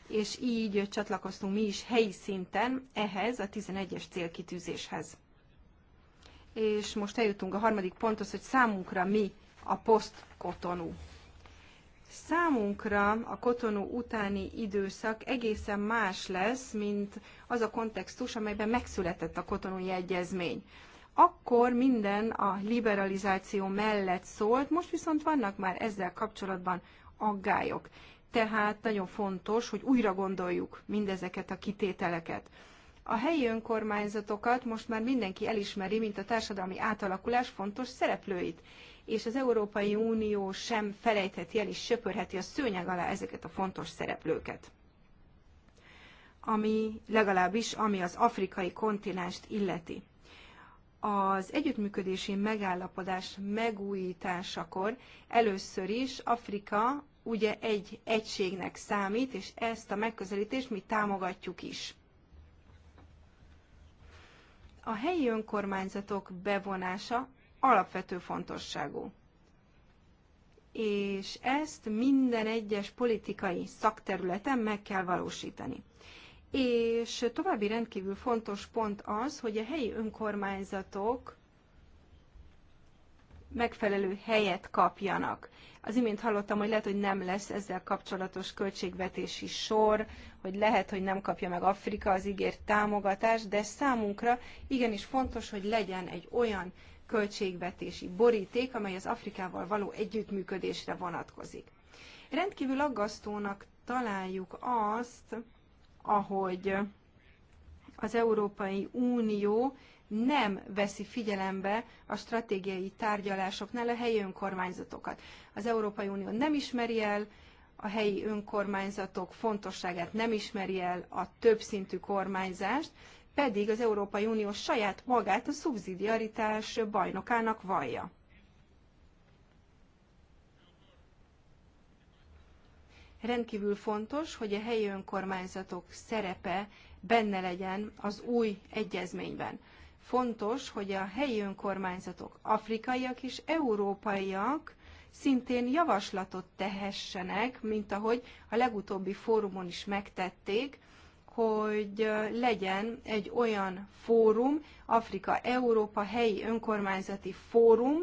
és így csatlakoztunk mi is helyi szinten ehhez a 11-es célkitűzéshez. És most eljutunk a harmadik ponthoz, hogy számunkra mi a posztkotonú Számunkra a kotonú utáni időszak egészen más lesz, mint az a kontextus, amelyben megszületett a kotonúi egyezmény. Akkor minden a liberalizáció mellett szólt, most viszont vannak már ezzel kapcsolatban aggályok. Tehát nagyon fontos, hogy újra gondoljuk mindezeket a kitételeket. A helyi önkormányzatokat most már mindenki elismeri, mint a társadalmi átalakulás fontos szereplőit és az Európai Unió sem felejtheti el és söpörheti a szőnyeg alá ezeket a fontos szereplőket ami legalábbis ami az afrikai kontinenst illeti. Az együttműködési megállapodás megújításakor először is Afrika ugye egy egységnek számít, és ezt a megközelítést mi támogatjuk is. A helyi önkormányzatok bevonása alapvető fontosságú. És ezt minden egyes politikai szakterületen meg kell valósítani. És további rendkívül fontos pont az, hogy a helyi önkormányzatok megfelelő helyet kapjanak. Az imént hallottam, hogy lehet, hogy nem lesz ezzel kapcsolatos költségvetési sor, hogy lehet, hogy nem kapja meg Afrika az ígért támogatást, de számunkra igenis fontos, hogy legyen egy olyan költségvetési boríték, amely az Afrikával való együttműködésre vonatkozik. Rendkívül aggasztónak találjuk azt, ahogy az Európai Unió nem veszi figyelembe a stratégiai tárgyalásoknál a helyi önkormányzatokat. Az Európai Unió nem ismeri el a helyi önkormányzatok fontosságát, nem ismeri el a többszintű kormányzást, pedig az Európai Unió saját magát a szubszidiaritás bajnokának vallja. Rendkívül fontos, hogy a helyi önkormányzatok szerepe benne legyen az új egyezményben. Fontos, hogy a helyi önkormányzatok, afrikaiak és európaiak szintén javaslatot tehessenek, mint ahogy a legutóbbi fórumon is megtették, hogy legyen egy olyan fórum, Afrika-Európa helyi önkormányzati fórum,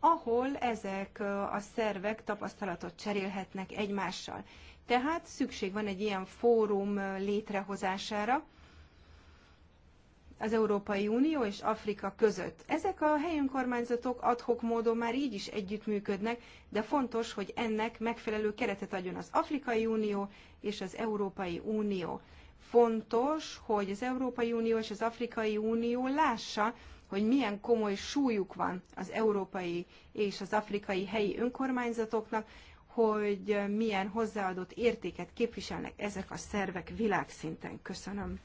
ahol ezek a szervek tapasztalatot cserélhetnek egymással. Tehát szükség van egy ilyen fórum létrehozására az Európai Unió és Afrika között. Ezek a helyi önkormányzatok adhok módon már így is együttműködnek, de fontos, hogy ennek megfelelő keretet adjon az Afrikai Unió és az Európai Unió. Fontos, hogy az Európai Unió és az Afrikai Unió lássa, hogy milyen komoly súlyuk van az európai és az afrikai helyi önkormányzatoknak, hogy milyen hozzáadott értéket képviselnek ezek a szervek világszinten. Köszönöm.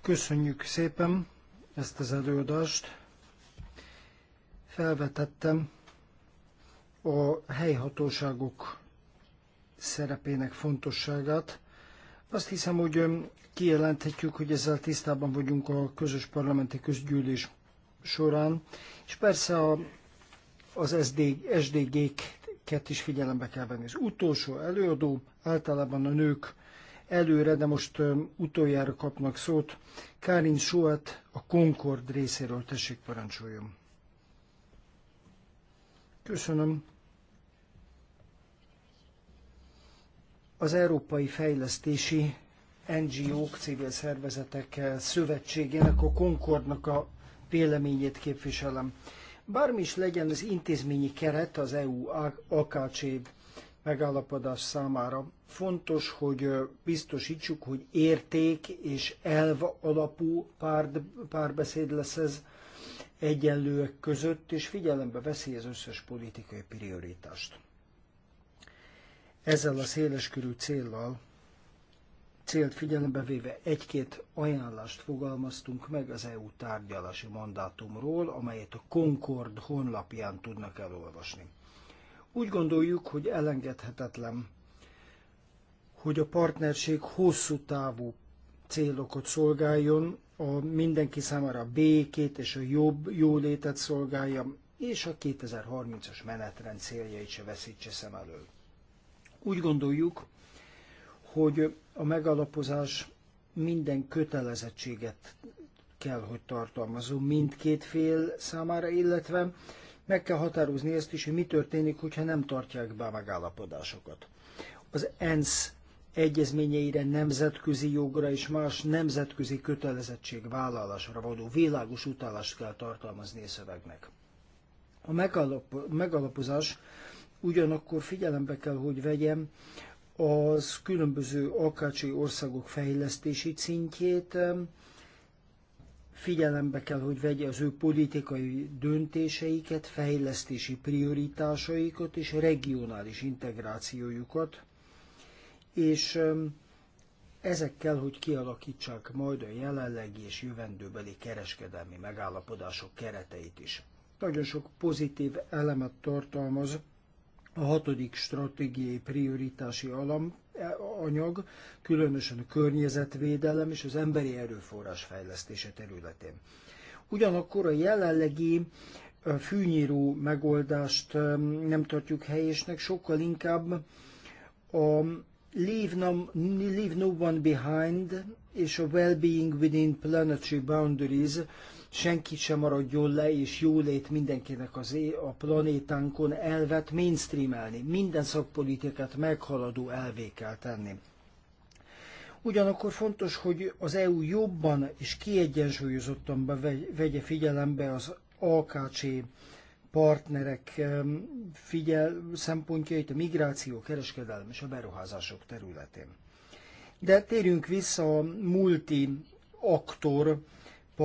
Köszönjük szépen ezt az előadást. Felvetettem a helyhatóságok szerepének fontosságát. Azt hiszem, hogy kijelenthetjük, hogy ezzel tisztában vagyunk a közös parlamenti közgyűlés során, és persze a, az SD, SDG-ket is figyelembe kell venni. Az utolsó előadó általában a nők előre, de most utoljára kapnak szót. Kárin Suat a Concord részéről tessék parancsoljon. Köszönöm, az Európai Fejlesztési NGO-k, civil szervezetek szövetségének, a Concordnak a véleményét képviselem. Bármi is legyen az intézményi keret az EU-AKC megállapodás számára, fontos, hogy biztosítsuk, hogy érték és elv alapú párbeszéd lesz ez egyenlőek között, és figyelembe veszi az összes politikai prioritást. Ezzel a széleskörű céllal, célt figyelembe véve egy-két ajánlást fogalmaztunk meg az EU tárgyalási mandátumról, amelyet a Concord honlapján tudnak elolvasni. Úgy gondoljuk, hogy elengedhetetlen, hogy a partnerség hosszú távú célokat szolgáljon, a mindenki számára a békét és a jobb jólétet szolgálja, és a 2030-as menetrend céljait se veszítse szem elől. Úgy gondoljuk, hogy a megalapozás minden kötelezettséget kell, hogy tartalmazó mindkét fél számára, illetve meg kell határozni ezt is, hogy mi történik, hogyha nem tartják be a megállapodásokat. Az ENSZ egyezményeire, nemzetközi jogra és más nemzetközi kötelezettség vállalásra való világos utalást kell tartalmazni a szövegnek. A megalapozás Ugyanakkor figyelembe kell, hogy vegyem az különböző akácsi országok fejlesztési szintjét, figyelembe kell, hogy vegye az ő politikai döntéseiket, fejlesztési prioritásaikat és regionális integrációjukat, és ezek kell, hogy kialakítsák majd a jelenlegi és jövendőbeli kereskedelmi megállapodások kereteit is. Nagyon sok pozitív elemet tartalmaz a hatodik stratégiai prioritási alam, e, anyag, különösen a környezetvédelem és az emberi erőforrás fejlesztése területén. Ugyanakkor a jelenlegi e, fűnyíró megoldást e, nem tartjuk helyesnek, sokkal inkább a Leave no, leave no one behind és a Well-being within planetary boundaries senki sem maradjon le, és jólét mindenkinek az é, a planétánkon elvet mainstreamelni, minden szakpolitikát meghaladó elvé kell tenni. Ugyanakkor fontos, hogy az EU jobban és kiegyensúlyozottan vegye figyelembe az AKC partnerek figyel szempontjait a migráció, kereskedelem és a beruházások területén. De térjünk vissza a multi aktor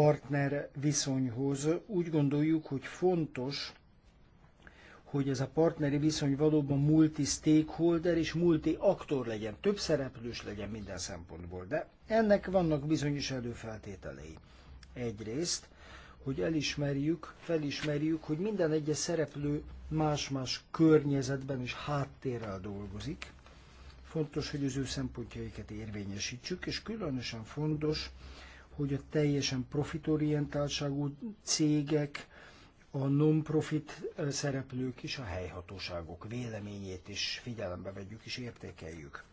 partner viszonyhoz. Úgy gondoljuk, hogy fontos, hogy ez a partneri viszony valóban multi-stakeholder és multi-aktor legyen, több szereplős legyen minden szempontból. De ennek vannak bizonyos előfeltételei. Egyrészt, hogy elismerjük, felismerjük, hogy minden egyes szereplő más-más környezetben és háttérrel dolgozik. Fontos, hogy az ő szempontjaikat érvényesítsük, és különösen fontos, hogy a teljesen profitorientáltságú cégek, a non-profit eh, szereplők és a helyhatóságok véleményét is figyelembe vegyük és értékeljük.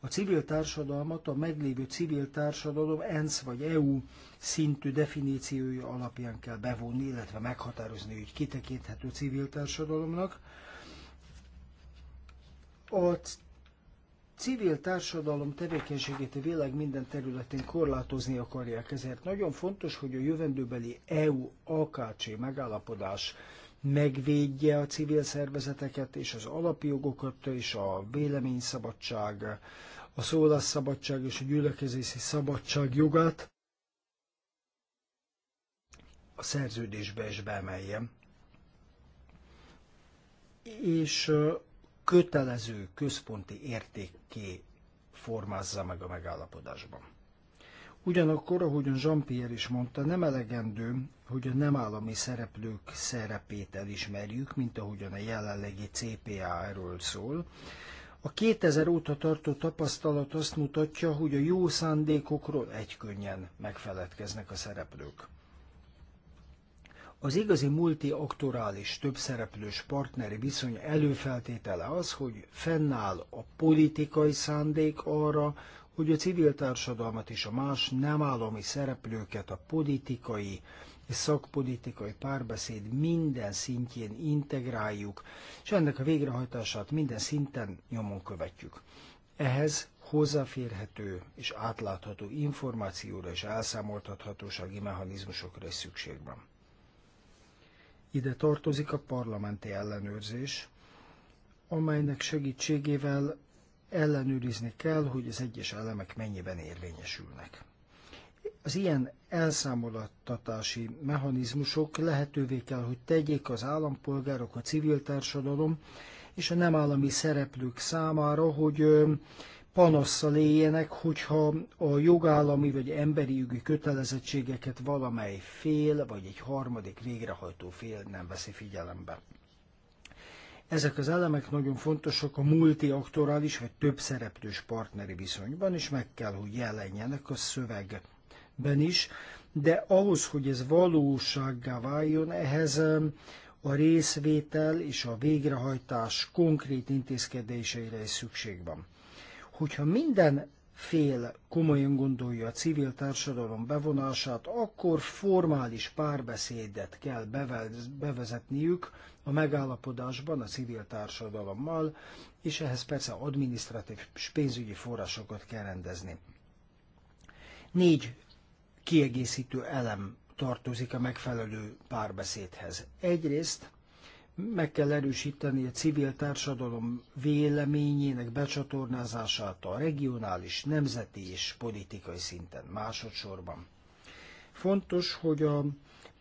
A civil társadalmat a meglévő civil társadalom ENSZ vagy EU szintű definíciója alapján kell bevonni, illetve meghatározni, hogy kitekinthető civil társadalomnak. A civil társadalom tevékenységét a világ minden területén korlátozni akarják. Ezért nagyon fontos, hogy a jövendőbeli EU-AKC megállapodás megvédje a civil szervezeteket és az alapjogokat és a véleményszabadság, a szólásszabadság és a gyülekezési szabadság jogát a szerződésbe is beemeljem. És kötelező központi értékké formázza meg a megállapodásban. Ugyanakkor, ahogyan Jean-Pierre is mondta, nem elegendő, hogy a nem állami szereplők szerepét elismerjük, mint ahogyan a jelenlegi CPA erről szól. A 2000 óta tartó tapasztalat azt mutatja, hogy a jó szándékokról egykönnyen megfeledkeznek a szereplők. Az igazi multiaktorális, többszereplős partneri viszony előfeltétele az, hogy fennáll a politikai szándék arra, hogy a civil társadalmat és a más nem állami szereplőket a politikai és szakpolitikai párbeszéd minden szintjén integráljuk, és ennek a végrehajtását minden szinten nyomon követjük. Ehhez hozzáférhető és átlátható információra és elszámoltathatósági mechanizmusokra is szükség van. Ide tartozik a parlamenti ellenőrzés, amelynek segítségével ellenőrizni kell, hogy az egyes elemek mennyiben érvényesülnek. Az ilyen elszámolattatási mechanizmusok lehetővé kell, hogy tegyék az állampolgárok, a civil társadalom és a nem állami szereplők számára, hogy panasszal éljenek, hogyha a jogállami vagy emberi jogi kötelezettségeket valamely fél vagy egy harmadik végrehajtó fél nem veszi figyelembe. Ezek az elemek nagyon fontosak a multiaktorális vagy többszereplős partneri viszonyban, és meg kell, hogy jelenjenek a szövegben is, de ahhoz, hogy ez valósággá váljon, ehhez um, a részvétel és a végrehajtás konkrét intézkedéseire is szükség van. Hogyha minden fél komolyan gondolja a civil társadalom bevonását, akkor formális párbeszédet kell bevezetniük a megállapodásban a civil társadalommal, és ehhez persze adminisztratív és pénzügyi forrásokat kell rendezni. Négy kiegészítő elem tartozik a megfelelő párbeszédhez. Egyrészt meg kell erősíteni a civil társadalom véleményének becsatornázását a regionális, nemzeti és politikai szinten másodszorban. Fontos, hogy a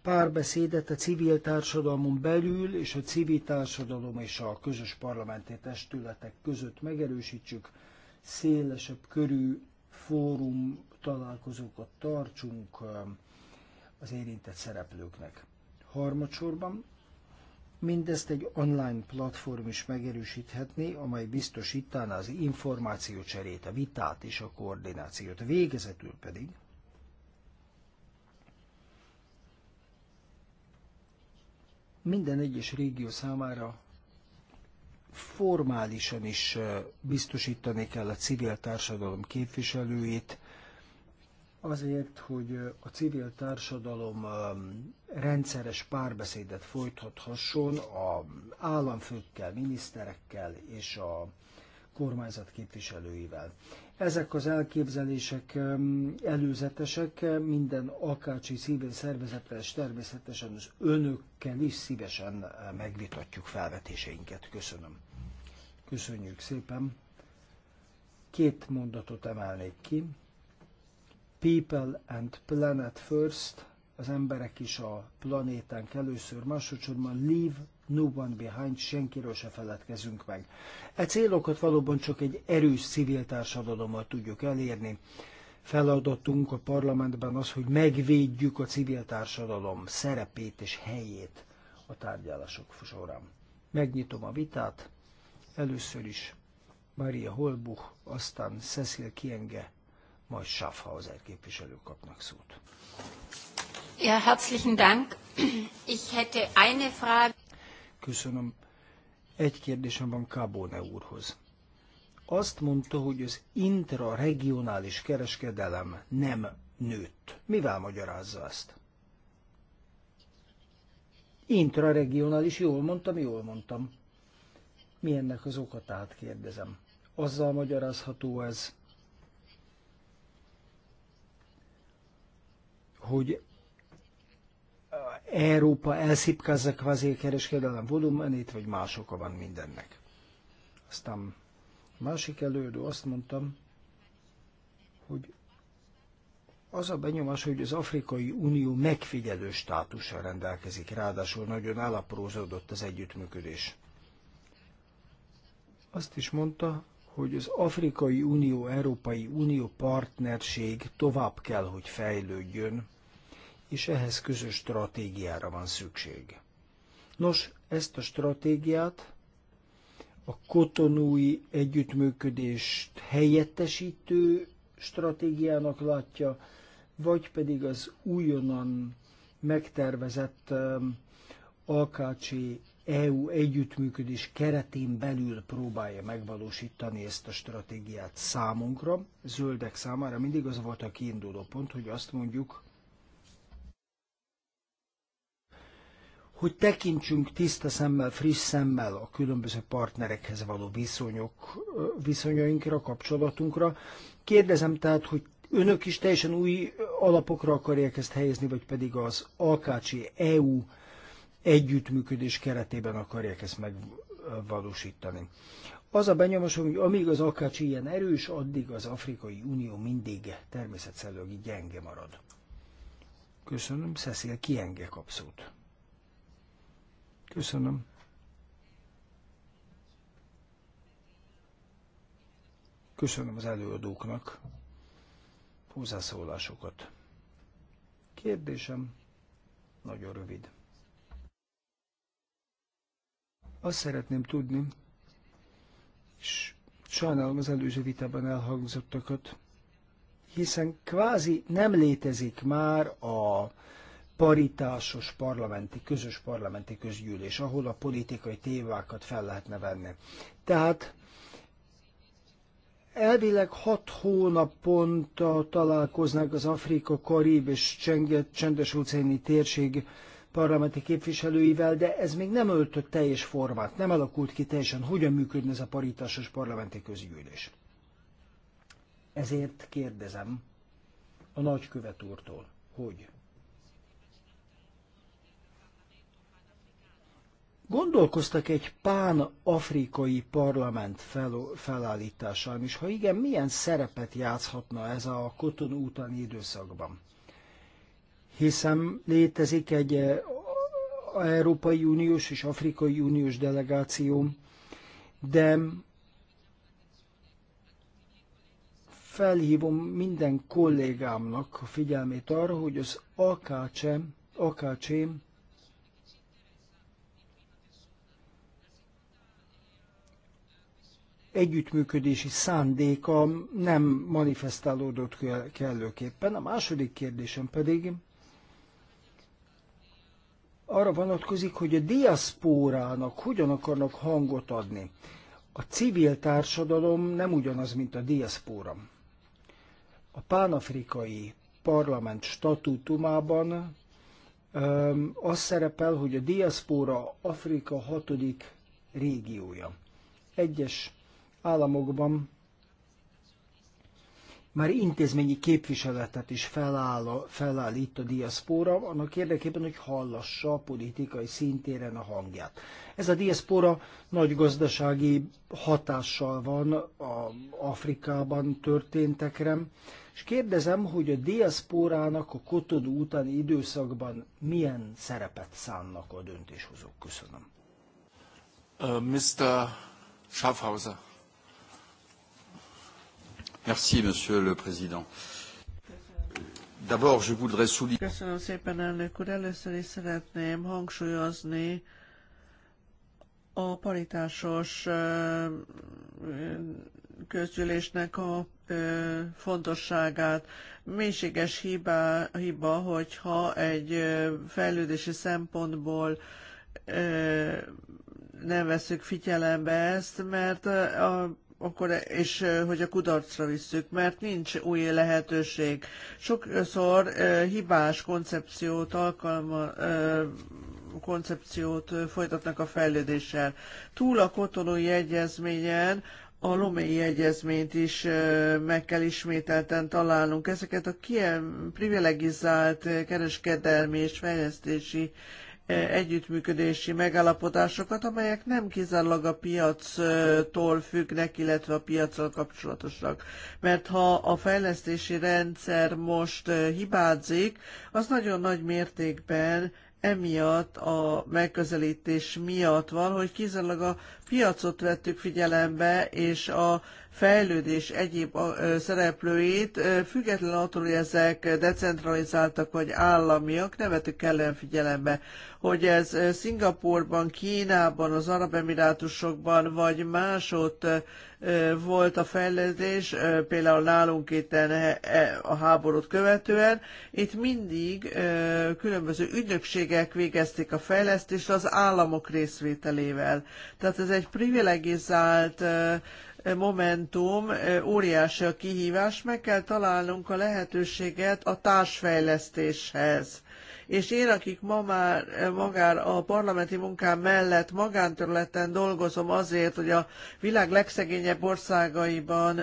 párbeszédet a civil társadalmon belül és a civil társadalom és a közös parlamenti testületek között megerősítsük, szélesebb körű fórum találkozókat tartsunk az érintett szereplőknek. Harmadsorban Mindezt egy online platform is megerősíthetné, amely biztosítaná az információcserét, a vitát és a koordinációt. Végezetül pedig minden egyes régió számára formálisan is eh, biztosítani kell a civil társadalom képviselőit, azért, hogy a civil társadalom rendszeres párbeszédet folytathasson a államfőkkel, miniszterekkel és a kormányzat képviselőivel. Ezek az elképzelések előzetesek, minden akácsi civil szervezettel és természetesen az önökkel is szívesen megvitatjuk felvetéseinket. Köszönöm. Köszönjük szépen. Két mondatot emelnék ki People and Planet First, az emberek is a planétánk először, másodszorban Leave No One Behind, senkiről se feledkezünk meg. E célokat valóban csak egy erős civil társadalommal tudjuk elérni. Feladatunk a parlamentben az, hogy megvédjük a civil társadalom szerepét és helyét a tárgyalások során. Megnyitom a vitát, először is Maria Holbuch, aztán Cecil Kienge majd Schaffhauser képviselők kapnak szót. Ja, herzlichen Dank. Ich hätte eine Frage. Köszönöm. Egy kérdésem van Kábóne úrhoz. Azt mondta, hogy az intraregionális kereskedelem nem nőtt. Mivel magyarázza ezt? Intraregionális, jól mondtam, jól mondtam. Mi ennek az okatát hát kérdezem. Azzal magyarázható ez, hogy Európa elszipkázza kvázi a kereskedelem volumenét, vagy más oka van mindennek. Aztán másik előadó azt mondtam, hogy az a benyomás, hogy az Afrikai Unió megfigyelő státussal rendelkezik, ráadásul nagyon állaprózódott az együttműködés. Azt is mondta, hogy az Afrikai Unió-Európai Unió partnerség tovább kell, hogy fejlődjön, és ehhez közös stratégiára van szükség. Nos, ezt a stratégiát a kotonúi együttműködést helyettesítő stratégiának látja, vagy pedig az újonnan megtervezett um, alkácsi EU együttműködés keretén belül próbálja megvalósítani ezt a stratégiát számunkra, zöldek számára mindig az volt a kiinduló pont, hogy azt mondjuk, hogy tekintsünk tiszta szemmel, friss szemmel a különböző partnerekhez való viszonyok, viszonyainkra, kapcsolatunkra. Kérdezem tehát, hogy önök is teljesen új alapokra akarják ezt helyezni, vagy pedig az Alkácsi EU együttműködés keretében akarják ezt megvalósítani. Az a benyomásom, hogy amíg az Akács ilyen erős, addig az Afrikai Unió mindig természetszerűleg gyenge marad. Köszönöm, Cecil kienge kapszót. Köszönöm. Köszönöm az előadóknak hozzászólásokat. Kérdésem nagyon rövid. Azt szeretném tudni, és sajnálom az előző vitában elhangzottakat, hiszen kvázi nem létezik már a paritásos parlamenti, közös parlamenti közgyűlés, ahol a politikai tévákat fel lehetne venni. Tehát elvileg hat hónaponta találkoznak az Afrika, Karib és csendes óceáni térség parlamenti képviselőivel, de ez még nem öltött teljes formát, nem alakult ki teljesen, hogyan működne ez a paritásos parlamenti közgyűlés. Ezért kérdezem a nagykövet úrtól, hogy Gondolkoztak egy pán-afrikai parlament fel, felállításán, és ha igen, milyen szerepet játszhatna ez a koton utáni időszakban? Hiszen létezik egy eh, Európai Uniós és Afrikai Uniós delegáció, de felhívom minden kollégámnak a figyelmét arra, hogy az AKC, AKC együttműködési szándéka nem manifestálódott kellőképpen. A második kérdésem pedig arra vonatkozik, hogy a diaszpórának hogyan akarnak hangot adni. A civil társadalom nem ugyanaz, mint a diaszpóra. A pánafrikai parlament statútumában az szerepel, hogy a diaszpóra Afrika hatodik régiója. Egyes államokban már intézményi képviseletet is feláll, felállít a diaszpóra, annak érdekében, hogy hallassa a politikai szintéren a hangját. Ez a diaszpóra nagy gazdasági hatással van a Afrikában történtekre, és kérdezem, hogy a diaszpórának a kotodú utáni időszakban milyen szerepet szánnak a döntéshozók. Köszönöm. Uh, Mr. Schaffhauser. Merci, Monsieur le Président. D'abord, je voudrais souligner... Köszönöm szépen, elnök úr. Először is szeretném hangsúlyozni a paritásos közgyűlésnek a fontosságát. Mélységes hiba, hiba, hogyha egy fejlődési szempontból nem veszük figyelembe ezt, mert a akkor, és hogy a kudarcra visszük, mert nincs új lehetőség. Sokszor hibás koncepciót alkalma, koncepciót folytatnak a fejlődéssel. Túl a kotonói egyezményen a loméi egyezményt is meg kell ismételten találnunk. Ezeket a kiem privilegizált kereskedelmi és fejlesztési E, együttműködési megállapodásokat, amelyek nem kizárólag a piactól függnek, illetve a piacral kapcsolatosak. Mert ha a fejlesztési rendszer most e, hibázik, az nagyon nagy mértékben emiatt a megközelítés miatt van, hogy kizárólag a piacot vettük figyelembe, és a fejlődés egyéb szereplőit, független attól, hogy ezek decentralizáltak vagy államiak, nem vettük kellően figyelembe. Hogy ez Szingapurban, Kínában, az Arab Emirátusokban vagy másott volt a fejlődés, például nálunk itt e, e, a háborút követően, itt mindig különböző ügynökségek végezték a fejlesztést az államok részvételével. Tehát ez egy egy privilegizált momentum, óriási a kihívás, meg kell találnunk a lehetőséget a társfejlesztéshez. És én, akik ma már magár a parlamenti munkám mellett magánterületen dolgozom azért, hogy a világ legszegényebb országaiban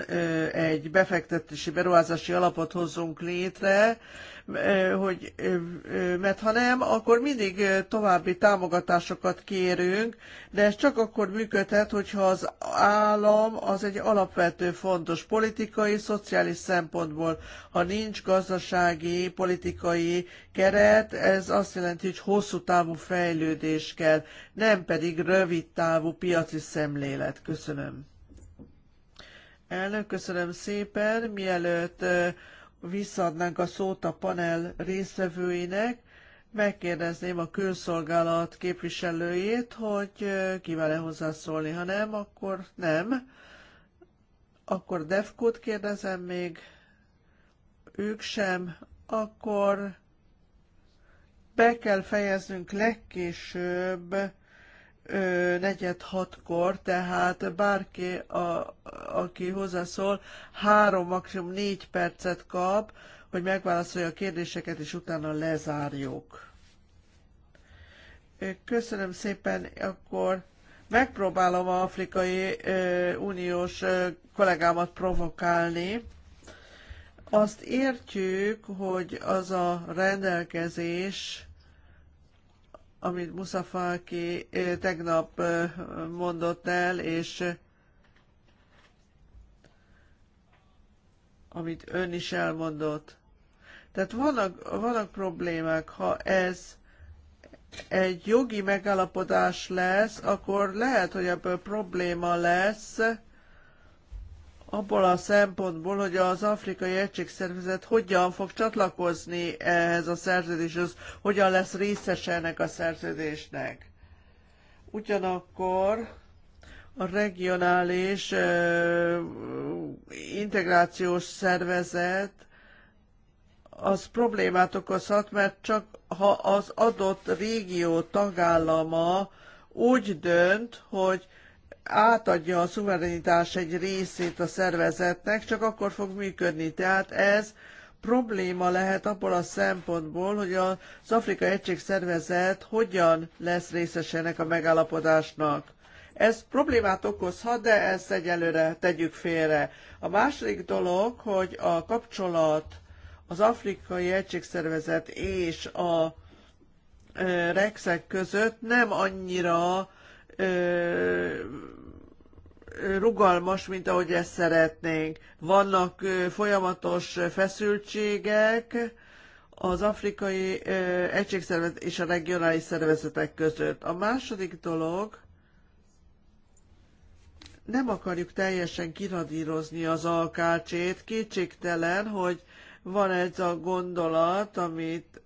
egy befektetési beruházási alapot hozzunk létre, Eh, hogy, eh, eh, mert ha nem, akkor mindig további támogatásokat kérünk, de ez csak akkor működhet, hogyha az állam az egy alapvető fontos politikai, szociális szempontból. Ha nincs gazdasági, politikai keret, ez azt jelenti, hogy hosszú távú fejlődés kell, nem pedig rövid távú piaci szemlélet. Köszönöm. Elnök, köszönöm szépen. Mielőtt visszaadnánk a szót a panel részvevőinek, megkérdezném a külszolgálat képviselőjét, hogy kíván-e hozzászólni. Ha nem, akkor nem. Akkor Defkót kérdezem még, ők sem, akkor be kell fejeznünk legkésőbb negyed hatkor, tehát bárki, a, aki hozzászól, három, maximum négy percet kap, hogy megválaszolja a kérdéseket, és utána lezárjuk. Köszönöm szépen, akkor megpróbálom a Afrikai Uniós kollégámat provokálni. Azt értjük, hogy az a rendelkezés, amit Muszafalki tegnap mondott el, és amit ön is elmondott. Tehát vannak, vannak problémák, ha ez egy jogi megállapodás lesz, akkor lehet, hogy ebből probléma lesz, abból a szempontból, hogy az afrikai egységszervezet hogyan fog csatlakozni ehhez a szerződéshez, hogyan lesz részes ennek a szerződésnek. Ugyanakkor a regionális integrációs szervezet az problémát okozhat, mert csak ha az adott régió tagállama úgy dönt, hogy átadja a szuverenitás egy részét a szervezetnek, csak akkor fog működni. Tehát ez probléma lehet abból a szempontból, hogy az Afrika Egység Szervezet hogyan lesz részes ennek a megállapodásnak. Ez problémát okozhat, de ezt egyelőre tegyük félre. A második dolog, hogy a kapcsolat az Afrikai Egységszervezet és a Rexek között nem annyira rugalmas, mint ahogy ezt szeretnénk. Vannak folyamatos feszültségek az afrikai egységszervezet és a regionális szervezetek között. A második dolog, nem akarjuk teljesen kiradírozni az alkácsét, kétségtelen, hogy van ez a gondolat, amit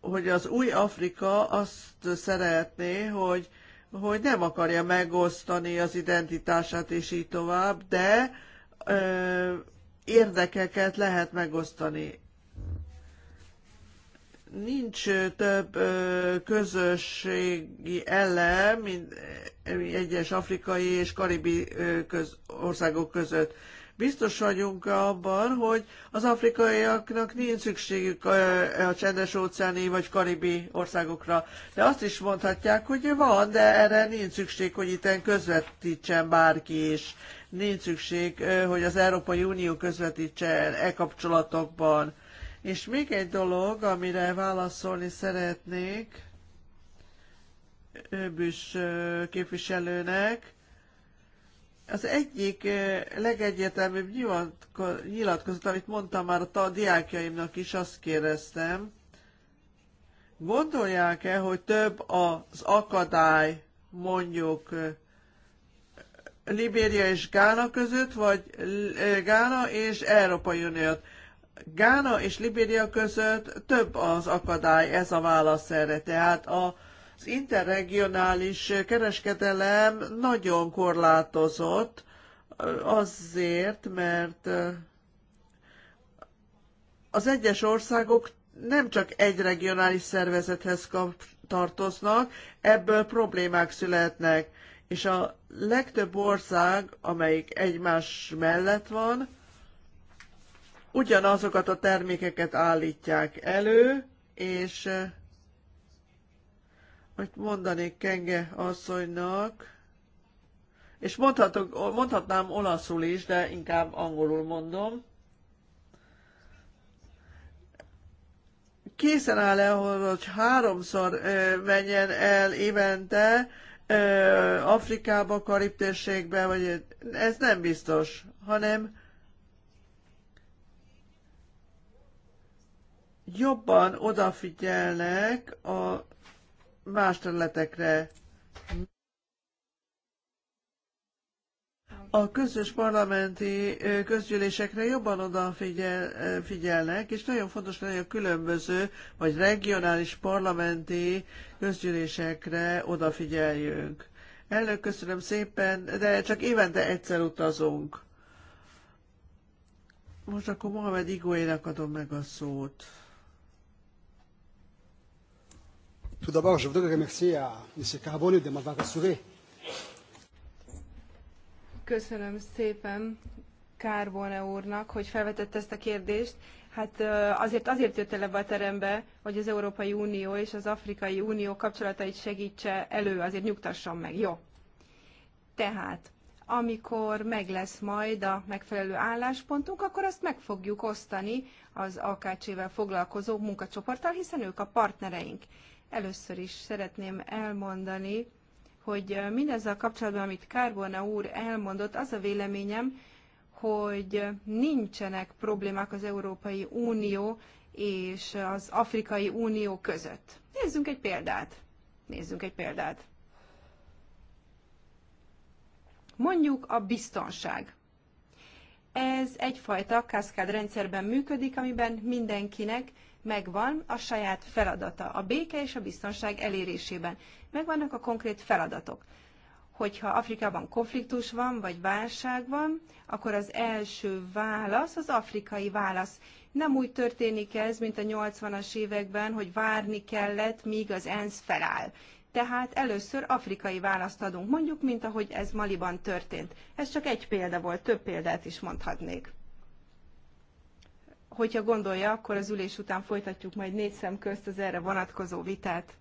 hogy az új Afrika azt szeretné, hogy hogy nem akarja megosztani az identitását és így tovább, de ö, érdekeket lehet megosztani. Nincs több ö, közösségi elem, mint egyes afrikai és karibi ö, köz, országok között. Biztos vagyunk abban, hogy az afrikaiaknak nincs szükségük a csendes óceáni vagy karibi országokra. De azt is mondhatják, hogy van, de erre nincs szükség, hogy itten közvetítsen bárki is. Nincs szükség, hogy az Európai Unió közvetítsen e kapcsolatokban. És még egy dolog, amire válaszolni szeretnék, Bűs képviselőnek, az egyik legegyértelműbb nyilatkozat, amit mondtam már a diákjaimnak is, azt kérdeztem, gondolják-e, hogy több az akadály mondjuk Libéria és Gána között, vagy Gána és Európai Uniót. Gána és Libéria között több az akadály, ez a válasz erre. Tehát a az interregionális kereskedelem nagyon korlátozott azért, mert az egyes országok nem csak egy regionális szervezethez kap, tartoznak, ebből problémák születnek. És a legtöbb ország, amelyik egymás mellett van, ugyanazokat a termékeket állítják elő, és hogy mondanék Kenge asszonynak, és mondhatok, mondhatnám olaszul is, de inkább angolul mondom. Készen áll-e, hogy háromszor menjen el évente Afrikába, Karib-térségbe, vagy ez nem biztos, hanem jobban odafigyelnek a más területekre. A közös parlamenti közgyűlésekre jobban odafigyelnek, és nagyon fontos lenne, hogy a különböző vagy regionális parlamenti közgyűlésekre odafigyeljünk. Elnök, köszönöm szépen, de csak évente egyszer utazunk. Most akkor Mohamed Igóénak adom meg a szót. Tout d'abord, je voudrais remercier à M. Carbone de m'avoir Köszönöm szépen Carbone úrnak, hogy felvetette ezt a kérdést. Hát azért, azért jött el ebbe a terembe, hogy az Európai Unió és az Afrikai Unió kapcsolatait segítse elő, azért nyugtasson meg. Jó. Tehát, amikor meg lesz majd a megfelelő álláspontunk, akkor azt meg fogjuk osztani az AKC-vel foglalkozó munkacsoporttal, hiszen ők a partnereink. Először is szeretném elmondani, hogy mindezzel kapcsolatban, amit Kárbona úr elmondott, az a véleményem, hogy nincsenek problémák az Európai Unió és az Afrikai Unió között. Nézzünk egy példát. Nézzünk egy példát. Mondjuk a biztonság. Ez egyfajta rendszerben működik, amiben mindenkinek megvan a saját feladata a béke és a biztonság elérésében. Megvannak a konkrét feladatok. Hogyha Afrikában konfliktus van, vagy válság van, akkor az első válasz az afrikai válasz. Nem úgy történik ez, mint a 80-as években, hogy várni kellett, míg az ENSZ feláll. Tehát először afrikai választ adunk, mondjuk, mint ahogy ez Maliban történt. Ez csak egy példa volt, több példát is mondhatnék hogyha gondolja, akkor az ülés után folytatjuk majd négy szem közt az erre vonatkozó vitát.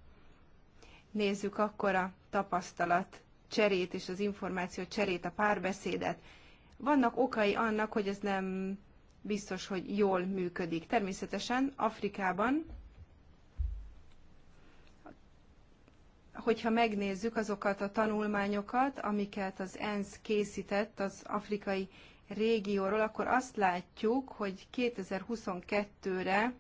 Nézzük akkor a tapasztalat cserét és az információ cserét, a párbeszédet. Vannak okai annak, hogy ez nem biztos, hogy jól működik. Természetesen Afrikában, hogyha megnézzük azokat a tanulmányokat, amiket az ENSZ készített az afrikai régióról, akkor azt látjuk, hogy 2022-re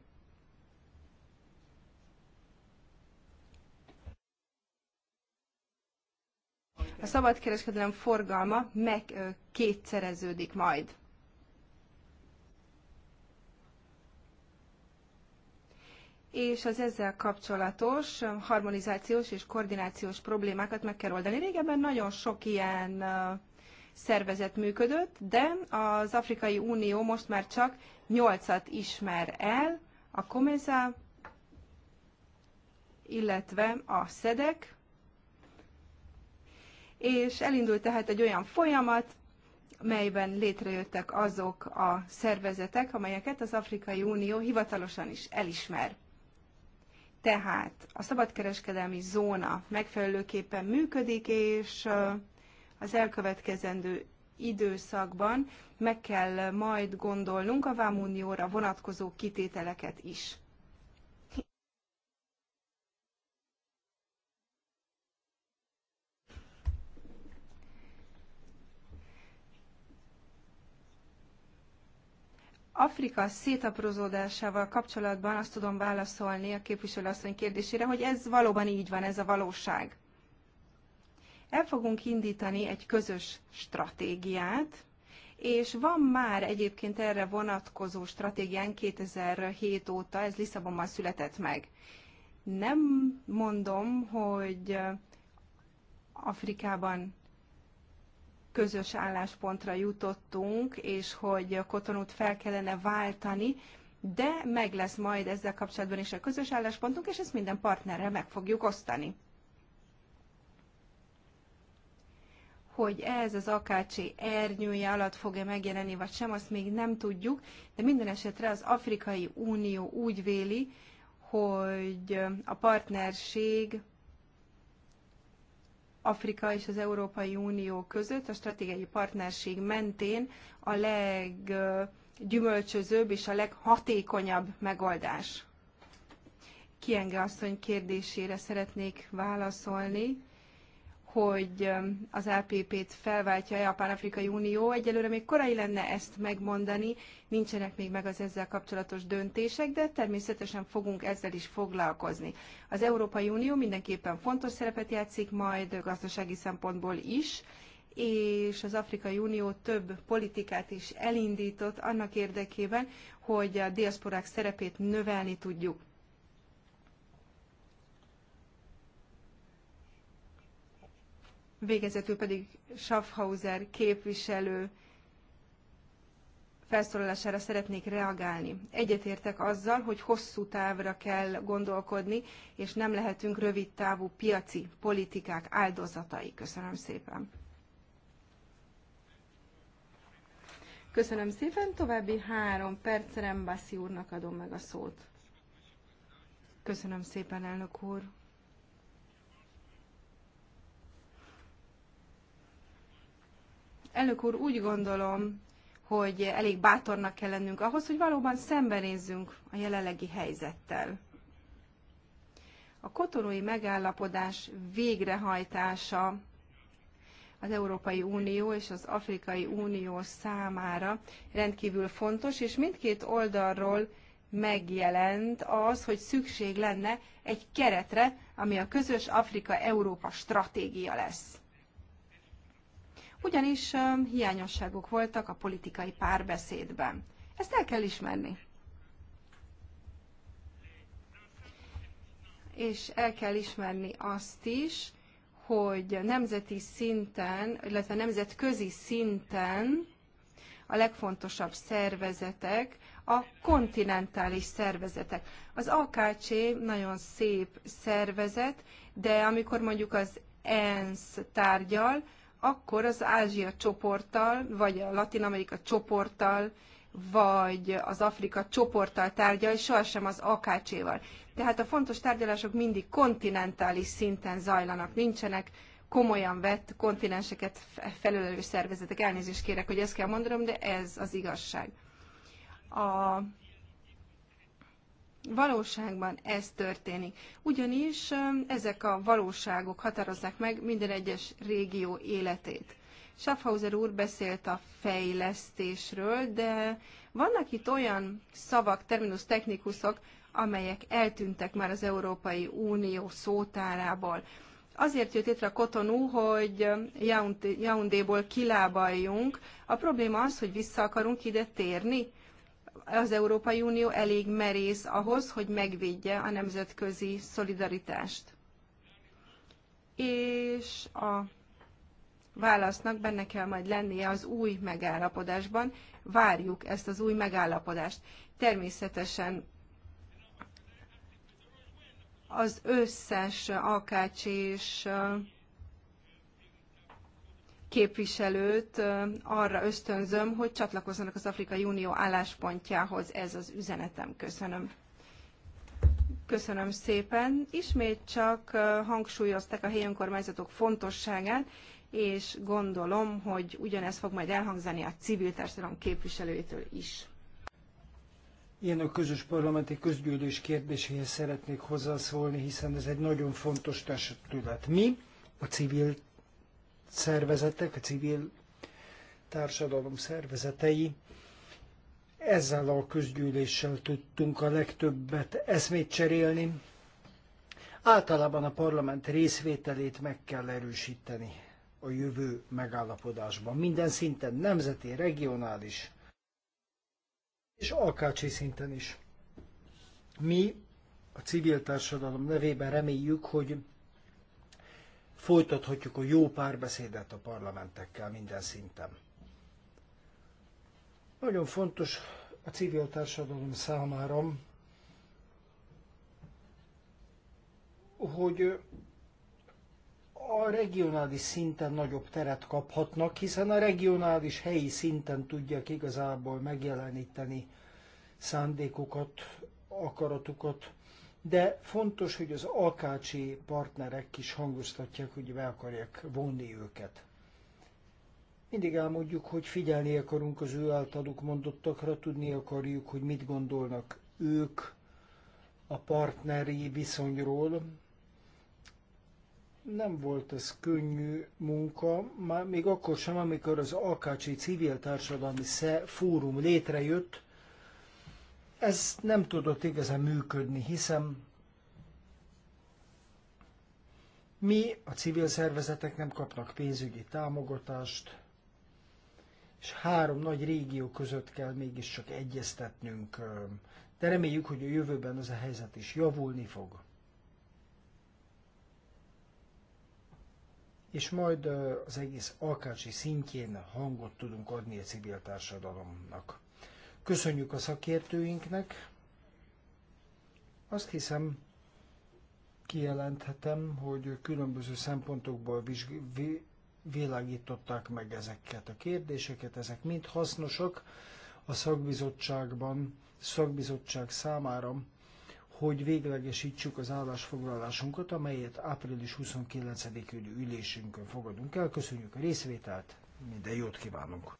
a szabadkereskedelem forgalma meg kétszereződik majd. és az ezzel kapcsolatos harmonizációs és koordinációs problémákat meg kell oldani. Régebben nagyon sok ilyen szervezet működött, de az Afrikai Unió most már csak nyolcat ismer el, a COMESA, illetve a SZEDEK, és elindult tehát egy olyan folyamat, melyben létrejöttek azok a szervezetek, amelyeket az Afrikai Unió hivatalosan is elismer. Tehát a szabadkereskedelmi zóna megfelelőképpen működik, és az elkövetkezendő időszakban meg kell majd gondolnunk a Vámunióra vonatkozó kitételeket is. Afrika szétaprozódásával kapcsolatban azt tudom válaszolni a képviselőasszony kérdésére, hogy ez valóban így van, ez a valóság. El fogunk indítani egy közös stratégiát, és van már egyébként erre vonatkozó stratégiánk 2007 óta, ez Lisszabonban született meg. Nem mondom, hogy Afrikában közös álláspontra jutottunk, és hogy kotonút fel kellene váltani, de meg lesz majd ezzel kapcsolatban is a közös álláspontunk, és ezt minden partnerrel meg fogjuk osztani. hogy ez az akácsi ernyője alatt fog-e megjelenni, vagy sem, azt még nem tudjuk, de minden esetre az Afrikai Unió úgy véli, hogy a partnerség Afrika és az Európai Unió között a stratégiai partnerség mentén a leggyümölcsözőbb és a leghatékonyabb megoldás. Kienge asszony kérdésére szeretnék válaszolni hogy az LPP-t felváltja-e a Pánafrikai Unió. Egyelőre még korai lenne ezt megmondani, nincsenek még meg az ezzel kapcsolatos döntések, de természetesen fogunk ezzel is foglalkozni. Az Európai Unió mindenképpen fontos szerepet játszik majd gazdasági szempontból is, és az Afrikai Unió több politikát is elindított annak érdekében, hogy a diaszporák szerepét növelni tudjuk. végezetül pedig Schaffhauser képviselő felszólalására szeretnék reagálni. Egyetértek azzal, hogy hosszú távra kell gondolkodni, és nem lehetünk rövid távú piaci politikák áldozatai. Köszönöm szépen. Köszönöm szépen, további három percre Bassi úrnak adom meg a szót. Köszönöm szépen, elnök úr. Elnök úr, úgy gondolom, hogy elég bátornak kell lennünk ahhoz, hogy valóban szembenézzünk a jelenlegi helyzettel. A kotonói megállapodás végrehajtása az Európai Unió és az Afrikai Unió számára rendkívül fontos, és mindkét oldalról megjelent az, hogy szükség lenne egy keretre, ami a közös Afrika-Európa stratégia lesz ugyanis hiányosságok voltak a politikai párbeszédben. Ezt el kell ismerni. És el kell ismerni azt is, hogy nemzeti szinten, illetve nemzetközi szinten a legfontosabb szervezetek a kontinentális szervezetek. Az AKC nagyon szép szervezet, de amikor mondjuk az ENSZ tárgyal, akkor az Ázsia csoporttal, vagy a Latin Amerika csoporttal, vagy az Afrika csoporttal tárgyal, és sohasem az AKC-val. Tehát a fontos tárgyalások mindig kontinentális szinten zajlanak, nincsenek komolyan vett kontinenseket felelős szervezetek. Elnézést kérek, hogy ezt kell mondanom, de ez az igazság. A Valóságban ez történik. Ugyanis ezek a valóságok határozzák meg minden egyes régió életét. Schaffhauser úr beszélt a fejlesztésről, de vannak itt olyan szavak, terminus technikusok, amelyek eltűntek már az Európai Unió szótárából. Azért jött itt a kotonú, hogy Jaundéból kilábaljunk. A probléma az, hogy vissza akarunk ide térni az Európai Unió elég merész ahhoz, hogy megvédje a nemzetközi szolidaritást. És a válasznak benne kell majd lennie az új megállapodásban. Várjuk ezt az új megállapodást. Természetesen az összes AKC és képviselőt arra ösztönzöm, hogy csatlakozzanak az Afrikai Unió álláspontjához. Ez az üzenetem. Köszönöm. Köszönöm szépen. Ismét csak hangsúlyozták a helyi önkormányzatok fontosságát, és gondolom, hogy ugyanez fog majd elhangzani a civil társadalom képviselőjétől is. Én a közös parlamenti közgyűlés kérdéséhez szeretnék hozzászólni, hiszen ez egy nagyon fontos társadalmat. Mi, a civil szervezetek, a civil társadalom szervezetei. Ezzel a közgyűléssel tudtunk a legtöbbet eszmét cserélni. Általában a parlament részvételét meg kell erősíteni a jövő megállapodásban. Minden szinten, nemzeti, regionális és alkácsi szinten is. Mi a civil társadalom nevében reméljük, hogy folytathatjuk a jó párbeszédet a parlamentekkel minden szinten. Nagyon fontos a civil társadalom számára, hogy a regionális szinten nagyobb teret kaphatnak, hiszen a regionális helyi szinten tudják igazából megjeleníteni szándékukat, akaratukat, de fontos, hogy az alkácsi partnerek is hangoztatják, hogy be akarják vonni őket. Mindig elmondjuk, hogy figyelni akarunk az ő általuk mondottakra, tudni akarjuk, hogy mit gondolnak ők a partneri viszonyról. Nem volt ez könnyű munka, már még akkor sem, amikor az Alkácsi Civil Társadalmi Fórum létrejött, ez nem tudott igazán működni, hiszen mi, a civil szervezetek nem kapnak pénzügyi támogatást, és három nagy régió között kell mégiscsak egyeztetnünk, de reméljük, hogy a jövőben ez a helyzet is javulni fog. És majd az egész alkácsi szintjén hangot tudunk adni a civil társadalomnak. Köszönjük a szakértőinknek. Azt hiszem, kijelenthetem, hogy különböző szempontokból világították meg ezeket a kérdéseket, ezek mind hasznosak a szakbizottságban, szakbizottság számára, hogy véglegesítsük az állásfoglalásunkat, amelyet április 29-i ülésünkön fogadunk el. Köszönjük a részvételt, minden jót kívánunk!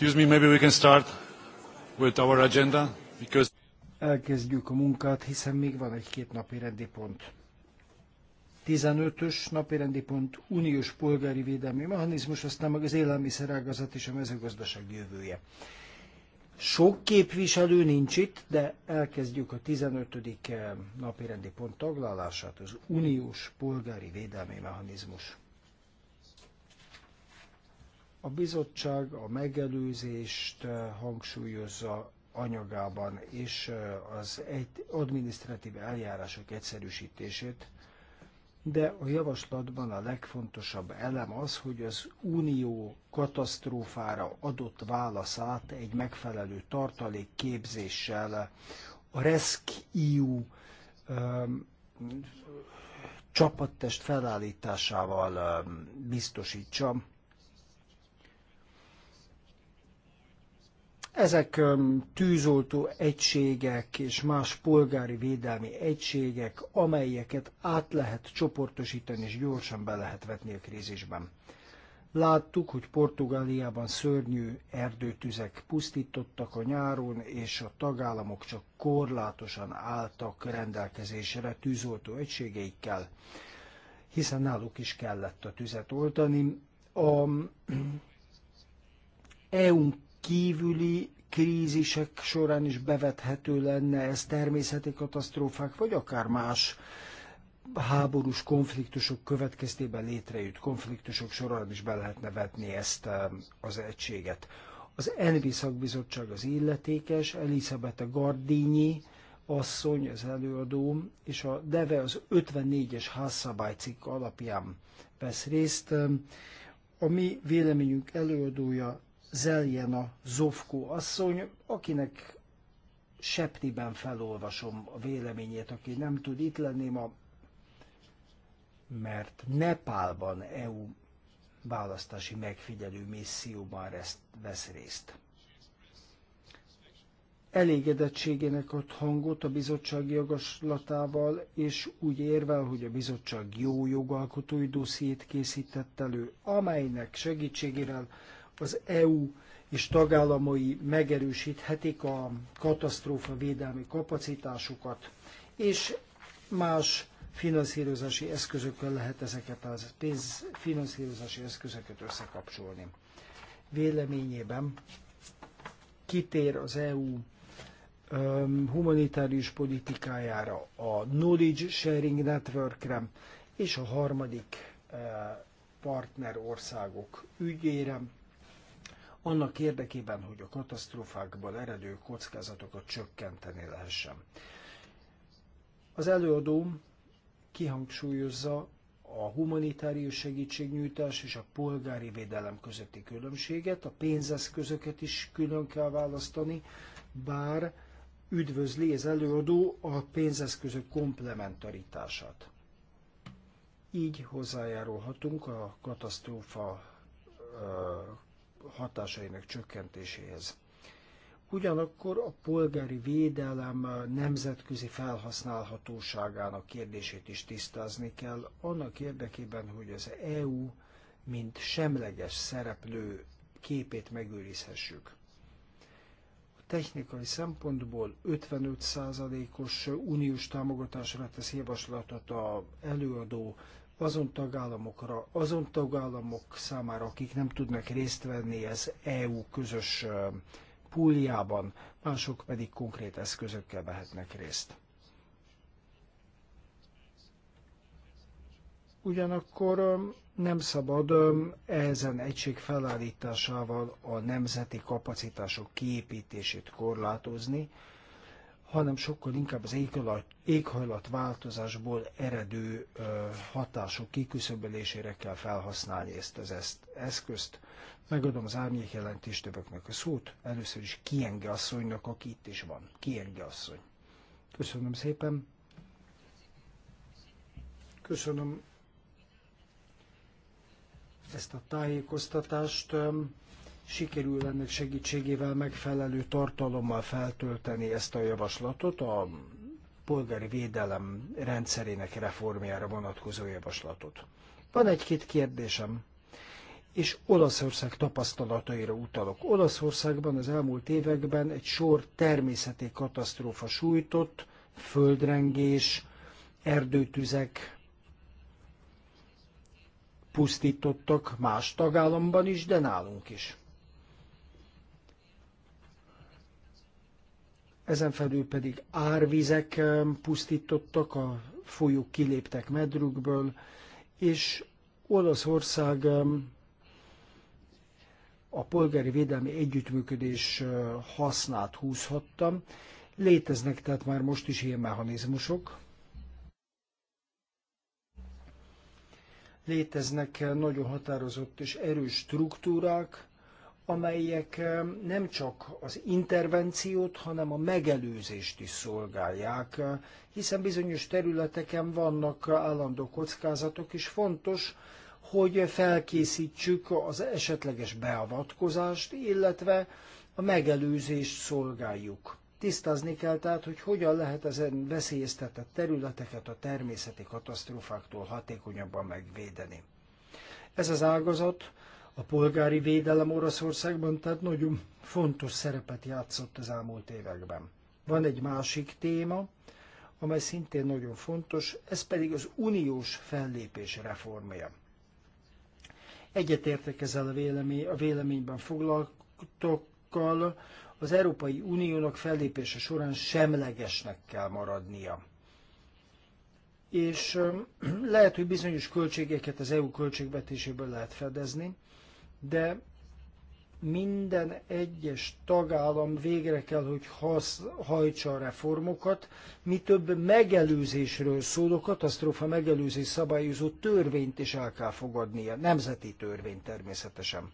Excuse me, maybe we can start with our agenda, because... Elkezdjük a munkát, hiszen még van egy-két napi rendi pont. 15-ös napi rendi pont uniós polgári védelmi mechanizmus, aztán meg az élelmiszerágazat és a mezőgazdaság jövője. Sok képviselő nincs itt, de elkezdjük a 15. Eh, napi rendi pont taglalását, az uniós polgári védelmi mechanizmus. A bizottság a megelőzést eh, hangsúlyozza anyagában, és eh, az egy administratív eljárások egyszerűsítését, de a javaslatban a legfontosabb elem az, hogy az unió katasztrófára adott válaszát egy megfelelő tartalék képzéssel a RESC-EU ehm, csapattest felállításával ehm, biztosítsa. Ezek tűzoltó egységek és más polgári védelmi egységek, amelyeket át lehet csoportosítani és gyorsan be lehet vetni a krízisben. Láttuk, hogy Portugáliában szörnyű erdőtüzek pusztítottak a nyáron, és a tagállamok csak korlátosan álltak rendelkezésre tűzoltó egységeikkel, hiszen náluk is kellett a tüzet oltani. A EU-n kívüli krízisek során is bevethető lenne ez természeti katasztrófák, vagy akár más háborús konfliktusok következtében létrejött konfliktusok során is be lehetne vetni ezt az egységet. Az ENVI szakbizottság az illetékes, Elisabetta Gardini asszony az előadó, és a DEVE az 54-es házszabálycikk alapján vesz részt. A mi véleményünk előadója zeljen a Zofkó asszony, akinek septiben felolvasom a véleményét, aki nem tud itt lenni ma, mert Nepálban EU választási megfigyelő misszióban vesz részt. Elégedettségének ad hangot a bizottság jogoslatával, és úgy érvel, hogy a bizottság jó jogalkotói dossziét készített elő, amelynek segítségével az EU és tagállamai megerősíthetik a katasztrófa védelmi kapacitásukat, és más finanszírozási eszközökkel lehet ezeket a pénz finanszírozási eszközöket összekapcsolni. Véleményében kitér az EU humanitárius politikájára, a Knowledge Sharing Networkre és a harmadik eh, partner országok ügyére, annak érdekében, hogy a katasztrófákból eredő kockázatokat csökkenteni lehessen. Az előadó kihangsúlyozza a humanitárius segítségnyújtás és a polgári védelem közötti különbséget, a pénzeszközöket is külön kell választani, bár üdvözli az előadó a pénzeszközök komplementaritását. Így hozzájárulhatunk a katasztrófa hatásainak csökkentéséhez. Ugyanakkor a polgári védelem nemzetközi felhasználhatóságának kérdését is tisztázni kell, annak érdekében, hogy az EU, mint semleges szereplő képét megőrizhessük. A technikai szempontból 55%-os uniós támogatásra tesz javaslatot a előadó, azon tagállamokra, azon tagállamok számára, akik nem tudnak részt venni az EU közös púljában, mások pedig konkrét eszközökkel vehetnek részt. Ugyanakkor nem szabad ezen egység felállításával a nemzeti kapacitások kiépítését korlátozni, hanem sokkal inkább az éghajlatváltozásból eredő hatások kiküszöbölésére kell felhasználni ezt az ezt, eszközt. Megadom az árnyék jelentéstevőknek a szót, először is Kienge asszonynak, aki itt is van. Kienge asszony. Köszönöm szépen. Köszönöm ezt a tájékoztatást sikerül ennek segítségével megfelelő tartalommal feltölteni ezt a javaslatot, a polgári védelem rendszerének reformjára vonatkozó javaslatot. Van egy-két kérdésem, és Olaszország tapasztalataira utalok. Olaszországban az elmúlt években egy sor természeti katasztrófa sújtott, földrengés, erdőtüzek pusztítottak más tagállamban is, de nálunk is. ezen felül pedig árvizek pusztítottak, a folyók kiléptek medrükből, és Olaszország a polgári védelmi együttműködés hasznát húzhatta. Léteznek tehát már most is ilyen mechanizmusok. Léteznek nagyon határozott és erős struktúrák, amelyek nem csak az intervenciót, hanem a megelőzést is szolgálják, hiszen bizonyos területeken vannak állandó kockázatok, és fontos, hogy felkészítsük az esetleges beavatkozást, illetve a megelőzést szolgáljuk. Tisztázni kell tehát, hogy hogyan lehet ezen veszélyeztetett területeket a természeti katasztrófáktól hatékonyabban megvédeni. Ez az ágazat a polgári védelem Oroszországban, tehát nagyon fontos szerepet játszott az elmúlt években. Van egy másik téma, amely szintén nagyon fontos, ez pedig az uniós fellépés reformja. Egyetértek ezzel a, vélemény, a véleményben foglaltokkal, az Európai Uniónak fellépése során semlegesnek kell maradnia. És lehet, hogy bizonyos költségeket az EU költségvetéséből lehet fedezni, de minden egyes tagállam végre kell, hogy hasz, hajtsa a reformokat, mi több megelőzésről szóló katasztrófa megelőzés szabályozó törvényt is el kell fogadnia, nemzeti törvény természetesen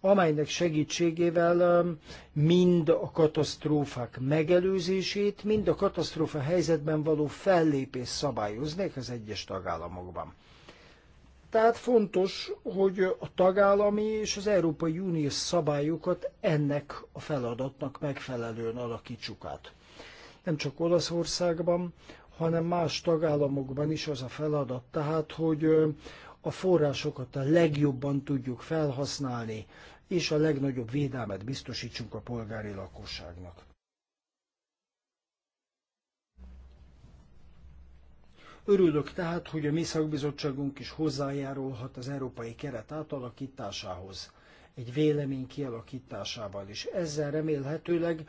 amelynek segítségével um, mind a katasztrófák megelőzését, mind a katasztrófa helyzetben való fellépés szabályoznék az egyes tagállamokban. Tehát fontos, hogy a tagállami és az Európai Unió szabályokat ennek a feladatnak megfelelően alakítsuk át. Nem csak Olaszországban, hanem más tagállamokban is az a feladat, tehát hogy a forrásokat a legjobban tudjuk felhasználni, és a legnagyobb védelmet biztosítsunk a polgári lakosságnak. Örülök tehát, hogy a mi szakbizottságunk is hozzájárulhat az európai keret átalakításához, egy vélemény kialakításával is. Ezzel remélhetőleg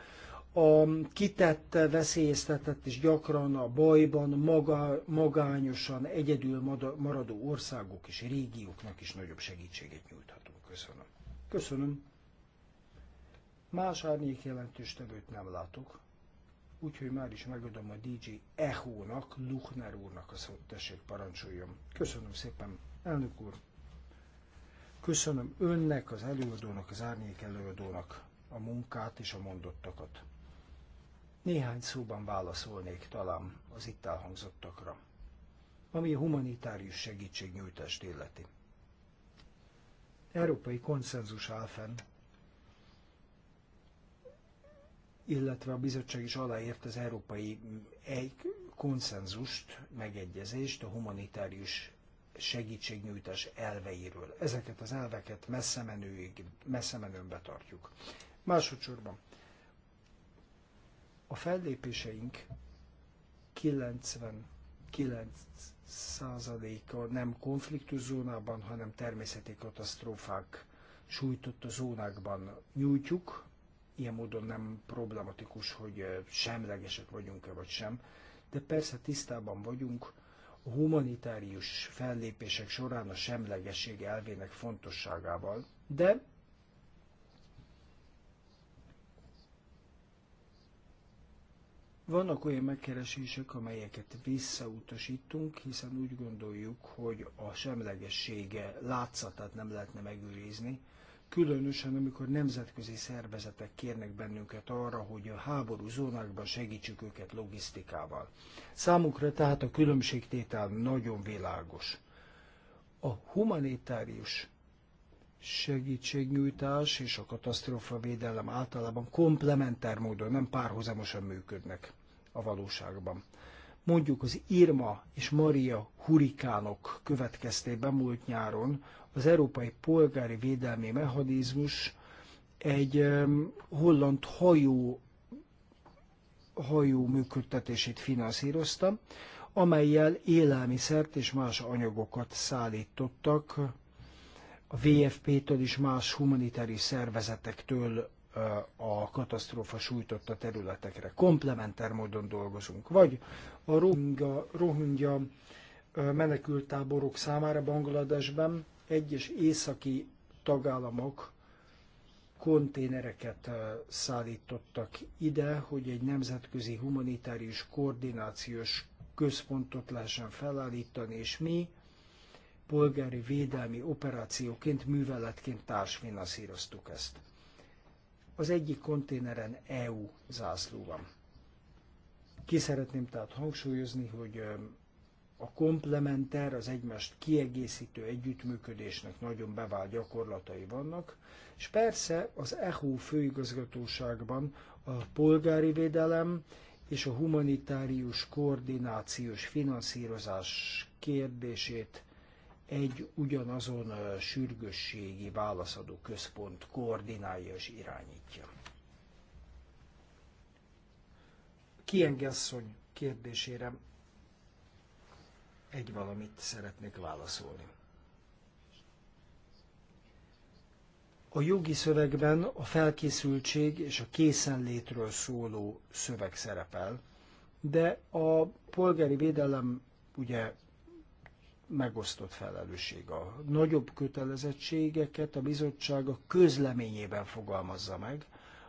a kitett, veszélyeztetett és gyakran a bajban maga, magányosan egyedül maradó országok és régióknak is nagyobb segítséget nyújthatunk. Köszönöm. Köszönöm. Más árnyék jelentős tevőt nem látok úgyhogy már is megadom a DJ Echo-nak, Luchner úrnak a szót, tessék parancsoljon. Köszönöm szépen, elnök úr. Köszönöm önnek, az előadónak, az árnyék előadónak a munkát és a mondottakat. Néhány szóban válaszolnék talán az itt elhangzottakra, ami a humanitárius segítségnyújtást illeti. Európai konszenzus áll fenn illetve a bizottság is aláírt az európai mm, egy konszenzust, megegyezést a humanitárius segítségnyújtás elveiről. Ezeket az elveket messze, menőig, messze menőn betartjuk. Másodszorban a fellépéseink 99%-a nem konfliktuszónában, hanem természeti katasztrófák sújtott a zónákban nyújtjuk, ilyen módon nem problematikus, hogy semlegesek vagyunk-e vagy sem, de persze tisztában vagyunk a humanitárius fellépések során a semlegesség elvének fontosságával, de Vannak olyan megkeresések, amelyeket visszautasítunk, hiszen úgy gondoljuk, hogy a semlegessége látszatát nem lehetne megőrizni, különösen amikor nemzetközi szervezetek kérnek bennünket arra, hogy a háború zónákban segítsük őket logisztikával. Számukra tehát a különbségtétel nagyon világos. A humanitárius segítségnyújtás és a katasztrófa védelem általában komplementár módon, nem párhuzamosan működnek a valóságban mondjuk az Irma és Maria hurikánok következtében múlt nyáron az Európai Polgári Védelmi Mechanizmus egy holland hajó, hajó működtetését finanszírozta, amelyel élelmiszert és más anyagokat szállítottak a VFP-től és más humanitári szervezetektől a katasztrófa sújtotta területekre. Komplementer módon dolgozunk. Vagy a rohingya, rohingya menekültáborok számára Bangladesben egyes északi tagállamok konténereket szállítottak ide, hogy egy nemzetközi humanitárius koordinációs központot lehessen felállítani, és mi polgári védelmi operációként, műveletként társfinanszíroztuk ezt. Az egyik konténeren EU zászló van. Ki szeretném tehát hangsúlyozni, hogy a komplementer, az egymást kiegészítő együttműködésnek nagyon bevált gyakorlatai vannak, és persze az EHU főigazgatóságban a polgári védelem és a humanitárius koordinációs finanszírozás kérdését egy ugyanazon sürgősségi válaszadó központ koordinálja és irányítja. Kiengesszony kérdésére egy valamit szeretnék válaszolni. A jogi szövegben a felkészültség és a készenlétről szóló szöveg szerepel, de a polgári védelem ugye megosztott felelősség. A nagyobb kötelezettségeket a bizottság a közleményében fogalmazza meg,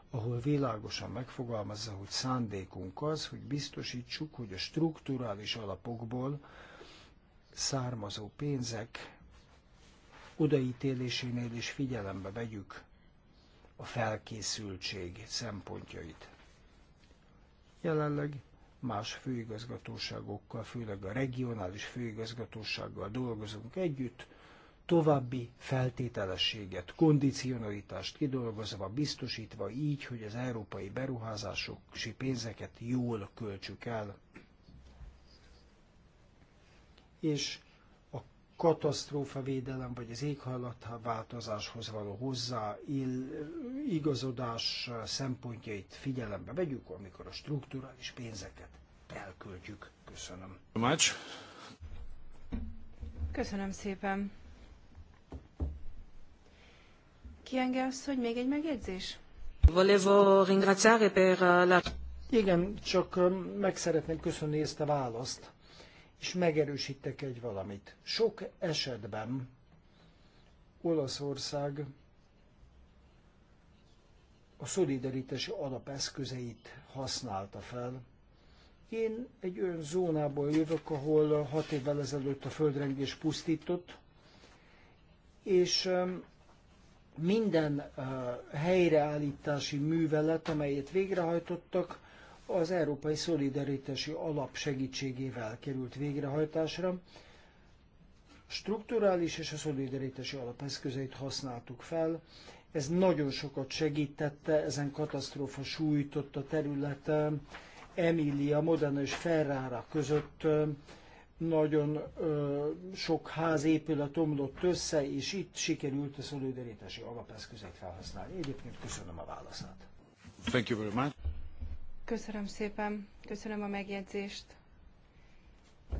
ahol világosan megfogalmazza, hogy szándékunk az, hogy biztosítsuk, hogy a strukturális alapokból származó pénzek odaítélésénél is figyelembe vegyük a felkészültség szempontjait. Jelenleg más főigazgatóságokkal, főleg a regionális főigazgatósággal dolgozunk együtt, további feltételességet, kondicionalitást kidolgozva, biztosítva így, hogy az európai beruházási pénzeket jól költsük el. És katasztrófavédelem vagy az éghajlatváltozáshoz való hozzá igazodás szempontjait figyelembe vegyük, amikor a strukturális pénzeket elküldjük. Köszönöm. Much. Köszönöm szépen. Kienge hogy még egy megjegyzés? Volevo ringraziare per la... Igen, csak um, meg szeretném köszönni ezt a választ és megerősítek egy valamit. Sok esetben Olaszország a szolidaritási alapeszközeit használta fel. Én egy olyan zónából jövök, ahol hat évvel ezelőtt a földrengés pusztított, és um, minden uh, helyreállítási művelet, amelyet végrehajtottak, az Európai Szolidaritási Alap segítségével került végrehajtásra. Strukturális és a szolidaritási alapeszközeit használtuk fel. Ez nagyon sokat segítette, ezen katasztrófa sújtott a terület Emília, Modena és Ferrara között nagyon ö, sok ház épület omlott össze, és itt sikerült a szolidaritási alapeszközeit felhasználni. Egyébként köszönöm a válaszát. Thank you very much. Köszönöm szépen, köszönöm a megjegyzést.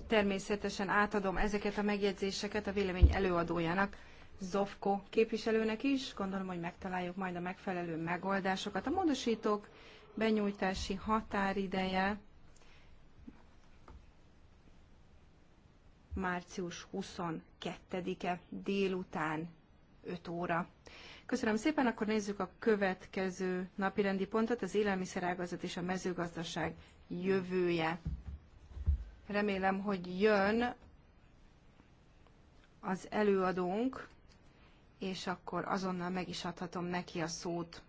Természetesen átadom ezeket a megjegyzéseket a vélemény előadójának, Zofko képviselőnek is. Gondolom, hogy megtaláljuk majd a megfelelő megoldásokat. A módosítók benyújtási határideje március 22-e délután 5 óra. Köszönöm szépen, akkor nézzük a következő napirendi pontot, az élelmiszerágazat és a mezőgazdaság jövője. Remélem, hogy jön az előadónk, és akkor azonnal meg is adhatom neki a szót.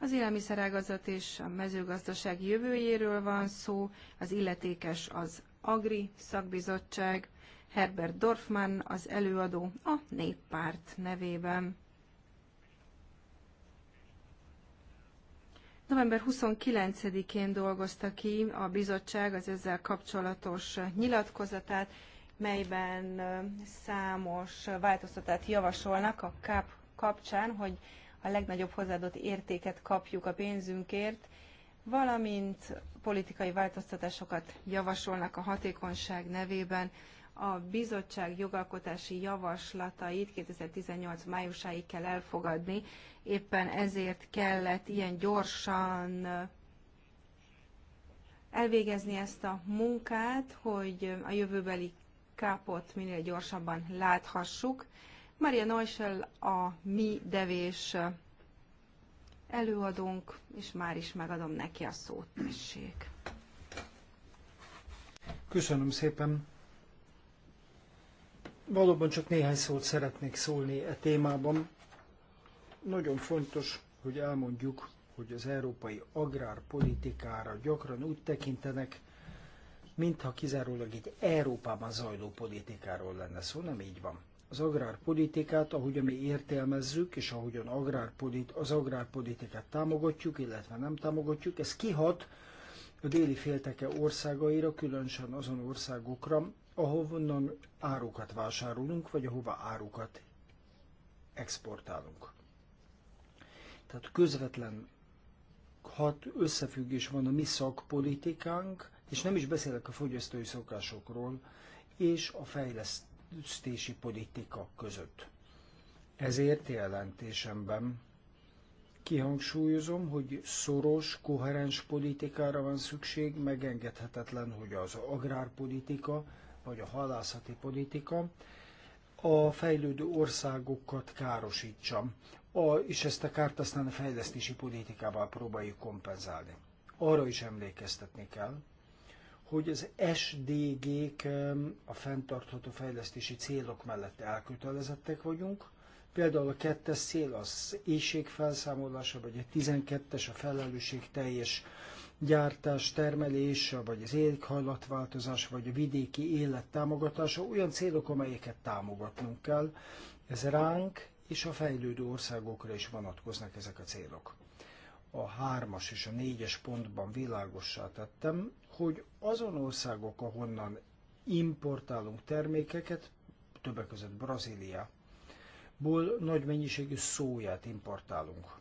Az élelmiszerágazat és a mezőgazdaság jövőjéről van szó, az illetékes az Agri szakbizottság, Herbert Dorfman az előadó a néppárt nevében. November 29-én dolgozta ki a bizottság az ezzel kapcsolatos nyilatkozatát, melyben számos változtatást javasolnak a KAP kapcsán, hogy a legnagyobb hozzáadott értéket kapjuk a pénzünkért, valamint politikai változtatásokat javasolnak a hatékonyság nevében a bizottság jogalkotási javaslatait 2018 májusáig kell elfogadni, éppen ezért kellett ilyen gyorsan elvégezni ezt a munkát, hogy a jövőbeli kápot minél gyorsabban láthassuk. Maria Neusel a mi devés előadónk, és már is megadom neki a szót, tessék. Köszönöm szépen. Valóban csak néhány szót szeretnék szólni e témában. Nagyon fontos, hogy elmondjuk, hogy az európai agrárpolitikára gyakran úgy tekintenek, mintha kizárólag egy Európában zajló politikáról lenne szó, nem így van. Az agrárpolitikát, ahogy mi értelmezzük, és ahogyan agrárpolit, az agrárpolitikát támogatjuk, illetve nem támogatjuk, ez kihat a déli félteke országaira, különösen azon országokra, ahonnan árukat vásárolunk, vagy ahova árukat exportálunk. Tehát közvetlen hat összefüggés van a mi szakpolitikánk, és nem is beszélek a fogyasztói szokásokról, és a fejlesztési politika között. Ezért jelentésemben Kihangsúlyozom, hogy szoros, koherens politikára van szükség, megengedhetetlen, hogy az agrárpolitika vagy a halászati politika a fejlődő országokat károsítsa, a, és ezt a kárt aztán a fejlesztési politikával próbáljuk kompenzálni. Arra is emlékeztetni kell, hogy az SDG-k a fenntartható fejlesztési célok mellett elkötelezettek vagyunk, Például a kettes cél az éjség felszámolása, vagy a 12-es a felelősség teljes gyártás, termelés, vagy az éghajlatváltozás, vagy a vidéki élet támogatása olyan célok, amelyeket támogatnunk kell. Ez ránk és a fejlődő országokra is vonatkoznak ezek a célok. A hármas és a négyes pontban világossá tettem, hogy azon országok, ahonnan importálunk termékeket, többek között Brazília, ból nagy mennyiségű szóját importálunk.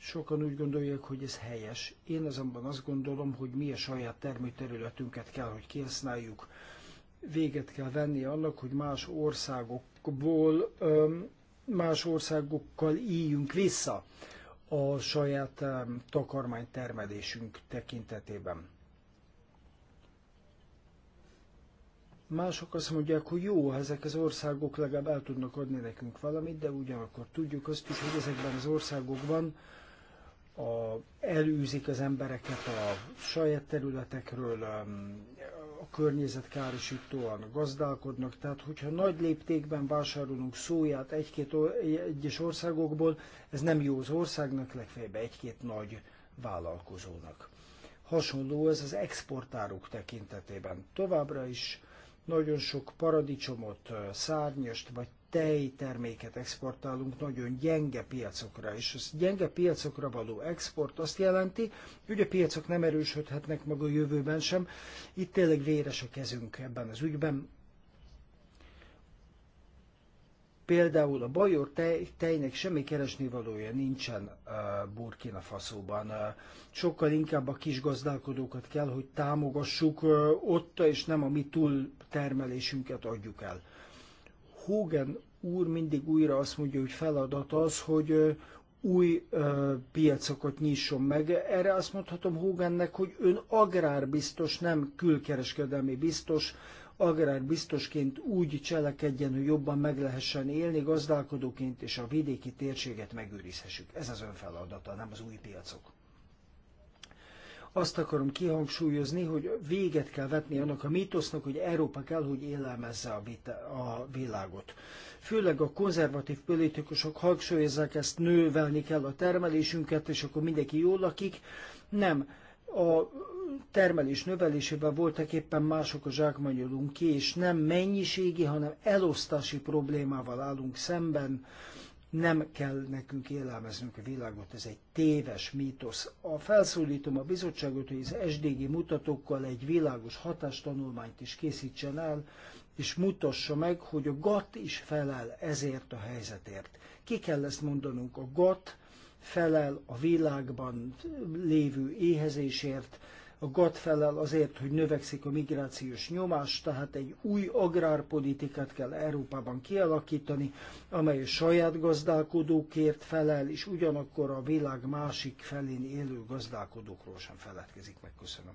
Sokan úgy gondolják, hogy ez helyes. Én azonban azt gondolom, hogy mi a saját termőterületünket kell, hogy kihasználjuk. Véget kell venni annak, hogy más országokból, más országokkal íjunk vissza a saját termelésünk tekintetében. Mások azt mondják, hogy jó, ezek az országok legalább el tudnak adni nekünk valamit, de ugyanakkor tudjuk azt is, hogy ezekben az országokban a, elűzik az embereket a saját területekről, a környezetkárosítóan gazdálkodnak, tehát hogyha nagy léptékben vásárolunk szóját egy-két egyes országokból, ez nem jó az országnak, legfeljebb egy-két nagy vállalkozónak. Hasonló ez az exportáruk tekintetében. Továbbra is nagyon sok paradicsomot, szárnyast vagy tejterméket exportálunk nagyon gyenge piacokra, és az gyenge piacokra való export azt jelenti, hogy a piacok nem erősödhetnek meg a jövőben sem. Itt tényleg véres a kezünk ebben az ügyben. Például a bajor tej, tejnek semmi keresnivalója nincsen uh, Burkina Faszóban. Uh, sokkal inkább a kis gazdálkodókat kell, hogy támogassuk uh, ott, és nem a mi túltermelésünket adjuk el. Hogan úr mindig újra azt mondja, hogy feladat az, hogy új ö, piacokat nyisson meg. Erre azt mondhatom Hogannek, hogy ön agrárbiztos, nem külkereskedelmi biztos, agrárbiztosként úgy cselekedjen, hogy jobban meg lehessen élni gazdálkodóként, és a vidéki térséget megőrizhessük. Ez az ön feladata, nem az új piacok. Azt akarom kihangsúlyozni, hogy véget kell vetni annak a mítosznak, hogy Európa kell, hogy élelmezze a, a világot. Főleg a konzervatív politikusok hangsúlyozzák ezt, nővelni kell a termelésünket, és akkor mindenki jól lakik. Nem. A termelés növelésében voltak éppen mások a zsákmányolunk ki, és nem mennyiségi, hanem elosztási problémával állunk szemben nem kell nekünk élelmeznünk a világot, ez egy téves mítosz. A felszólítom a bizottságot, hogy az SDG mutatókkal egy világos hatástanulmányt is készítsen el, és mutassa meg, hogy a GATT is felel ezért a helyzetért. Ki kell ezt mondanunk, a GATT felel a világban lévő éhezésért, a GATT felel azért, hogy növekszik a migrációs nyomás, tehát egy új agrárpolitikát kell Európában kialakítani, amely a saját gazdálkodókért felel, és ugyanakkor a világ másik felén élő gazdálkodókról sem feledkezik meg. Köszönöm.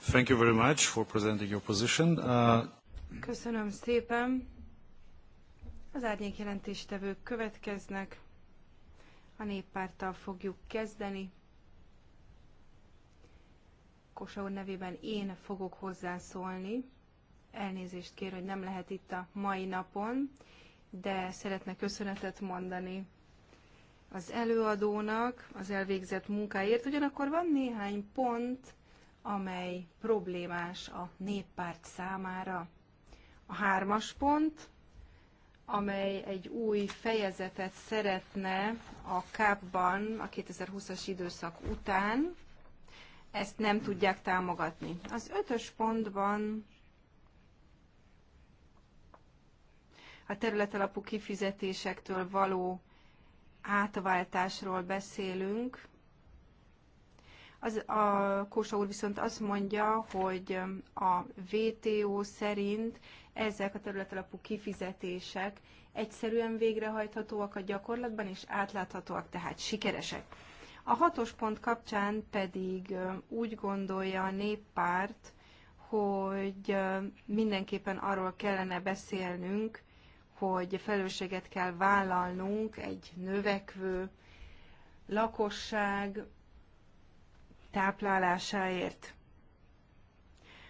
Thank you very much for presenting your position. Uh... Köszönöm szépen. Az árnyék jelentéstevők következnek. A néppárttal fogjuk kezdeni. Kosa úr nevében én fogok hozzászólni. Elnézést kér, hogy nem lehet itt a mai napon, de szeretne köszönetet mondani az előadónak az elvégzett munkáért. Ugyanakkor van néhány pont, amely problémás a néppárt számára. A hármas pont, amely egy új fejezetet szeretne a kápban a 2020-as időszak után, ezt nem tudják támogatni. Az ötös pontban a területalapú kifizetésektől való átváltásról beszélünk. Az, a Kósa úr viszont azt mondja, hogy a VTO szerint ezek a területalapú kifizetések egyszerűen végrehajthatóak a gyakorlatban, és átláthatóak, tehát sikeresek. A hatos pont kapcsán pedig úgy gondolja a néppárt, hogy mindenképpen arról kellene beszélnünk, hogy felelősséget kell vállalnunk egy növekvő lakosság táplálásáért.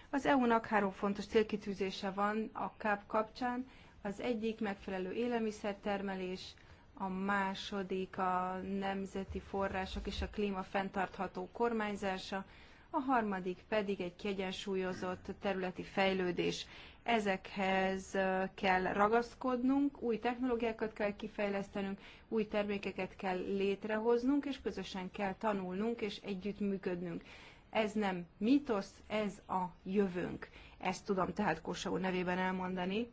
Az EU-nak három fontos célkitűzése van a KÁP kapcsán. Az egyik megfelelő élelmiszertermelés, a második a nemzeti források és a klíma fenntartható kormányzása, a harmadik pedig egy kiegyensúlyozott területi fejlődés. Ezekhez kell ragaszkodnunk, új technológiákat kell kifejlesztenünk, új termékeket kell létrehoznunk, és közösen kell tanulnunk és együttműködnünk. Ez nem mitosz, ez a jövőnk. Ezt tudom tehát Kosa nevében elmondani,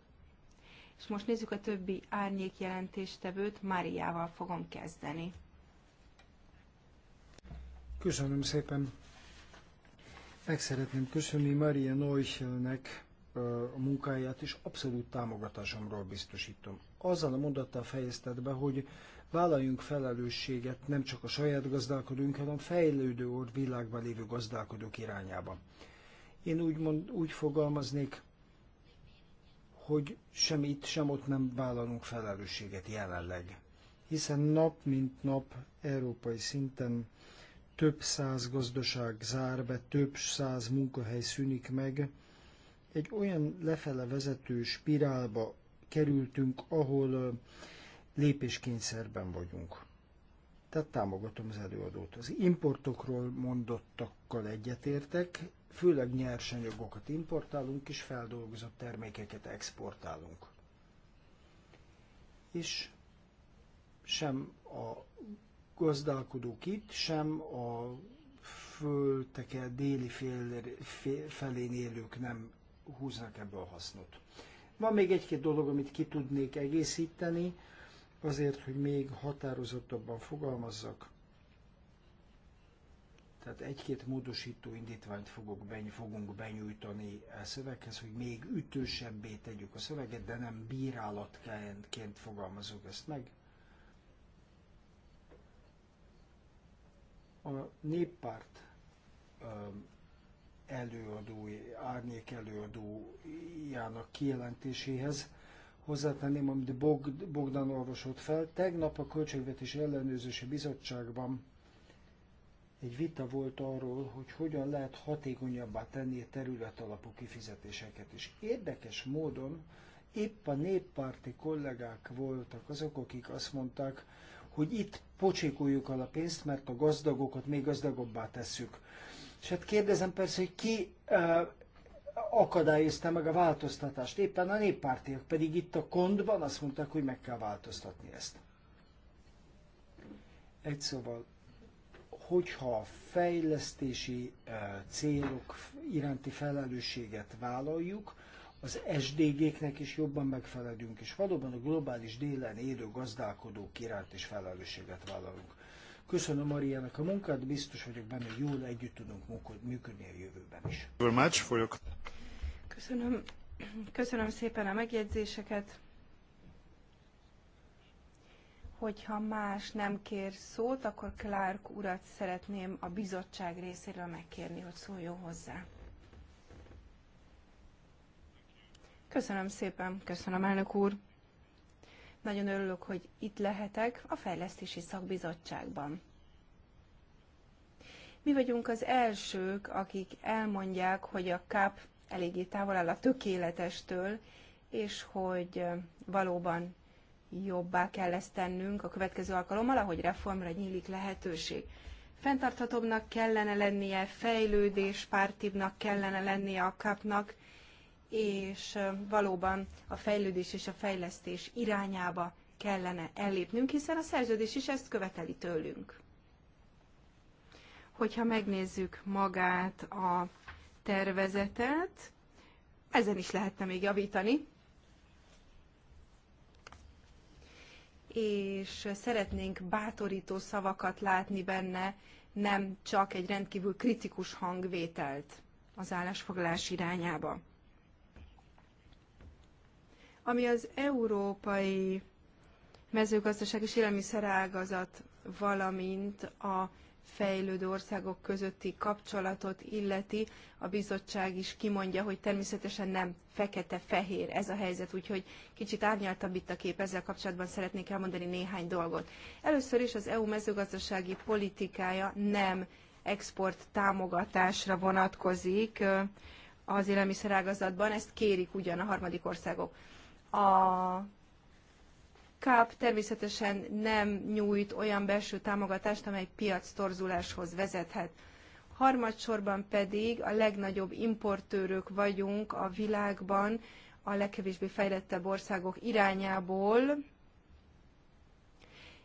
és most nézzük a többi árnyék jelentéstevőt, Máriával fogom kezdeni. Köszönöm szépen. Meg szeretném köszönni Maria Neuchelnek a munkáját, és abszolút támogatásomról biztosítom. Azzal a mondattal fejezted be, hogy vállaljunk felelősséget nem csak a saját gazdálkodónk, hanem fejlődő világban lévő gazdálkodók irányába. Én úgy, mond, úgy fogalmaznék, hogy sem itt, sem ott nem vállalunk felelősséget jelenleg. Hiszen nap mint nap európai szinten több száz gazdaság zár be, több száz munkahely szűnik meg. Egy olyan lefele vezető spirálba kerültünk, ahol lépéskényszerben vagyunk tehát támogatom az előadót. Az importokról mondottakkal egyetértek, főleg nyersanyagokat importálunk, és feldolgozott termékeket exportálunk. És sem a gazdálkodók itt, sem a földteke déli fél, fél, felén élők nem húznak ebből hasznot. Van még egy-két dolog, amit ki tudnék egészíteni azért, hogy még határozottabban fogalmazzak. Tehát egy-két módosító indítványt fogok beny, fogunk benyújtani a e szöveghez, hogy még ütősebbé tegyük a szöveget, de nem bírálatként fogalmazunk ezt meg. A néppárt előadói, árnyék előadójának kijelentéséhez hozzátenném, amit Bogdan olvasott fel. Tegnap a Költségvetési Ellenőrzési Bizottságban egy vita volt arról, hogy hogyan lehet hatékonyabbá tenni a területalapú kifizetéseket. És érdekes módon épp a néppárti kollégák voltak azok, akik azt mondták, hogy itt pocsékoljuk el a pénzt, mert a gazdagokat még gazdagabbá tesszük. És hát kérdezem persze, hogy ki eh, akadályozta meg a változtatást. Éppen a néppártiak pedig itt a kondban azt mondták, hogy meg kell változtatni ezt. Egy szóval, hogyha a fejlesztési eh, célok iránti felelősséget vállaljuk, az SDG-knek is jobban megfelelünk, és valóban a globális délen élő gazdálkodók iránt is felelősséget vállalunk. Köszönöm Mariának a munkát, biztos vagyok benne, hogy jól együtt tudunk működni a jövőben is. Köszönöm. Köszönöm szépen a megjegyzéseket. Hogyha más nem kér szót, akkor Clark urat szeretném a bizottság részéről megkérni, hogy szóljon hozzá. Köszönöm szépen, köszönöm elnök úr. Nagyon örülök, hogy itt lehetek a Fejlesztési Szakbizottságban. Mi vagyunk az elsők, akik elmondják, hogy a CAP eléggé távol áll a tökéletestől, és hogy valóban jobbá kell ezt tennünk a következő alkalommal, ahogy reformra nyílik lehetőség. Fentarthatóbbnak kellene lennie, fejlődés pártibnak kellene lennie a kapnak, és valóban a fejlődés és a fejlesztés irányába kellene ellépnünk, hiszen a szerződés is ezt követeli tőlünk. Hogyha megnézzük magát a tervezetet. Ezen is lehetne még javítani. És szeretnénk bátorító szavakat látni benne, nem csak egy rendkívül kritikus hangvételt az állásfoglalás irányába. Ami az európai mezőgazdaság és élelmiszerágazat, valamint a fejlődő országok közötti kapcsolatot illeti, a bizottság is kimondja, hogy természetesen nem fekete-fehér ez a helyzet, úgyhogy kicsit árnyaltabb itt a kép, ezzel kapcsolatban szeretnék elmondani néhány dolgot. Először is az EU mezőgazdasági politikája nem export támogatásra vonatkozik az élelmiszerágazatban, ezt kérik ugyan a harmadik országok. A káp természetesen nem nyújt olyan belső támogatást, amely piac torzuláshoz vezethet. Harmadsorban pedig a legnagyobb importőrök vagyunk a világban, a legkevésbé fejlettebb országok irányából,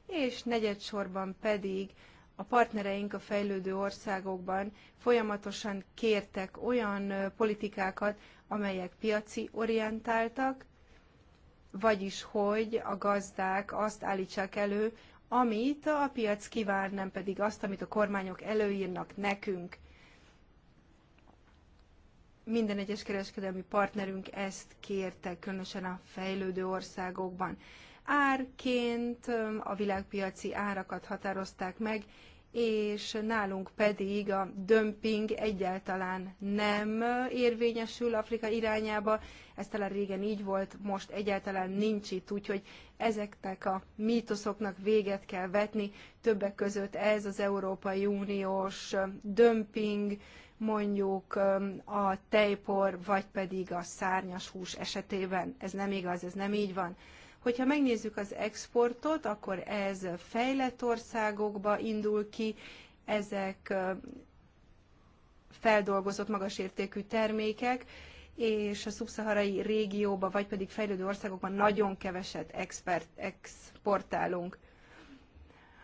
és negyedsorban pedig a partnereink a fejlődő országokban folyamatosan kértek olyan politikákat, amelyek piaci orientáltak, vagyis hogy a gazdák azt állítsák elő, amit a piac kivár, nem pedig azt, amit a kormányok előírnak nekünk. Minden egyes kereskedelmi partnerünk ezt kérte, különösen a fejlődő országokban. Árként a világpiaci árakat határozták meg, és nálunk pedig a dömping egyáltalán nem érvényesül Afrika irányába. Ez talán régen így volt, most egyáltalán nincs itt, úgyhogy ezeknek a mítoszoknak véget kell vetni. Többek között ez az Európai Uniós dömping, mondjuk a tejpor, vagy pedig a szárnyas hús esetében. Ez nem igaz, ez nem így van Hogyha megnézzük az exportot, akkor ez fejlett országokba indul ki, ezek feldolgozott magasértékű termékek, és a szubszaharai régióba, vagy pedig fejlődő országokban nagyon keveset expert, exportálunk.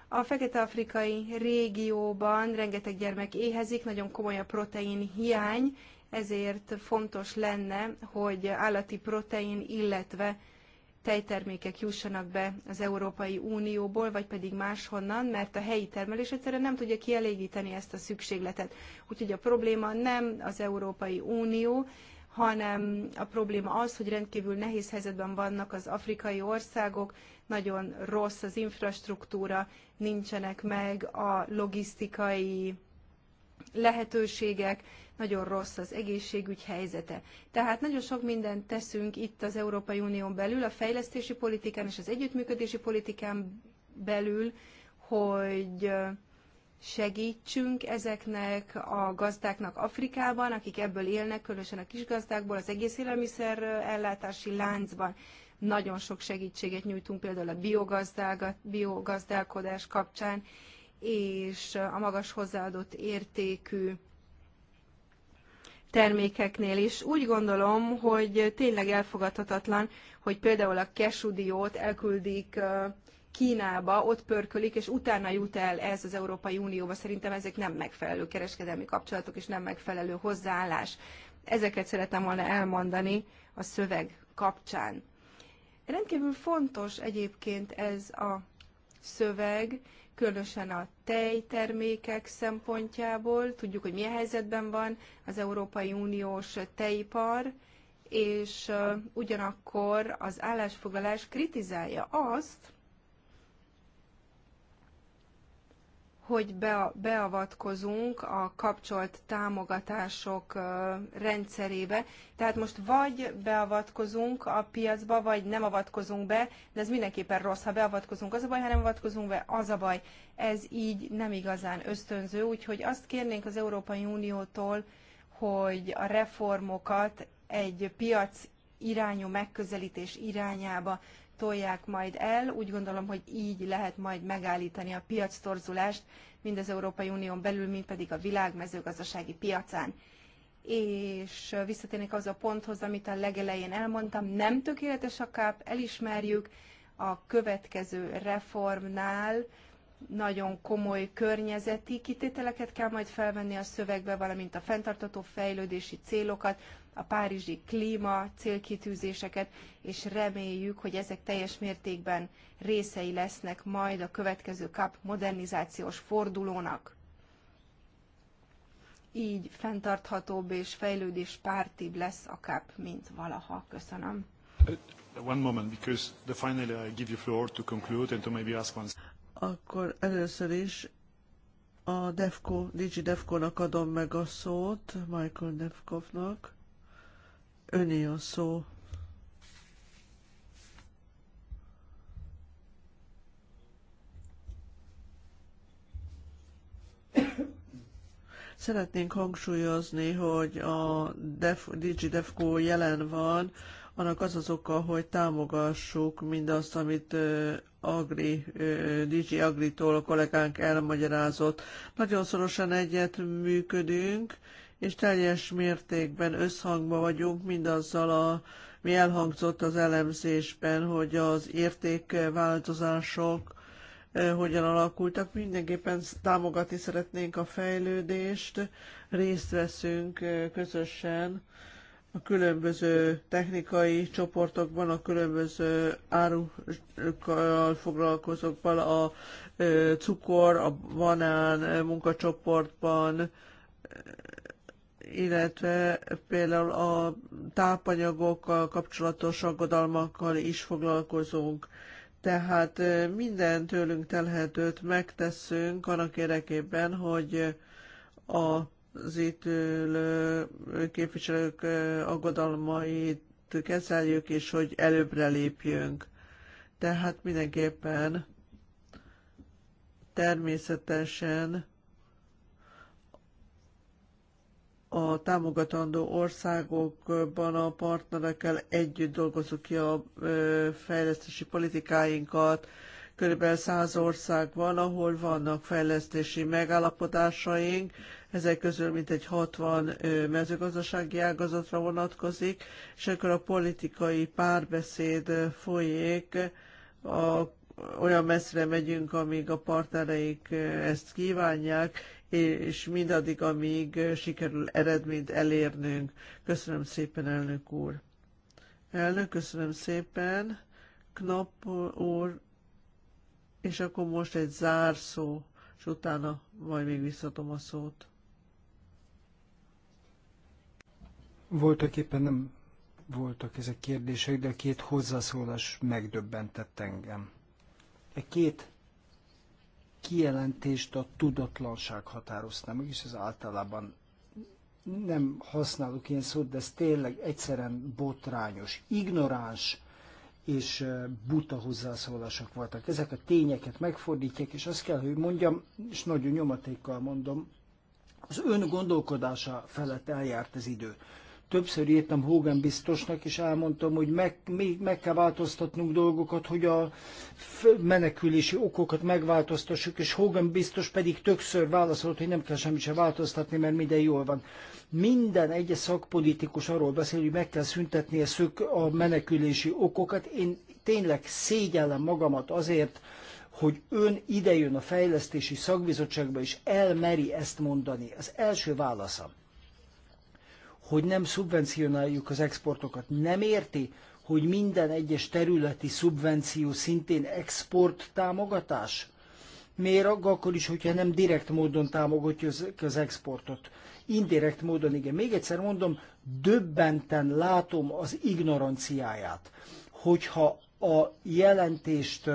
A fekete-afrikai régióban rengeteg gyermek éhezik, nagyon komoly a protein hiány, ezért fontos lenne, hogy állati protein, illetve tejtermékek jussanak be az Európai Unióból, vagy pedig máshonnan, mert a helyi termelés egyszerűen nem tudja kielégíteni ezt a szükségletet. Úgyhogy a probléma nem az Európai Unió, hanem a probléma az, hogy rendkívül nehéz helyzetben vannak az afrikai országok, nagyon rossz az infrastruktúra, nincsenek meg a logisztikai lehetőségek, nagyon rossz az egészségügy helyzete. Tehát nagyon sok mindent teszünk itt az Európai Unión belül, a fejlesztési politikán és az együttműködési politikán belül, hogy segítsünk ezeknek a gazdáknak Afrikában, akik ebből élnek, különösen a kisgazdákból, az egész élelmiszer ellátási láncban. Nagyon sok segítséget nyújtunk például a biogazdálkodás kapcsán, és a magas hozzáadott értékű termékeknél is. Úgy gondolom, hogy tényleg elfogadhatatlan, hogy például a kesudiót elküldik Kínába, ott pörkölik, és utána jut el ez az Európai Unióba. Szerintem ezek nem megfelelő kereskedelmi kapcsolatok, és nem megfelelő hozzáállás. Ezeket szeretem volna elmondani a szöveg kapcsán. Rendkívül fontos egyébként ez a szöveg, különösen a tejtermékek szempontjából. Tudjuk, hogy milyen helyzetben van az Európai Uniós tejipar, és ugyanakkor az állásfoglalás kritizálja azt, hogy beavatkozunk a kapcsolt támogatások rendszerébe. Tehát most vagy beavatkozunk a piacba, vagy nem avatkozunk be, de ez mindenképpen rossz. Ha beavatkozunk, az a baj, ha nem avatkozunk be, az a baj. Ez így nem igazán ösztönző, úgyhogy azt kérnénk az Európai Uniótól, hogy a reformokat egy piac irányú megközelítés irányába tolják majd el. Úgy gondolom, hogy így lehet majd megállítani a piac torzulást, mind az Európai Unión belül, mind pedig a világ mezőgazdasági piacán. És visszatérnék az a ponthoz, amit a legelején elmondtam, nem tökéletes a káp, elismerjük, a következő reformnál nagyon komoly környezeti kitételeket kell majd felvenni a szövegbe, valamint a fenntartató fejlődési célokat, a párizsi klíma célkitűzéseket, és reméljük, hogy ezek teljes mértékben részei lesznek majd a következő KAP modernizációs fordulónak. Így fenntarthatóbb és fejlődéspártibb lesz a KAP, mint valaha. Köszönöm. Uh, one moment, because the finally I give you floor to conclude and to maybe ask Akkor először is a Defco, Digi Defco-nak adom meg a szót, Michael Defkovnak. Öné a szó. Szeretnénk hangsúlyozni, hogy a Def, DigiDefco jelen van, annak az az oka, hogy támogassuk mindazt, amit Agri, DG Agritól a kollégánk elmagyarázott. Nagyon szorosan egyet működünk, és teljes mértékben összhangban vagyunk mindazzal, a, mi elhangzott az elemzésben, hogy az értékváltozások hogyan alakultak. Mindenképpen támogatni szeretnénk a fejlődést, részt veszünk közösen a különböző technikai csoportokban, a különböző árukkal foglalkozókban, a cukor, a banán munkacsoportban, illetve például a tápanyagokkal kapcsolatos aggodalmakkal is foglalkozunk. Tehát minden tőlünk telhetőt megteszünk annak érdekében, hogy az itt ülő képviselők aggodalmait kezeljük, és hogy előbbre lépjünk. Tehát mindenképpen természetesen a támogatandó országokban a partnerekkel együtt dolgozunk ki a fejlesztési politikáinkat. Körülbelül száz ország van, ahol vannak fejlesztési megállapodásaink, ezek közül mintegy 60 mezőgazdasági ágazatra vonatkozik, és akkor a politikai párbeszéd folyik, a, olyan messzire megyünk, amíg a partnereik ezt kívánják, és mindaddig, amíg sikerül eredményt elérnünk. Köszönöm szépen, elnök úr! Elnök, köszönöm szépen! Knap úr, és akkor most egy zárszó, és utána majd még visszatom a szót. Voltak éppen nem voltak ezek kérdések, de a két hozzászólás megdöbbentett engem. E két kijelentést a tudatlanság határozta meg, és ez általában nem használok ilyen szót, de ez tényleg egyszerűen botrányos, ignoráns és buta hozzászólások voltak. Ezek a tényeket megfordítják, és azt kell, hogy mondjam, és nagyon nyomatékkal mondom, az ön gondolkodása felett eljárt az idő. Többször írtam Hogan biztosnak, és elmondtam, hogy meg, még meg kell változtatnunk dolgokat, hogy a menekülési okokat megváltoztassuk, és Hogan biztos pedig többször válaszolt, hogy nem kell semmit sem változtatni, mert minden jól van. Minden egyes szakpolitikus arról beszél, hogy meg kell szüntetni a szök a menekülési okokat. Én tényleg szégyellem magamat azért, hogy ön idejön a fejlesztési szakbizottságba, és elmeri ezt mondani. Az első válaszom hogy nem szubvencionáljuk az exportokat. Nem érti, hogy minden egyes területi szubvenció szintén export támogatás? Miért akkor is, hogyha nem direkt módon támogatja az exportot? Indirekt módon, igen. Még egyszer mondom, döbbenten látom az ignoranciáját. Hogyha a jelentést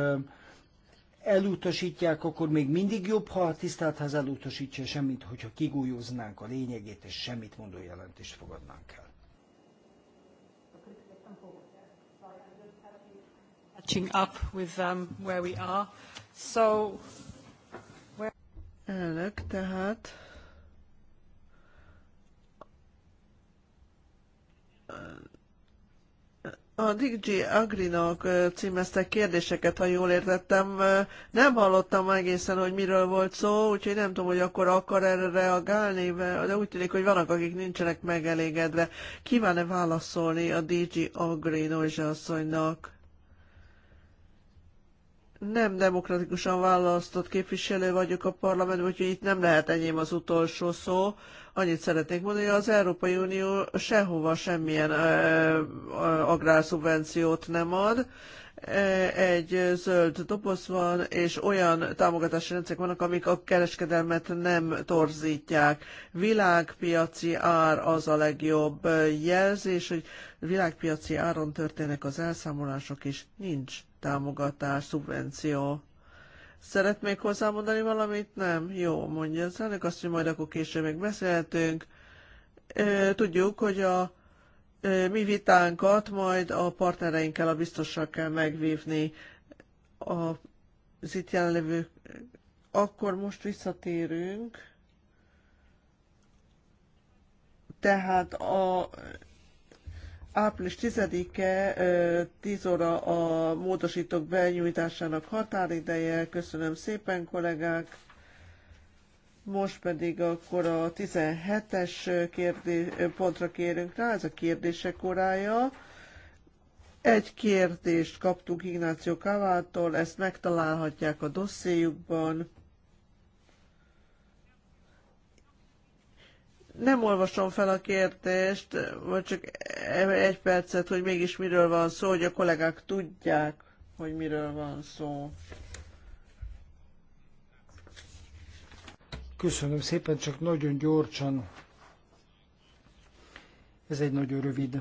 elutasítják, akkor még mindig jobb, ha a tisztelt ház elutasítja, semmit, hogyha kigújóznánk a lényegét, és semmit mondó jelentést fogadnánk el. catching up with um, where we are. So, Elnök, tehát a DigG Agrinak címeztek kérdéseket, ha jól értettem. Nem hallottam egészen, hogy miről volt szó, úgyhogy nem tudom, hogy akkor akar erre reagálni, de úgy tűnik, hogy vannak, akik nincsenek megelégedve. Kíván-e válaszolni a DG Agrino és asszonynak? Nem demokratikusan választott képviselő vagyok a parlamentben, úgyhogy itt nem lehet enyém az utolsó szó Annyit szeretnék mondani, hogy az Európai Unió sehova semmilyen agrárszubvenciót nem ad, egy zöld doboz van, és olyan támogatási rendszerek vannak, amik a kereskedelmet nem torzítják. Világpiaci ár az a legjobb jelzés, hogy világpiaci áron történnek az elszámolások, és nincs támogatás, szubvenció. Szeret még hozzámondani valamit? Nem? Jó, mondja az elnök azt, hogy majd akkor később még beszélhetünk. Tudjuk, hogy a mi vitánkat majd a partnereinkkel, a biztossal kell megvívni az itt jelenlévő. Akkor most visszatérünk. Tehát a április 10-e 10 óra a módosítók benyújtásának határideje. Köszönöm szépen, kollégák! Most pedig akkor a 17-es kérdés, pontra kérünk rá, ez a kérdések órája. Egy kérdést kaptunk Ignáció Kávától, ezt megtalálhatják a dossziéjukban. nem olvasom fel a kérdést, vagy csak egy percet, hogy mégis miről van szó, hogy a kollégák tudják, hogy miről van szó. Köszönöm szépen, csak nagyon gyorsan. Ez egy nagyon rövid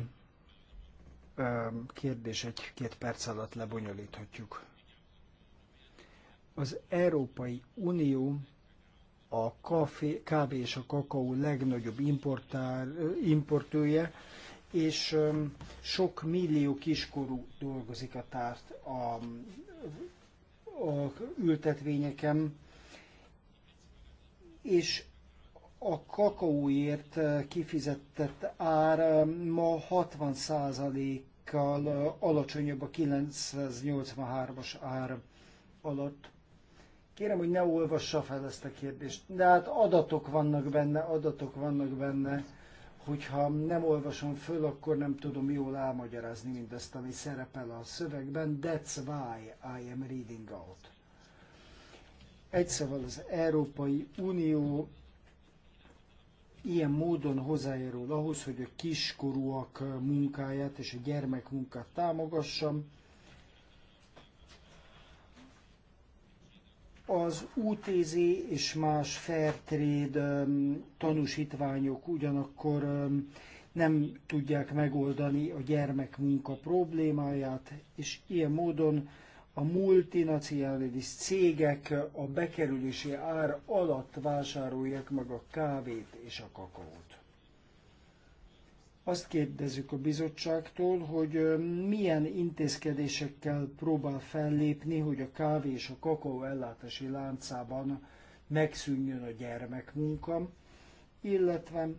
kérdés, egy-két perc alatt lebonyolíthatjuk. Az Európai Unió a kafé, kávé és a kakaó legnagyobb importár, importője, és sok millió kiskorú dolgozik a tárt a, a ültetvényeken, és a kakaóért kifizetett ár ma 60%-kal alacsonyabb a 983-as ár alatt. Kérem, hogy ne olvassa fel ezt a kérdést. De hát adatok vannak benne, adatok vannak benne. Hogyha nem olvasom föl, akkor nem tudom jól elmagyarázni mindezt, ami szerepel a szövegben. That's why I am reading out. Egy szóval az Európai Unió ilyen módon hozzájárul ahhoz, hogy a kiskorúak munkáját és a gyermekmunkát támogassam Az UTZ és más Fairtrade um, tanúsítványok ugyanakkor um, nem tudják megoldani a gyermekmunka problémáját, és ilyen módon a multinacionális cégek a bekerülési ár alatt vásárolják meg a kávét és a kakaót. Azt kérdezzük a bizottságtól, hogy milyen intézkedésekkel próbál fellépni, hogy a kávé és a kakaó ellátási láncában megszűnjön a gyermekmunka, illetve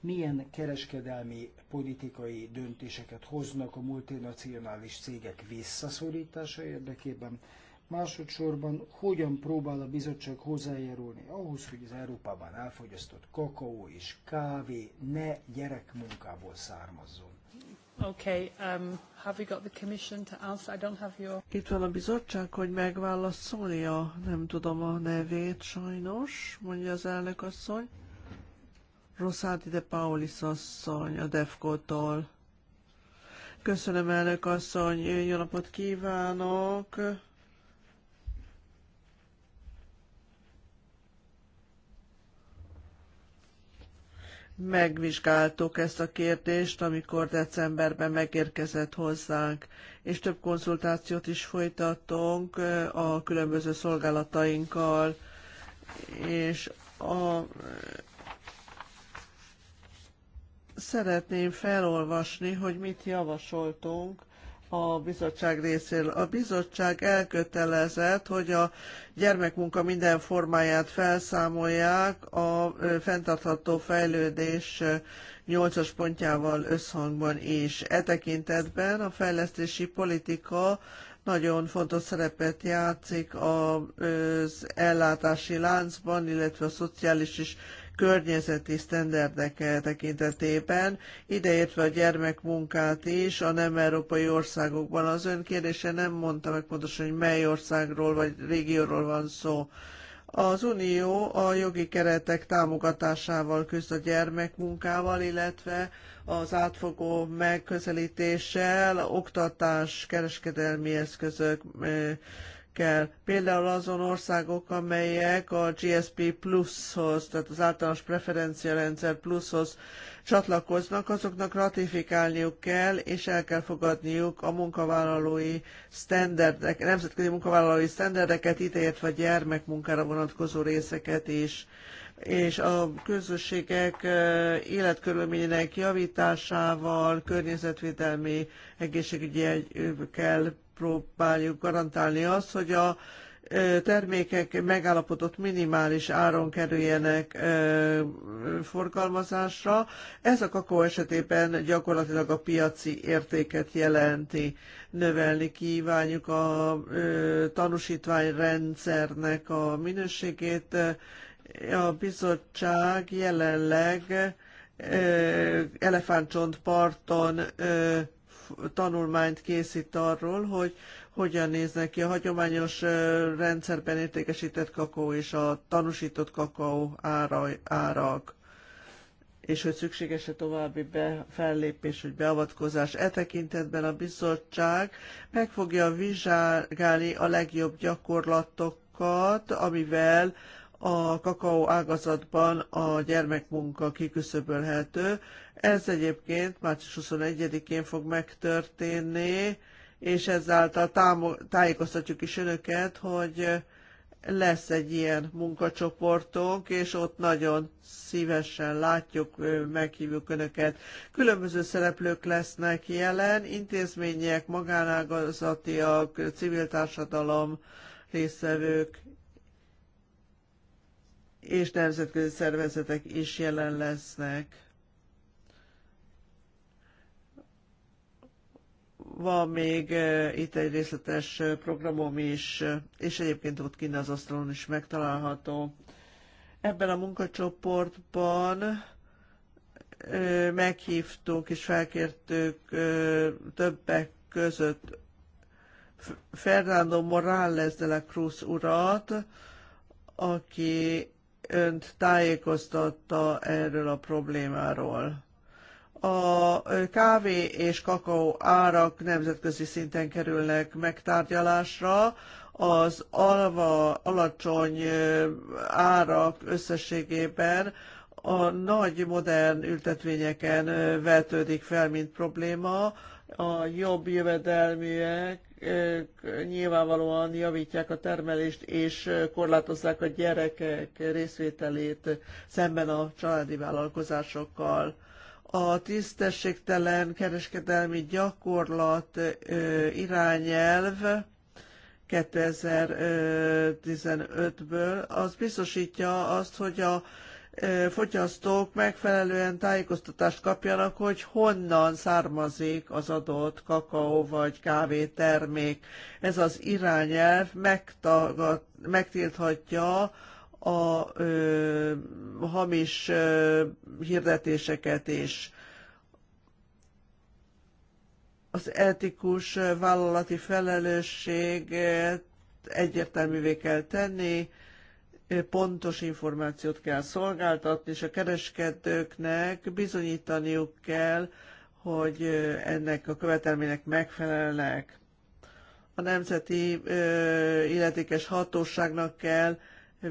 milyen kereskedelmi politikai döntéseket hoznak a multinacionális cégek visszaszorítása érdekében, Másodszorban hogyan próbál a bizottság hozzájárulni ahhoz, hogy az Európában elfogyasztott kakaó és kávé ne gyerekmunkából származzon? Okay, um, have we got the commission to answer? I don't have your... Itt van a bizottság, hogy megválaszolja, nem tudom a nevét sajnos, mondja az elnök asszony. Rosáti de Paulis asszony a defco Köszönöm, elnök asszony, jó napot kívánok! Megvizsgáltuk ezt a kérdést, amikor decemberben megérkezett hozzánk, és több konzultációt is folytattunk a különböző szolgálatainkkal, és a szeretném felolvasni, hogy mit javasoltunk a bizottság részéről. A bizottság elkötelezett, hogy a gyermekmunka minden formáját felszámolják a fenntartható fejlődés 8-as pontjával összhangban is. E tekintetben a fejlesztési politika nagyon fontos szerepet játszik az ellátási láncban, illetve a szociális és környezeti sztenderdek tekintetében, ideértve a gyermekmunkát is a nem európai országokban. Az ön kérdése nem mondta meg pontosan, hogy mely országról vagy régióról van szó. Az Unió a jogi keretek támogatásával küzd a gyermekmunkával, illetve az átfogó megközelítéssel, oktatás, kereskedelmi eszközök kell. Például azon országok, amelyek a GSP pluszhoz, tehát az általános preferenciarendszer pluszhoz csatlakoznak, azoknak ratifikálniuk kell, és el kell fogadniuk a munkavállalói sztenderdek, nemzetközi munkavállalói sztenderdeket, ideértve gyermekmunkára vonatkozó részeket is és a közösségek életkörülményének javításával, környezetvédelmi, egészségügyi kell próbáljuk garantálni azt, hogy a termékek megállapodott minimális áron kerüljenek forgalmazásra. Ez a kakó esetében gyakorlatilag a piaci értéket jelenti. Növelni kívánjuk a tanúsítványrendszernek a minőségét. A bizottság jelenleg elefántcsontparton parton tanulmányt készít arról, hogy hogyan néznek ki a hagyományos rendszerben értékesített kakaó és a tanúsított kakaó ára, árak és hogy szükséges-e további be, fellépés vagy beavatkozás. E tekintetben a bizottság meg fogja vizsgálni a legjobb gyakorlatokat, amivel a kakaó ágazatban a gyermekmunka kiküszöbölhető, ez egyébként március 21-én fog megtörténni, és ezáltal támo- tájékoztatjuk is önöket, hogy lesz egy ilyen munkacsoportunk, és ott nagyon szívesen látjuk, meghívjuk Önöket. Különböző szereplők lesznek jelen, intézmények, magánágazatiak, civil társadalom résztvevők, és nemzetközi szervezetek is jelen lesznek. van még itt egy részletes programom is, és egyébként ott kint az asztalon is megtalálható. Ebben a munkacsoportban meghívtuk és felkértük többek között Fernando Morales de la Cruz urat, aki önt tájékoztatta erről a problémáról a kávé és kakaó árak nemzetközi szinten kerülnek megtárgyalásra, az alva alacsony árak összességében a nagy modern ültetvényeken vetődik fel, mint probléma. A jobb jövedelműek nyilvánvalóan javítják a termelést és korlátozzák a gyerekek részvételét szemben a családi vállalkozásokkal a tisztességtelen kereskedelmi gyakorlat irányelv 2015-ből, az biztosítja azt, hogy a fogyasztók megfelelően tájékoztatást kapjanak, hogy honnan származik az adott kakaó vagy kávé termék. Ez az irányelv megtilthatja a ö, hamis ö, hirdetéseket és az etikus vállalati felelősséget egyértelművé kell tenni, pontos információt kell szolgáltatni, és a kereskedőknek bizonyítaniuk kell, hogy ennek a követelménynek megfelelnek. A nemzeti ö, illetékes hatóságnak kell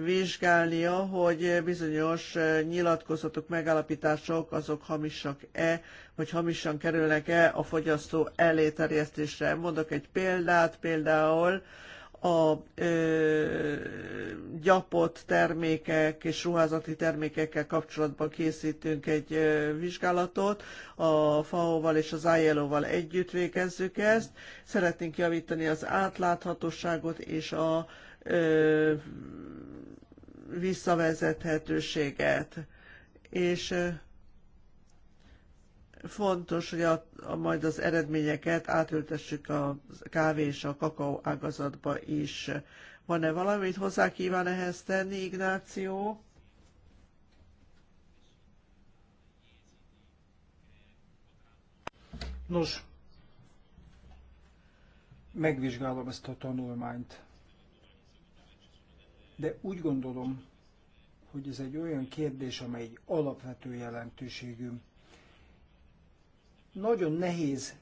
vizsgálnia, hogy bizonyos eh, nyilatkozatok, megállapítások azok hamisak-e, vagy hamisan kerülnek-e a fogyasztó elé Mondok egy példát, például a ö, eh, gyapott termékek és ruházati termékekkel kapcsolatban készítünk egy ö, eh, vizsgálatot, a FAO-val és az ILO-val együtt végezzük ezt. Szeretnénk javítani az átláthatóságot és a ö, visszavezethetőséget. És fontos, hogy a, a, majd az eredményeket átültessük a kávé és a kakaó ágazatba is. Van-e valamit hozzá kíván ehhez tenni, Ignáció? Nos, megvizsgálom ezt a tanulmányt, de úgy gondolom, hogy ez egy olyan kérdés, amely egy alapvető jelentőségű. Nagyon nehéz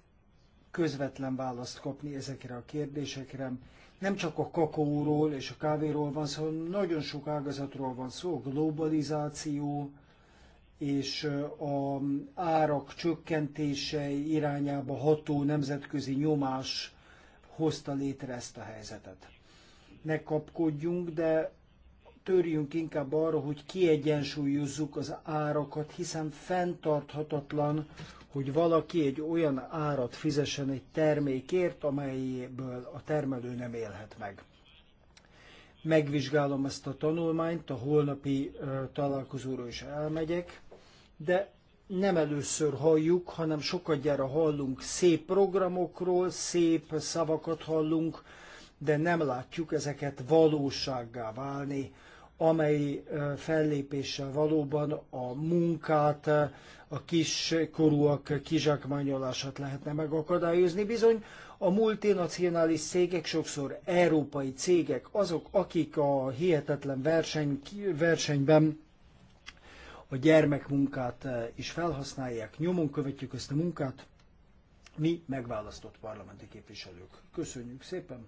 közvetlen választ kapni ezekre a kérdésekre. Nem csak a kakaóról és a kávéról van szó, hanem nagyon sok ágazatról van szó, a globalizáció és a árak csökkentése irányába ható nemzetközi nyomás hozta létre ezt a helyzetet ne kapkodjunk, de törjünk inkább arra, hogy kiegyensúlyozzuk az árakat, hiszen fenntarthatatlan, hogy valaki egy olyan árat fizessen egy termékért, amelyből a termelő nem élhet meg. Megvizsgálom ezt a tanulmányt, a holnapi találkozóra is elmegyek, de nem először halljuk, hanem gyára hallunk szép programokról, szép szavakat hallunk, de nem látjuk ezeket valósággá válni, amely fellépéssel valóban a munkát, a kiskorúak kizsákmányolását lehetne megakadályozni. Bizony a multinacionális cégek sokszor európai cégek, azok, akik a hihetetlen verseny, versenyben a gyermekmunkát is felhasználják. Nyomon követjük ezt a munkát, mi megválasztott parlamenti képviselők. Köszönjük szépen!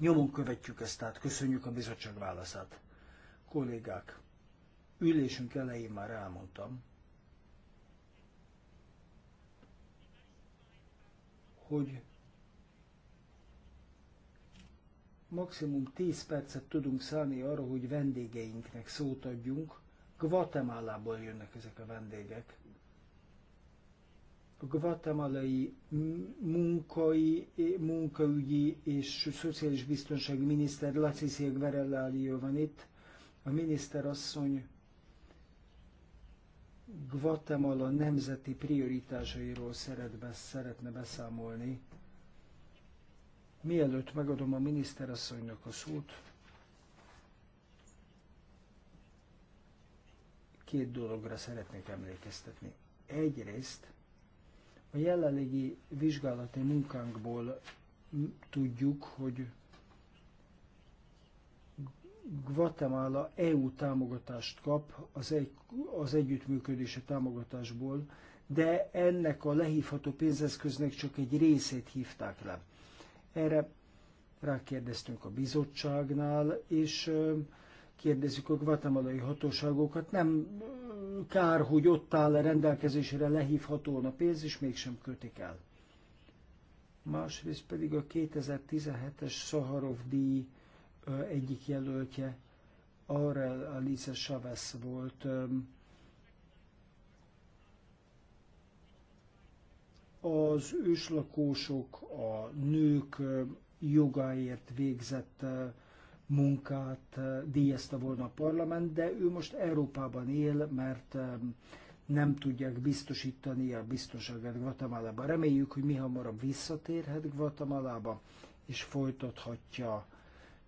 Nyomon követjük ezt, tehát köszönjük a bizottság válaszát. Kollégák, ülésünk elején már elmondtam, hogy maximum 10 percet tudunk szállni arra, hogy vendégeinknek szót adjunk. Guatemalából jönnek ezek a vendégek a guatemalai munkai, munkaügyi és szociális biztonsági miniszter Laci Verellálió van itt. A asszony Guatemala nemzeti prioritásairól szeretne, szeretne beszámolni. Mielőtt megadom a miniszter asszonynak a szót, két dologra szeretnék emlékeztetni. Egyrészt a jelenlegi vizsgálati munkánkból tudjuk, hogy Guatemala EU támogatást kap az, egy, az együttműködése támogatásból, de ennek a lehívható pénzeszköznek csak egy részét hívták le. Erre rákérdeztünk a bizottságnál, és kérdezzük a guatemalai hatóságokat, nem kár, hogy ott áll a rendelkezésére, lehívható a pénz, és mégsem kötik el. Másrészt pedig a 2017-es Szaharov díj egyik jelöltje, Aurel Alice Chavez volt, az őslakósok, a nők jogáért végzett munkát eh, díjazta volna a parlament, de ő most Európában él, mert eh, nem tudják biztosítani a biztonságát Guatemalába. Reméljük, hogy mi hamarabb visszatérhet Guatemalába, és folytathatja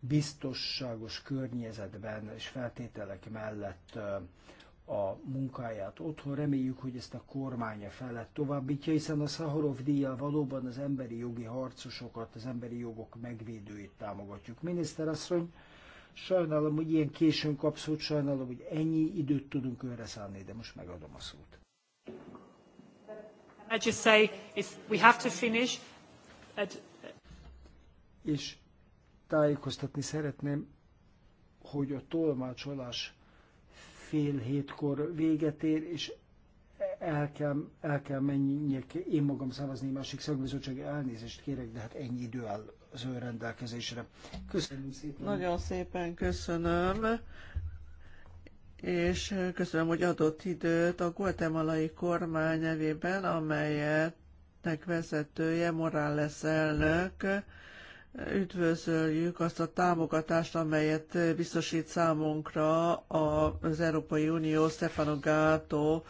biztosságos környezetben és feltételek mellett eh, a munkáját otthon. Reméljük, hogy ezt a kormánya felett továbbítja, hiszen a Szaharov díjjal valóban az emberi jogi harcosokat, az emberi jogok megvédőit támogatjuk. Miniszterasszony, sajnálom, hogy ilyen későn kapszott, sajnálom, hogy ennyi időt tudunk önre szállni, de most megadom a szót. I just say is we have to finish at... És tájékoztatni szeretném, hogy a tolmácsolás fél hétkor véget ér, és el kell, el kell menjek én magam szavazni, másik szakbizottság elnézést kérek, de hát ennyi idő áll az ő rendelkezésre. Köszönöm szépen. Nagyon szépen köszönöm, és köszönöm, hogy adott időt a guatemalai kormány nevében, amelyetnek vezetője Morales elnök, Üdvözöljük azt a támogatást, amelyet biztosít számunkra az Európai Unió Stefano Gato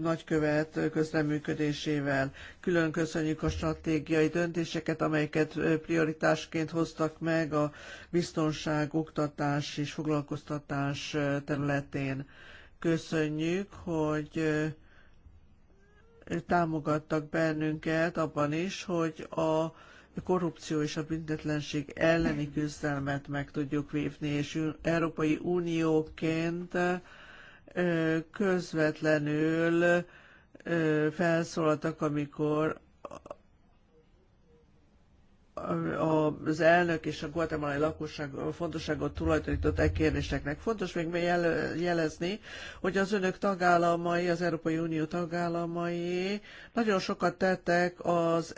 nagykövet közreműködésével. Külön köszönjük a stratégiai döntéseket, amelyeket prioritásként hoztak meg a biztonság, oktatás és foglalkoztatás területén. Köszönjük, hogy támogattak bennünket abban is, hogy a a korrupció és a büntetlenség elleni küzdelmet meg tudjuk vívni, és Európai Unióként közvetlenül felszólaltak, amikor az elnök és a guatemalai lakosság fontosságot tulajdonított e kérdéseknek. Fontos még jelezni, hogy az önök tagállamai, az Európai Unió tagállamai nagyon sokat tettek az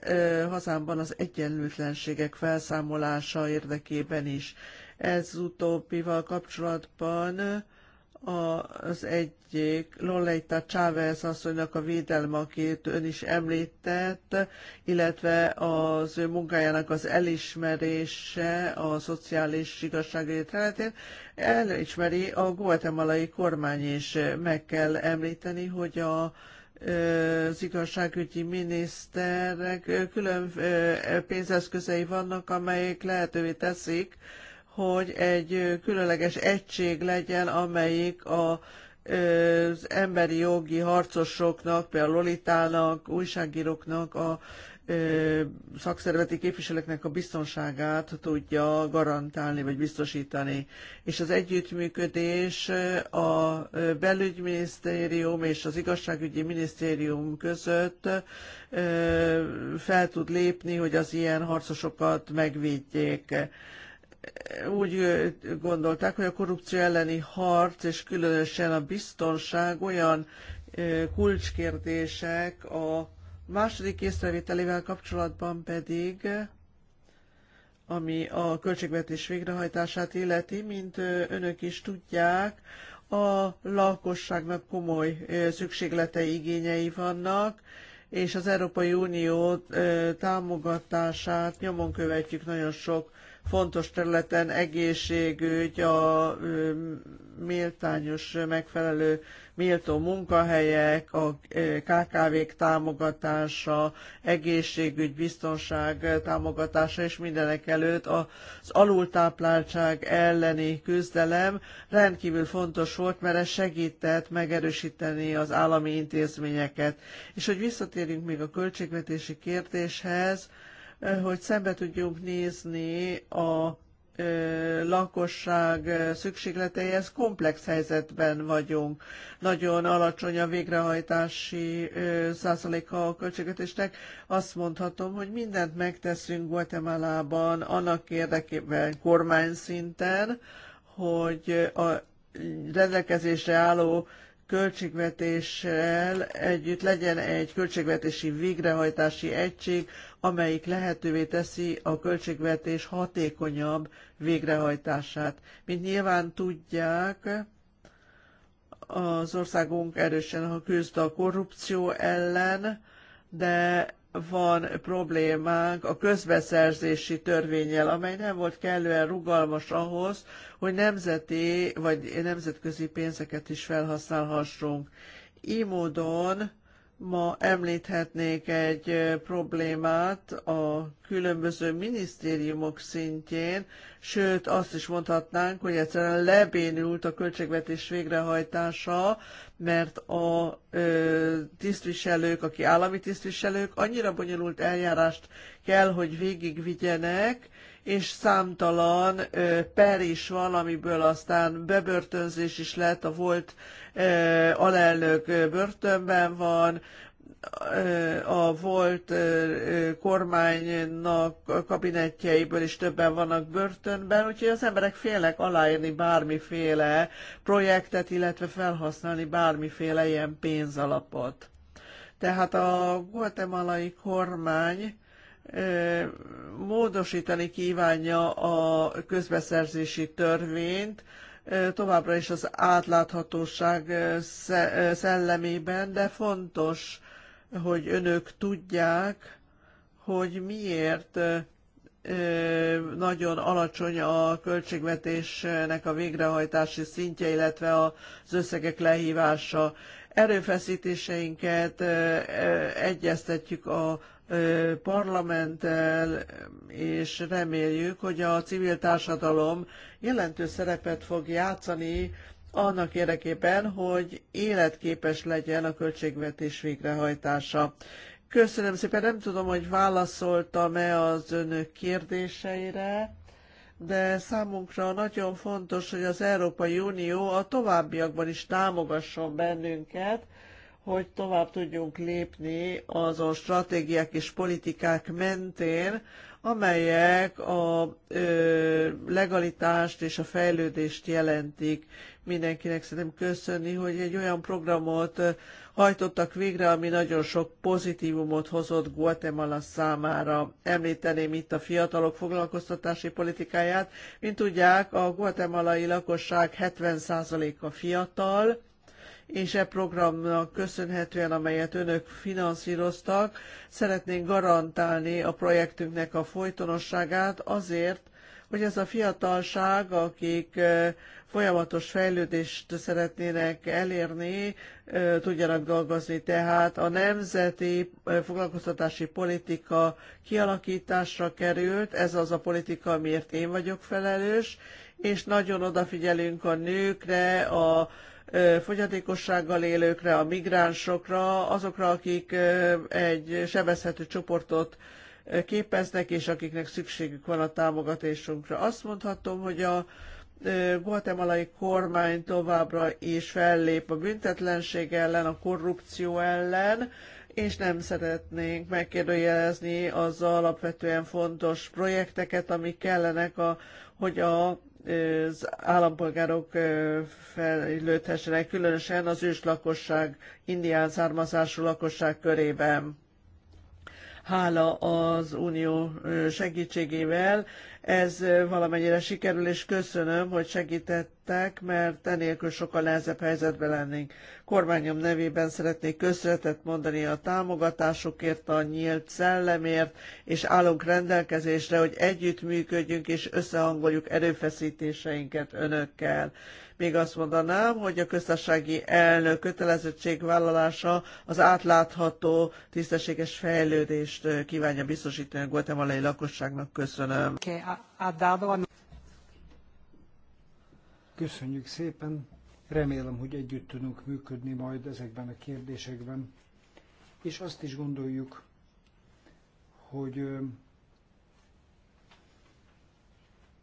hazámban az egyenlőtlenségek felszámolása érdekében is. Ez utóbbival kapcsolatban az egyik Lolleita Chávez asszonynak a védelme, akit ön is említett, illetve az ő munkájának az elismerése a szociális igazságért területén elismeri a guatemalai kormány is. Meg kell említeni, hogy a az igazságügyi miniszternek külön pénzeszközei vannak, amelyek lehetővé teszik, hogy egy különleges egység legyen, amelyik a az emberi jogi harcosoknak, például Lolitának, újságíróknak, a ö, szakszervezeti képviselőknek a biztonságát tudja garantálni vagy biztosítani. És az együttműködés a belügyminisztérium és az igazságügyi minisztérium között ö, fel tud lépni, hogy az ilyen harcosokat megvédjék úgy gondolták, hogy a korrupció elleni harc, és különösen a biztonság olyan kulcskérdések a második észrevételével kapcsolatban pedig, ami a költségvetés végrehajtását illeti, mint önök is tudják, a lakosságnak komoly szükségletei, igényei vannak, és az Európai Unió támogatását nyomon követjük nagyon sok fontos területen egészségügy, a méltányos, megfelelő, méltó munkahelyek, a KKV-k támogatása, egészségügy, biztonság támogatása, és mindenek előtt az alultápláltság elleni küzdelem rendkívül fontos volt, mert ez segített megerősíteni az állami intézményeket. És hogy visszatérjünk még a költségvetési kérdéshez, hogy szembe tudjunk nézni a lakosság szükségletei, ez komplex helyzetben vagyunk. Nagyon alacsony a végrehajtási százaléka a költségvetésnek. Azt mondhatom, hogy mindent megteszünk Guatemalában annak érdekében kormány szinten, hogy a rendelkezésre álló költségvetéssel együtt legyen egy költségvetési végrehajtási egység, amelyik lehetővé teszi a költségvetés hatékonyabb végrehajtását. Mint nyilván tudják, az országunk erősen küzd a korrupció ellen, de van problémánk a közbeszerzési törvényel, amely nem volt kellően rugalmas ahhoz, hogy nemzeti vagy nemzetközi pénzeket is felhasználhassunk. Így módon Ma említhetnék egy problémát a különböző minisztériumok szintjén, sőt azt is mondhatnánk, hogy egyszerűen lebénult a költségvetés végrehajtása, mert a ö, tisztviselők, aki állami tisztviselők, annyira bonyolult eljárást kell, hogy végigvigyenek, és számtalan per is van, amiből aztán bebörtönzés is lett, a volt alelnök börtönben van, a volt kormánynak kabinetjeiből is többen vannak börtönben, úgyhogy az emberek félnek aláírni bármiféle projektet, illetve felhasználni bármiféle ilyen pénzalapot. Tehát a guatemalai kormány módosítani kívánja a közbeszerzési törvényt, továbbra is az átláthatóság szellemében, de fontos, hogy önök tudják, hogy miért nagyon alacsony a költségvetésnek a végrehajtási szintje, illetve az összegek lehívása. Erőfeszítéseinket egyeztetjük a parlamenttel, és reméljük, hogy a civil társadalom jelentős szerepet fog játszani annak érdekében, hogy életképes legyen a költségvetés végrehajtása. Köszönöm szépen, nem tudom, hogy válaszoltam-e az önök kérdéseire de számunkra nagyon fontos, hogy az Európai Unió a továbbiakban is támogasson bennünket, hogy tovább tudjunk lépni azon stratégiák és politikák mentén, amelyek a ö, legalitást és a fejlődést jelentik. Mindenkinek szerintem köszönni, hogy egy olyan programot hajtottak végre, ami nagyon sok pozitívumot hozott Guatemala számára. Említeném itt a fiatalok foglalkoztatási politikáját. Mint tudják, a guatemalai lakosság 70%-a fiatal, és e programnak köszönhetően, amelyet önök finanszíroztak, szeretnénk garantálni a projektünknek a folytonosságát azért, hogy ez a fiatalság, akik e, folyamatos fejlődést szeretnének elérni, e, tudjanak dolgozni. Tehát a nemzeti e, foglalkoztatási politika kialakításra került, ez az a politika, amiért én vagyok felelős, és nagyon odafigyelünk a nőkre, a fogyatékossággal élőkre, a migránsokra, azokra, akik egy sebezhető csoportot képeznek, és akiknek szükségük van a támogatásunkra. Azt mondhatom, hogy a guatemalai kormány továbbra is fellép a büntetlenség ellen, a korrupció ellen, és nem szeretnénk megkérdőjelezni az alapvetően fontos projekteket, amik kellenek, a, hogy a az állampolgárok fejlődhessenek, különösen az őslakosság, indián származású lakosság körében hála az Unió segítségével. Ez valamennyire sikerül, és köszönöm, hogy segítettek, mert enélkül sokkal nehezebb helyzetben lennénk. Kormányom nevében szeretnék köszönetet mondani a támogatásokért, a nyílt szellemért, és állunk rendelkezésre, hogy együttműködjünk és összehangoljuk erőfeszítéseinket önökkel. Még azt mondanám, hogy a köztársasági elnök kötelezettségvállalása az átlátható, tisztességes fejlődést kívánja biztosítani a guatemalai lakosságnak. Köszönöm. Köszönjük szépen. Remélem, hogy együtt tudunk működni majd ezekben a kérdésekben. És azt is gondoljuk, hogy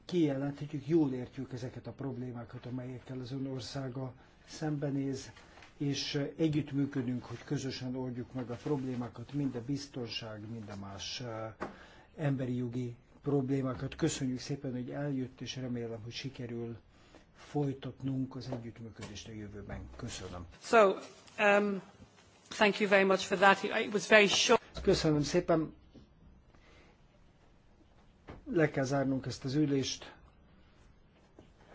kijelenthetjük, jól értjük ezeket a problémákat, amelyekkel az ön országa szembenéz, és együttműködünk, hogy közösen oldjuk meg a problémákat, mind a biztonság, mind a más emberi jogi problémákat. Köszönjük szépen, hogy eljött, és remélem, hogy sikerül folytatnunk az együttműködést a jövőben. Köszönöm. So, um, thank you very much for that. It was very short. Köszönöm szépen le kell zárnunk ezt az ülést,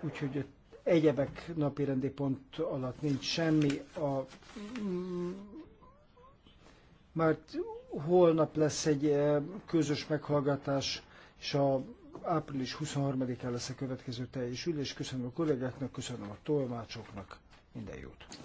úgyhogy egyebek egyebek rendi pont alatt nincs semmi. A, mm, már holnap lesz egy eh, közös meghallgatás, és a április 23-án lesz a következő teljes ülés. Köszönöm a kollégáknak, köszönöm a tolmácsoknak, minden jót!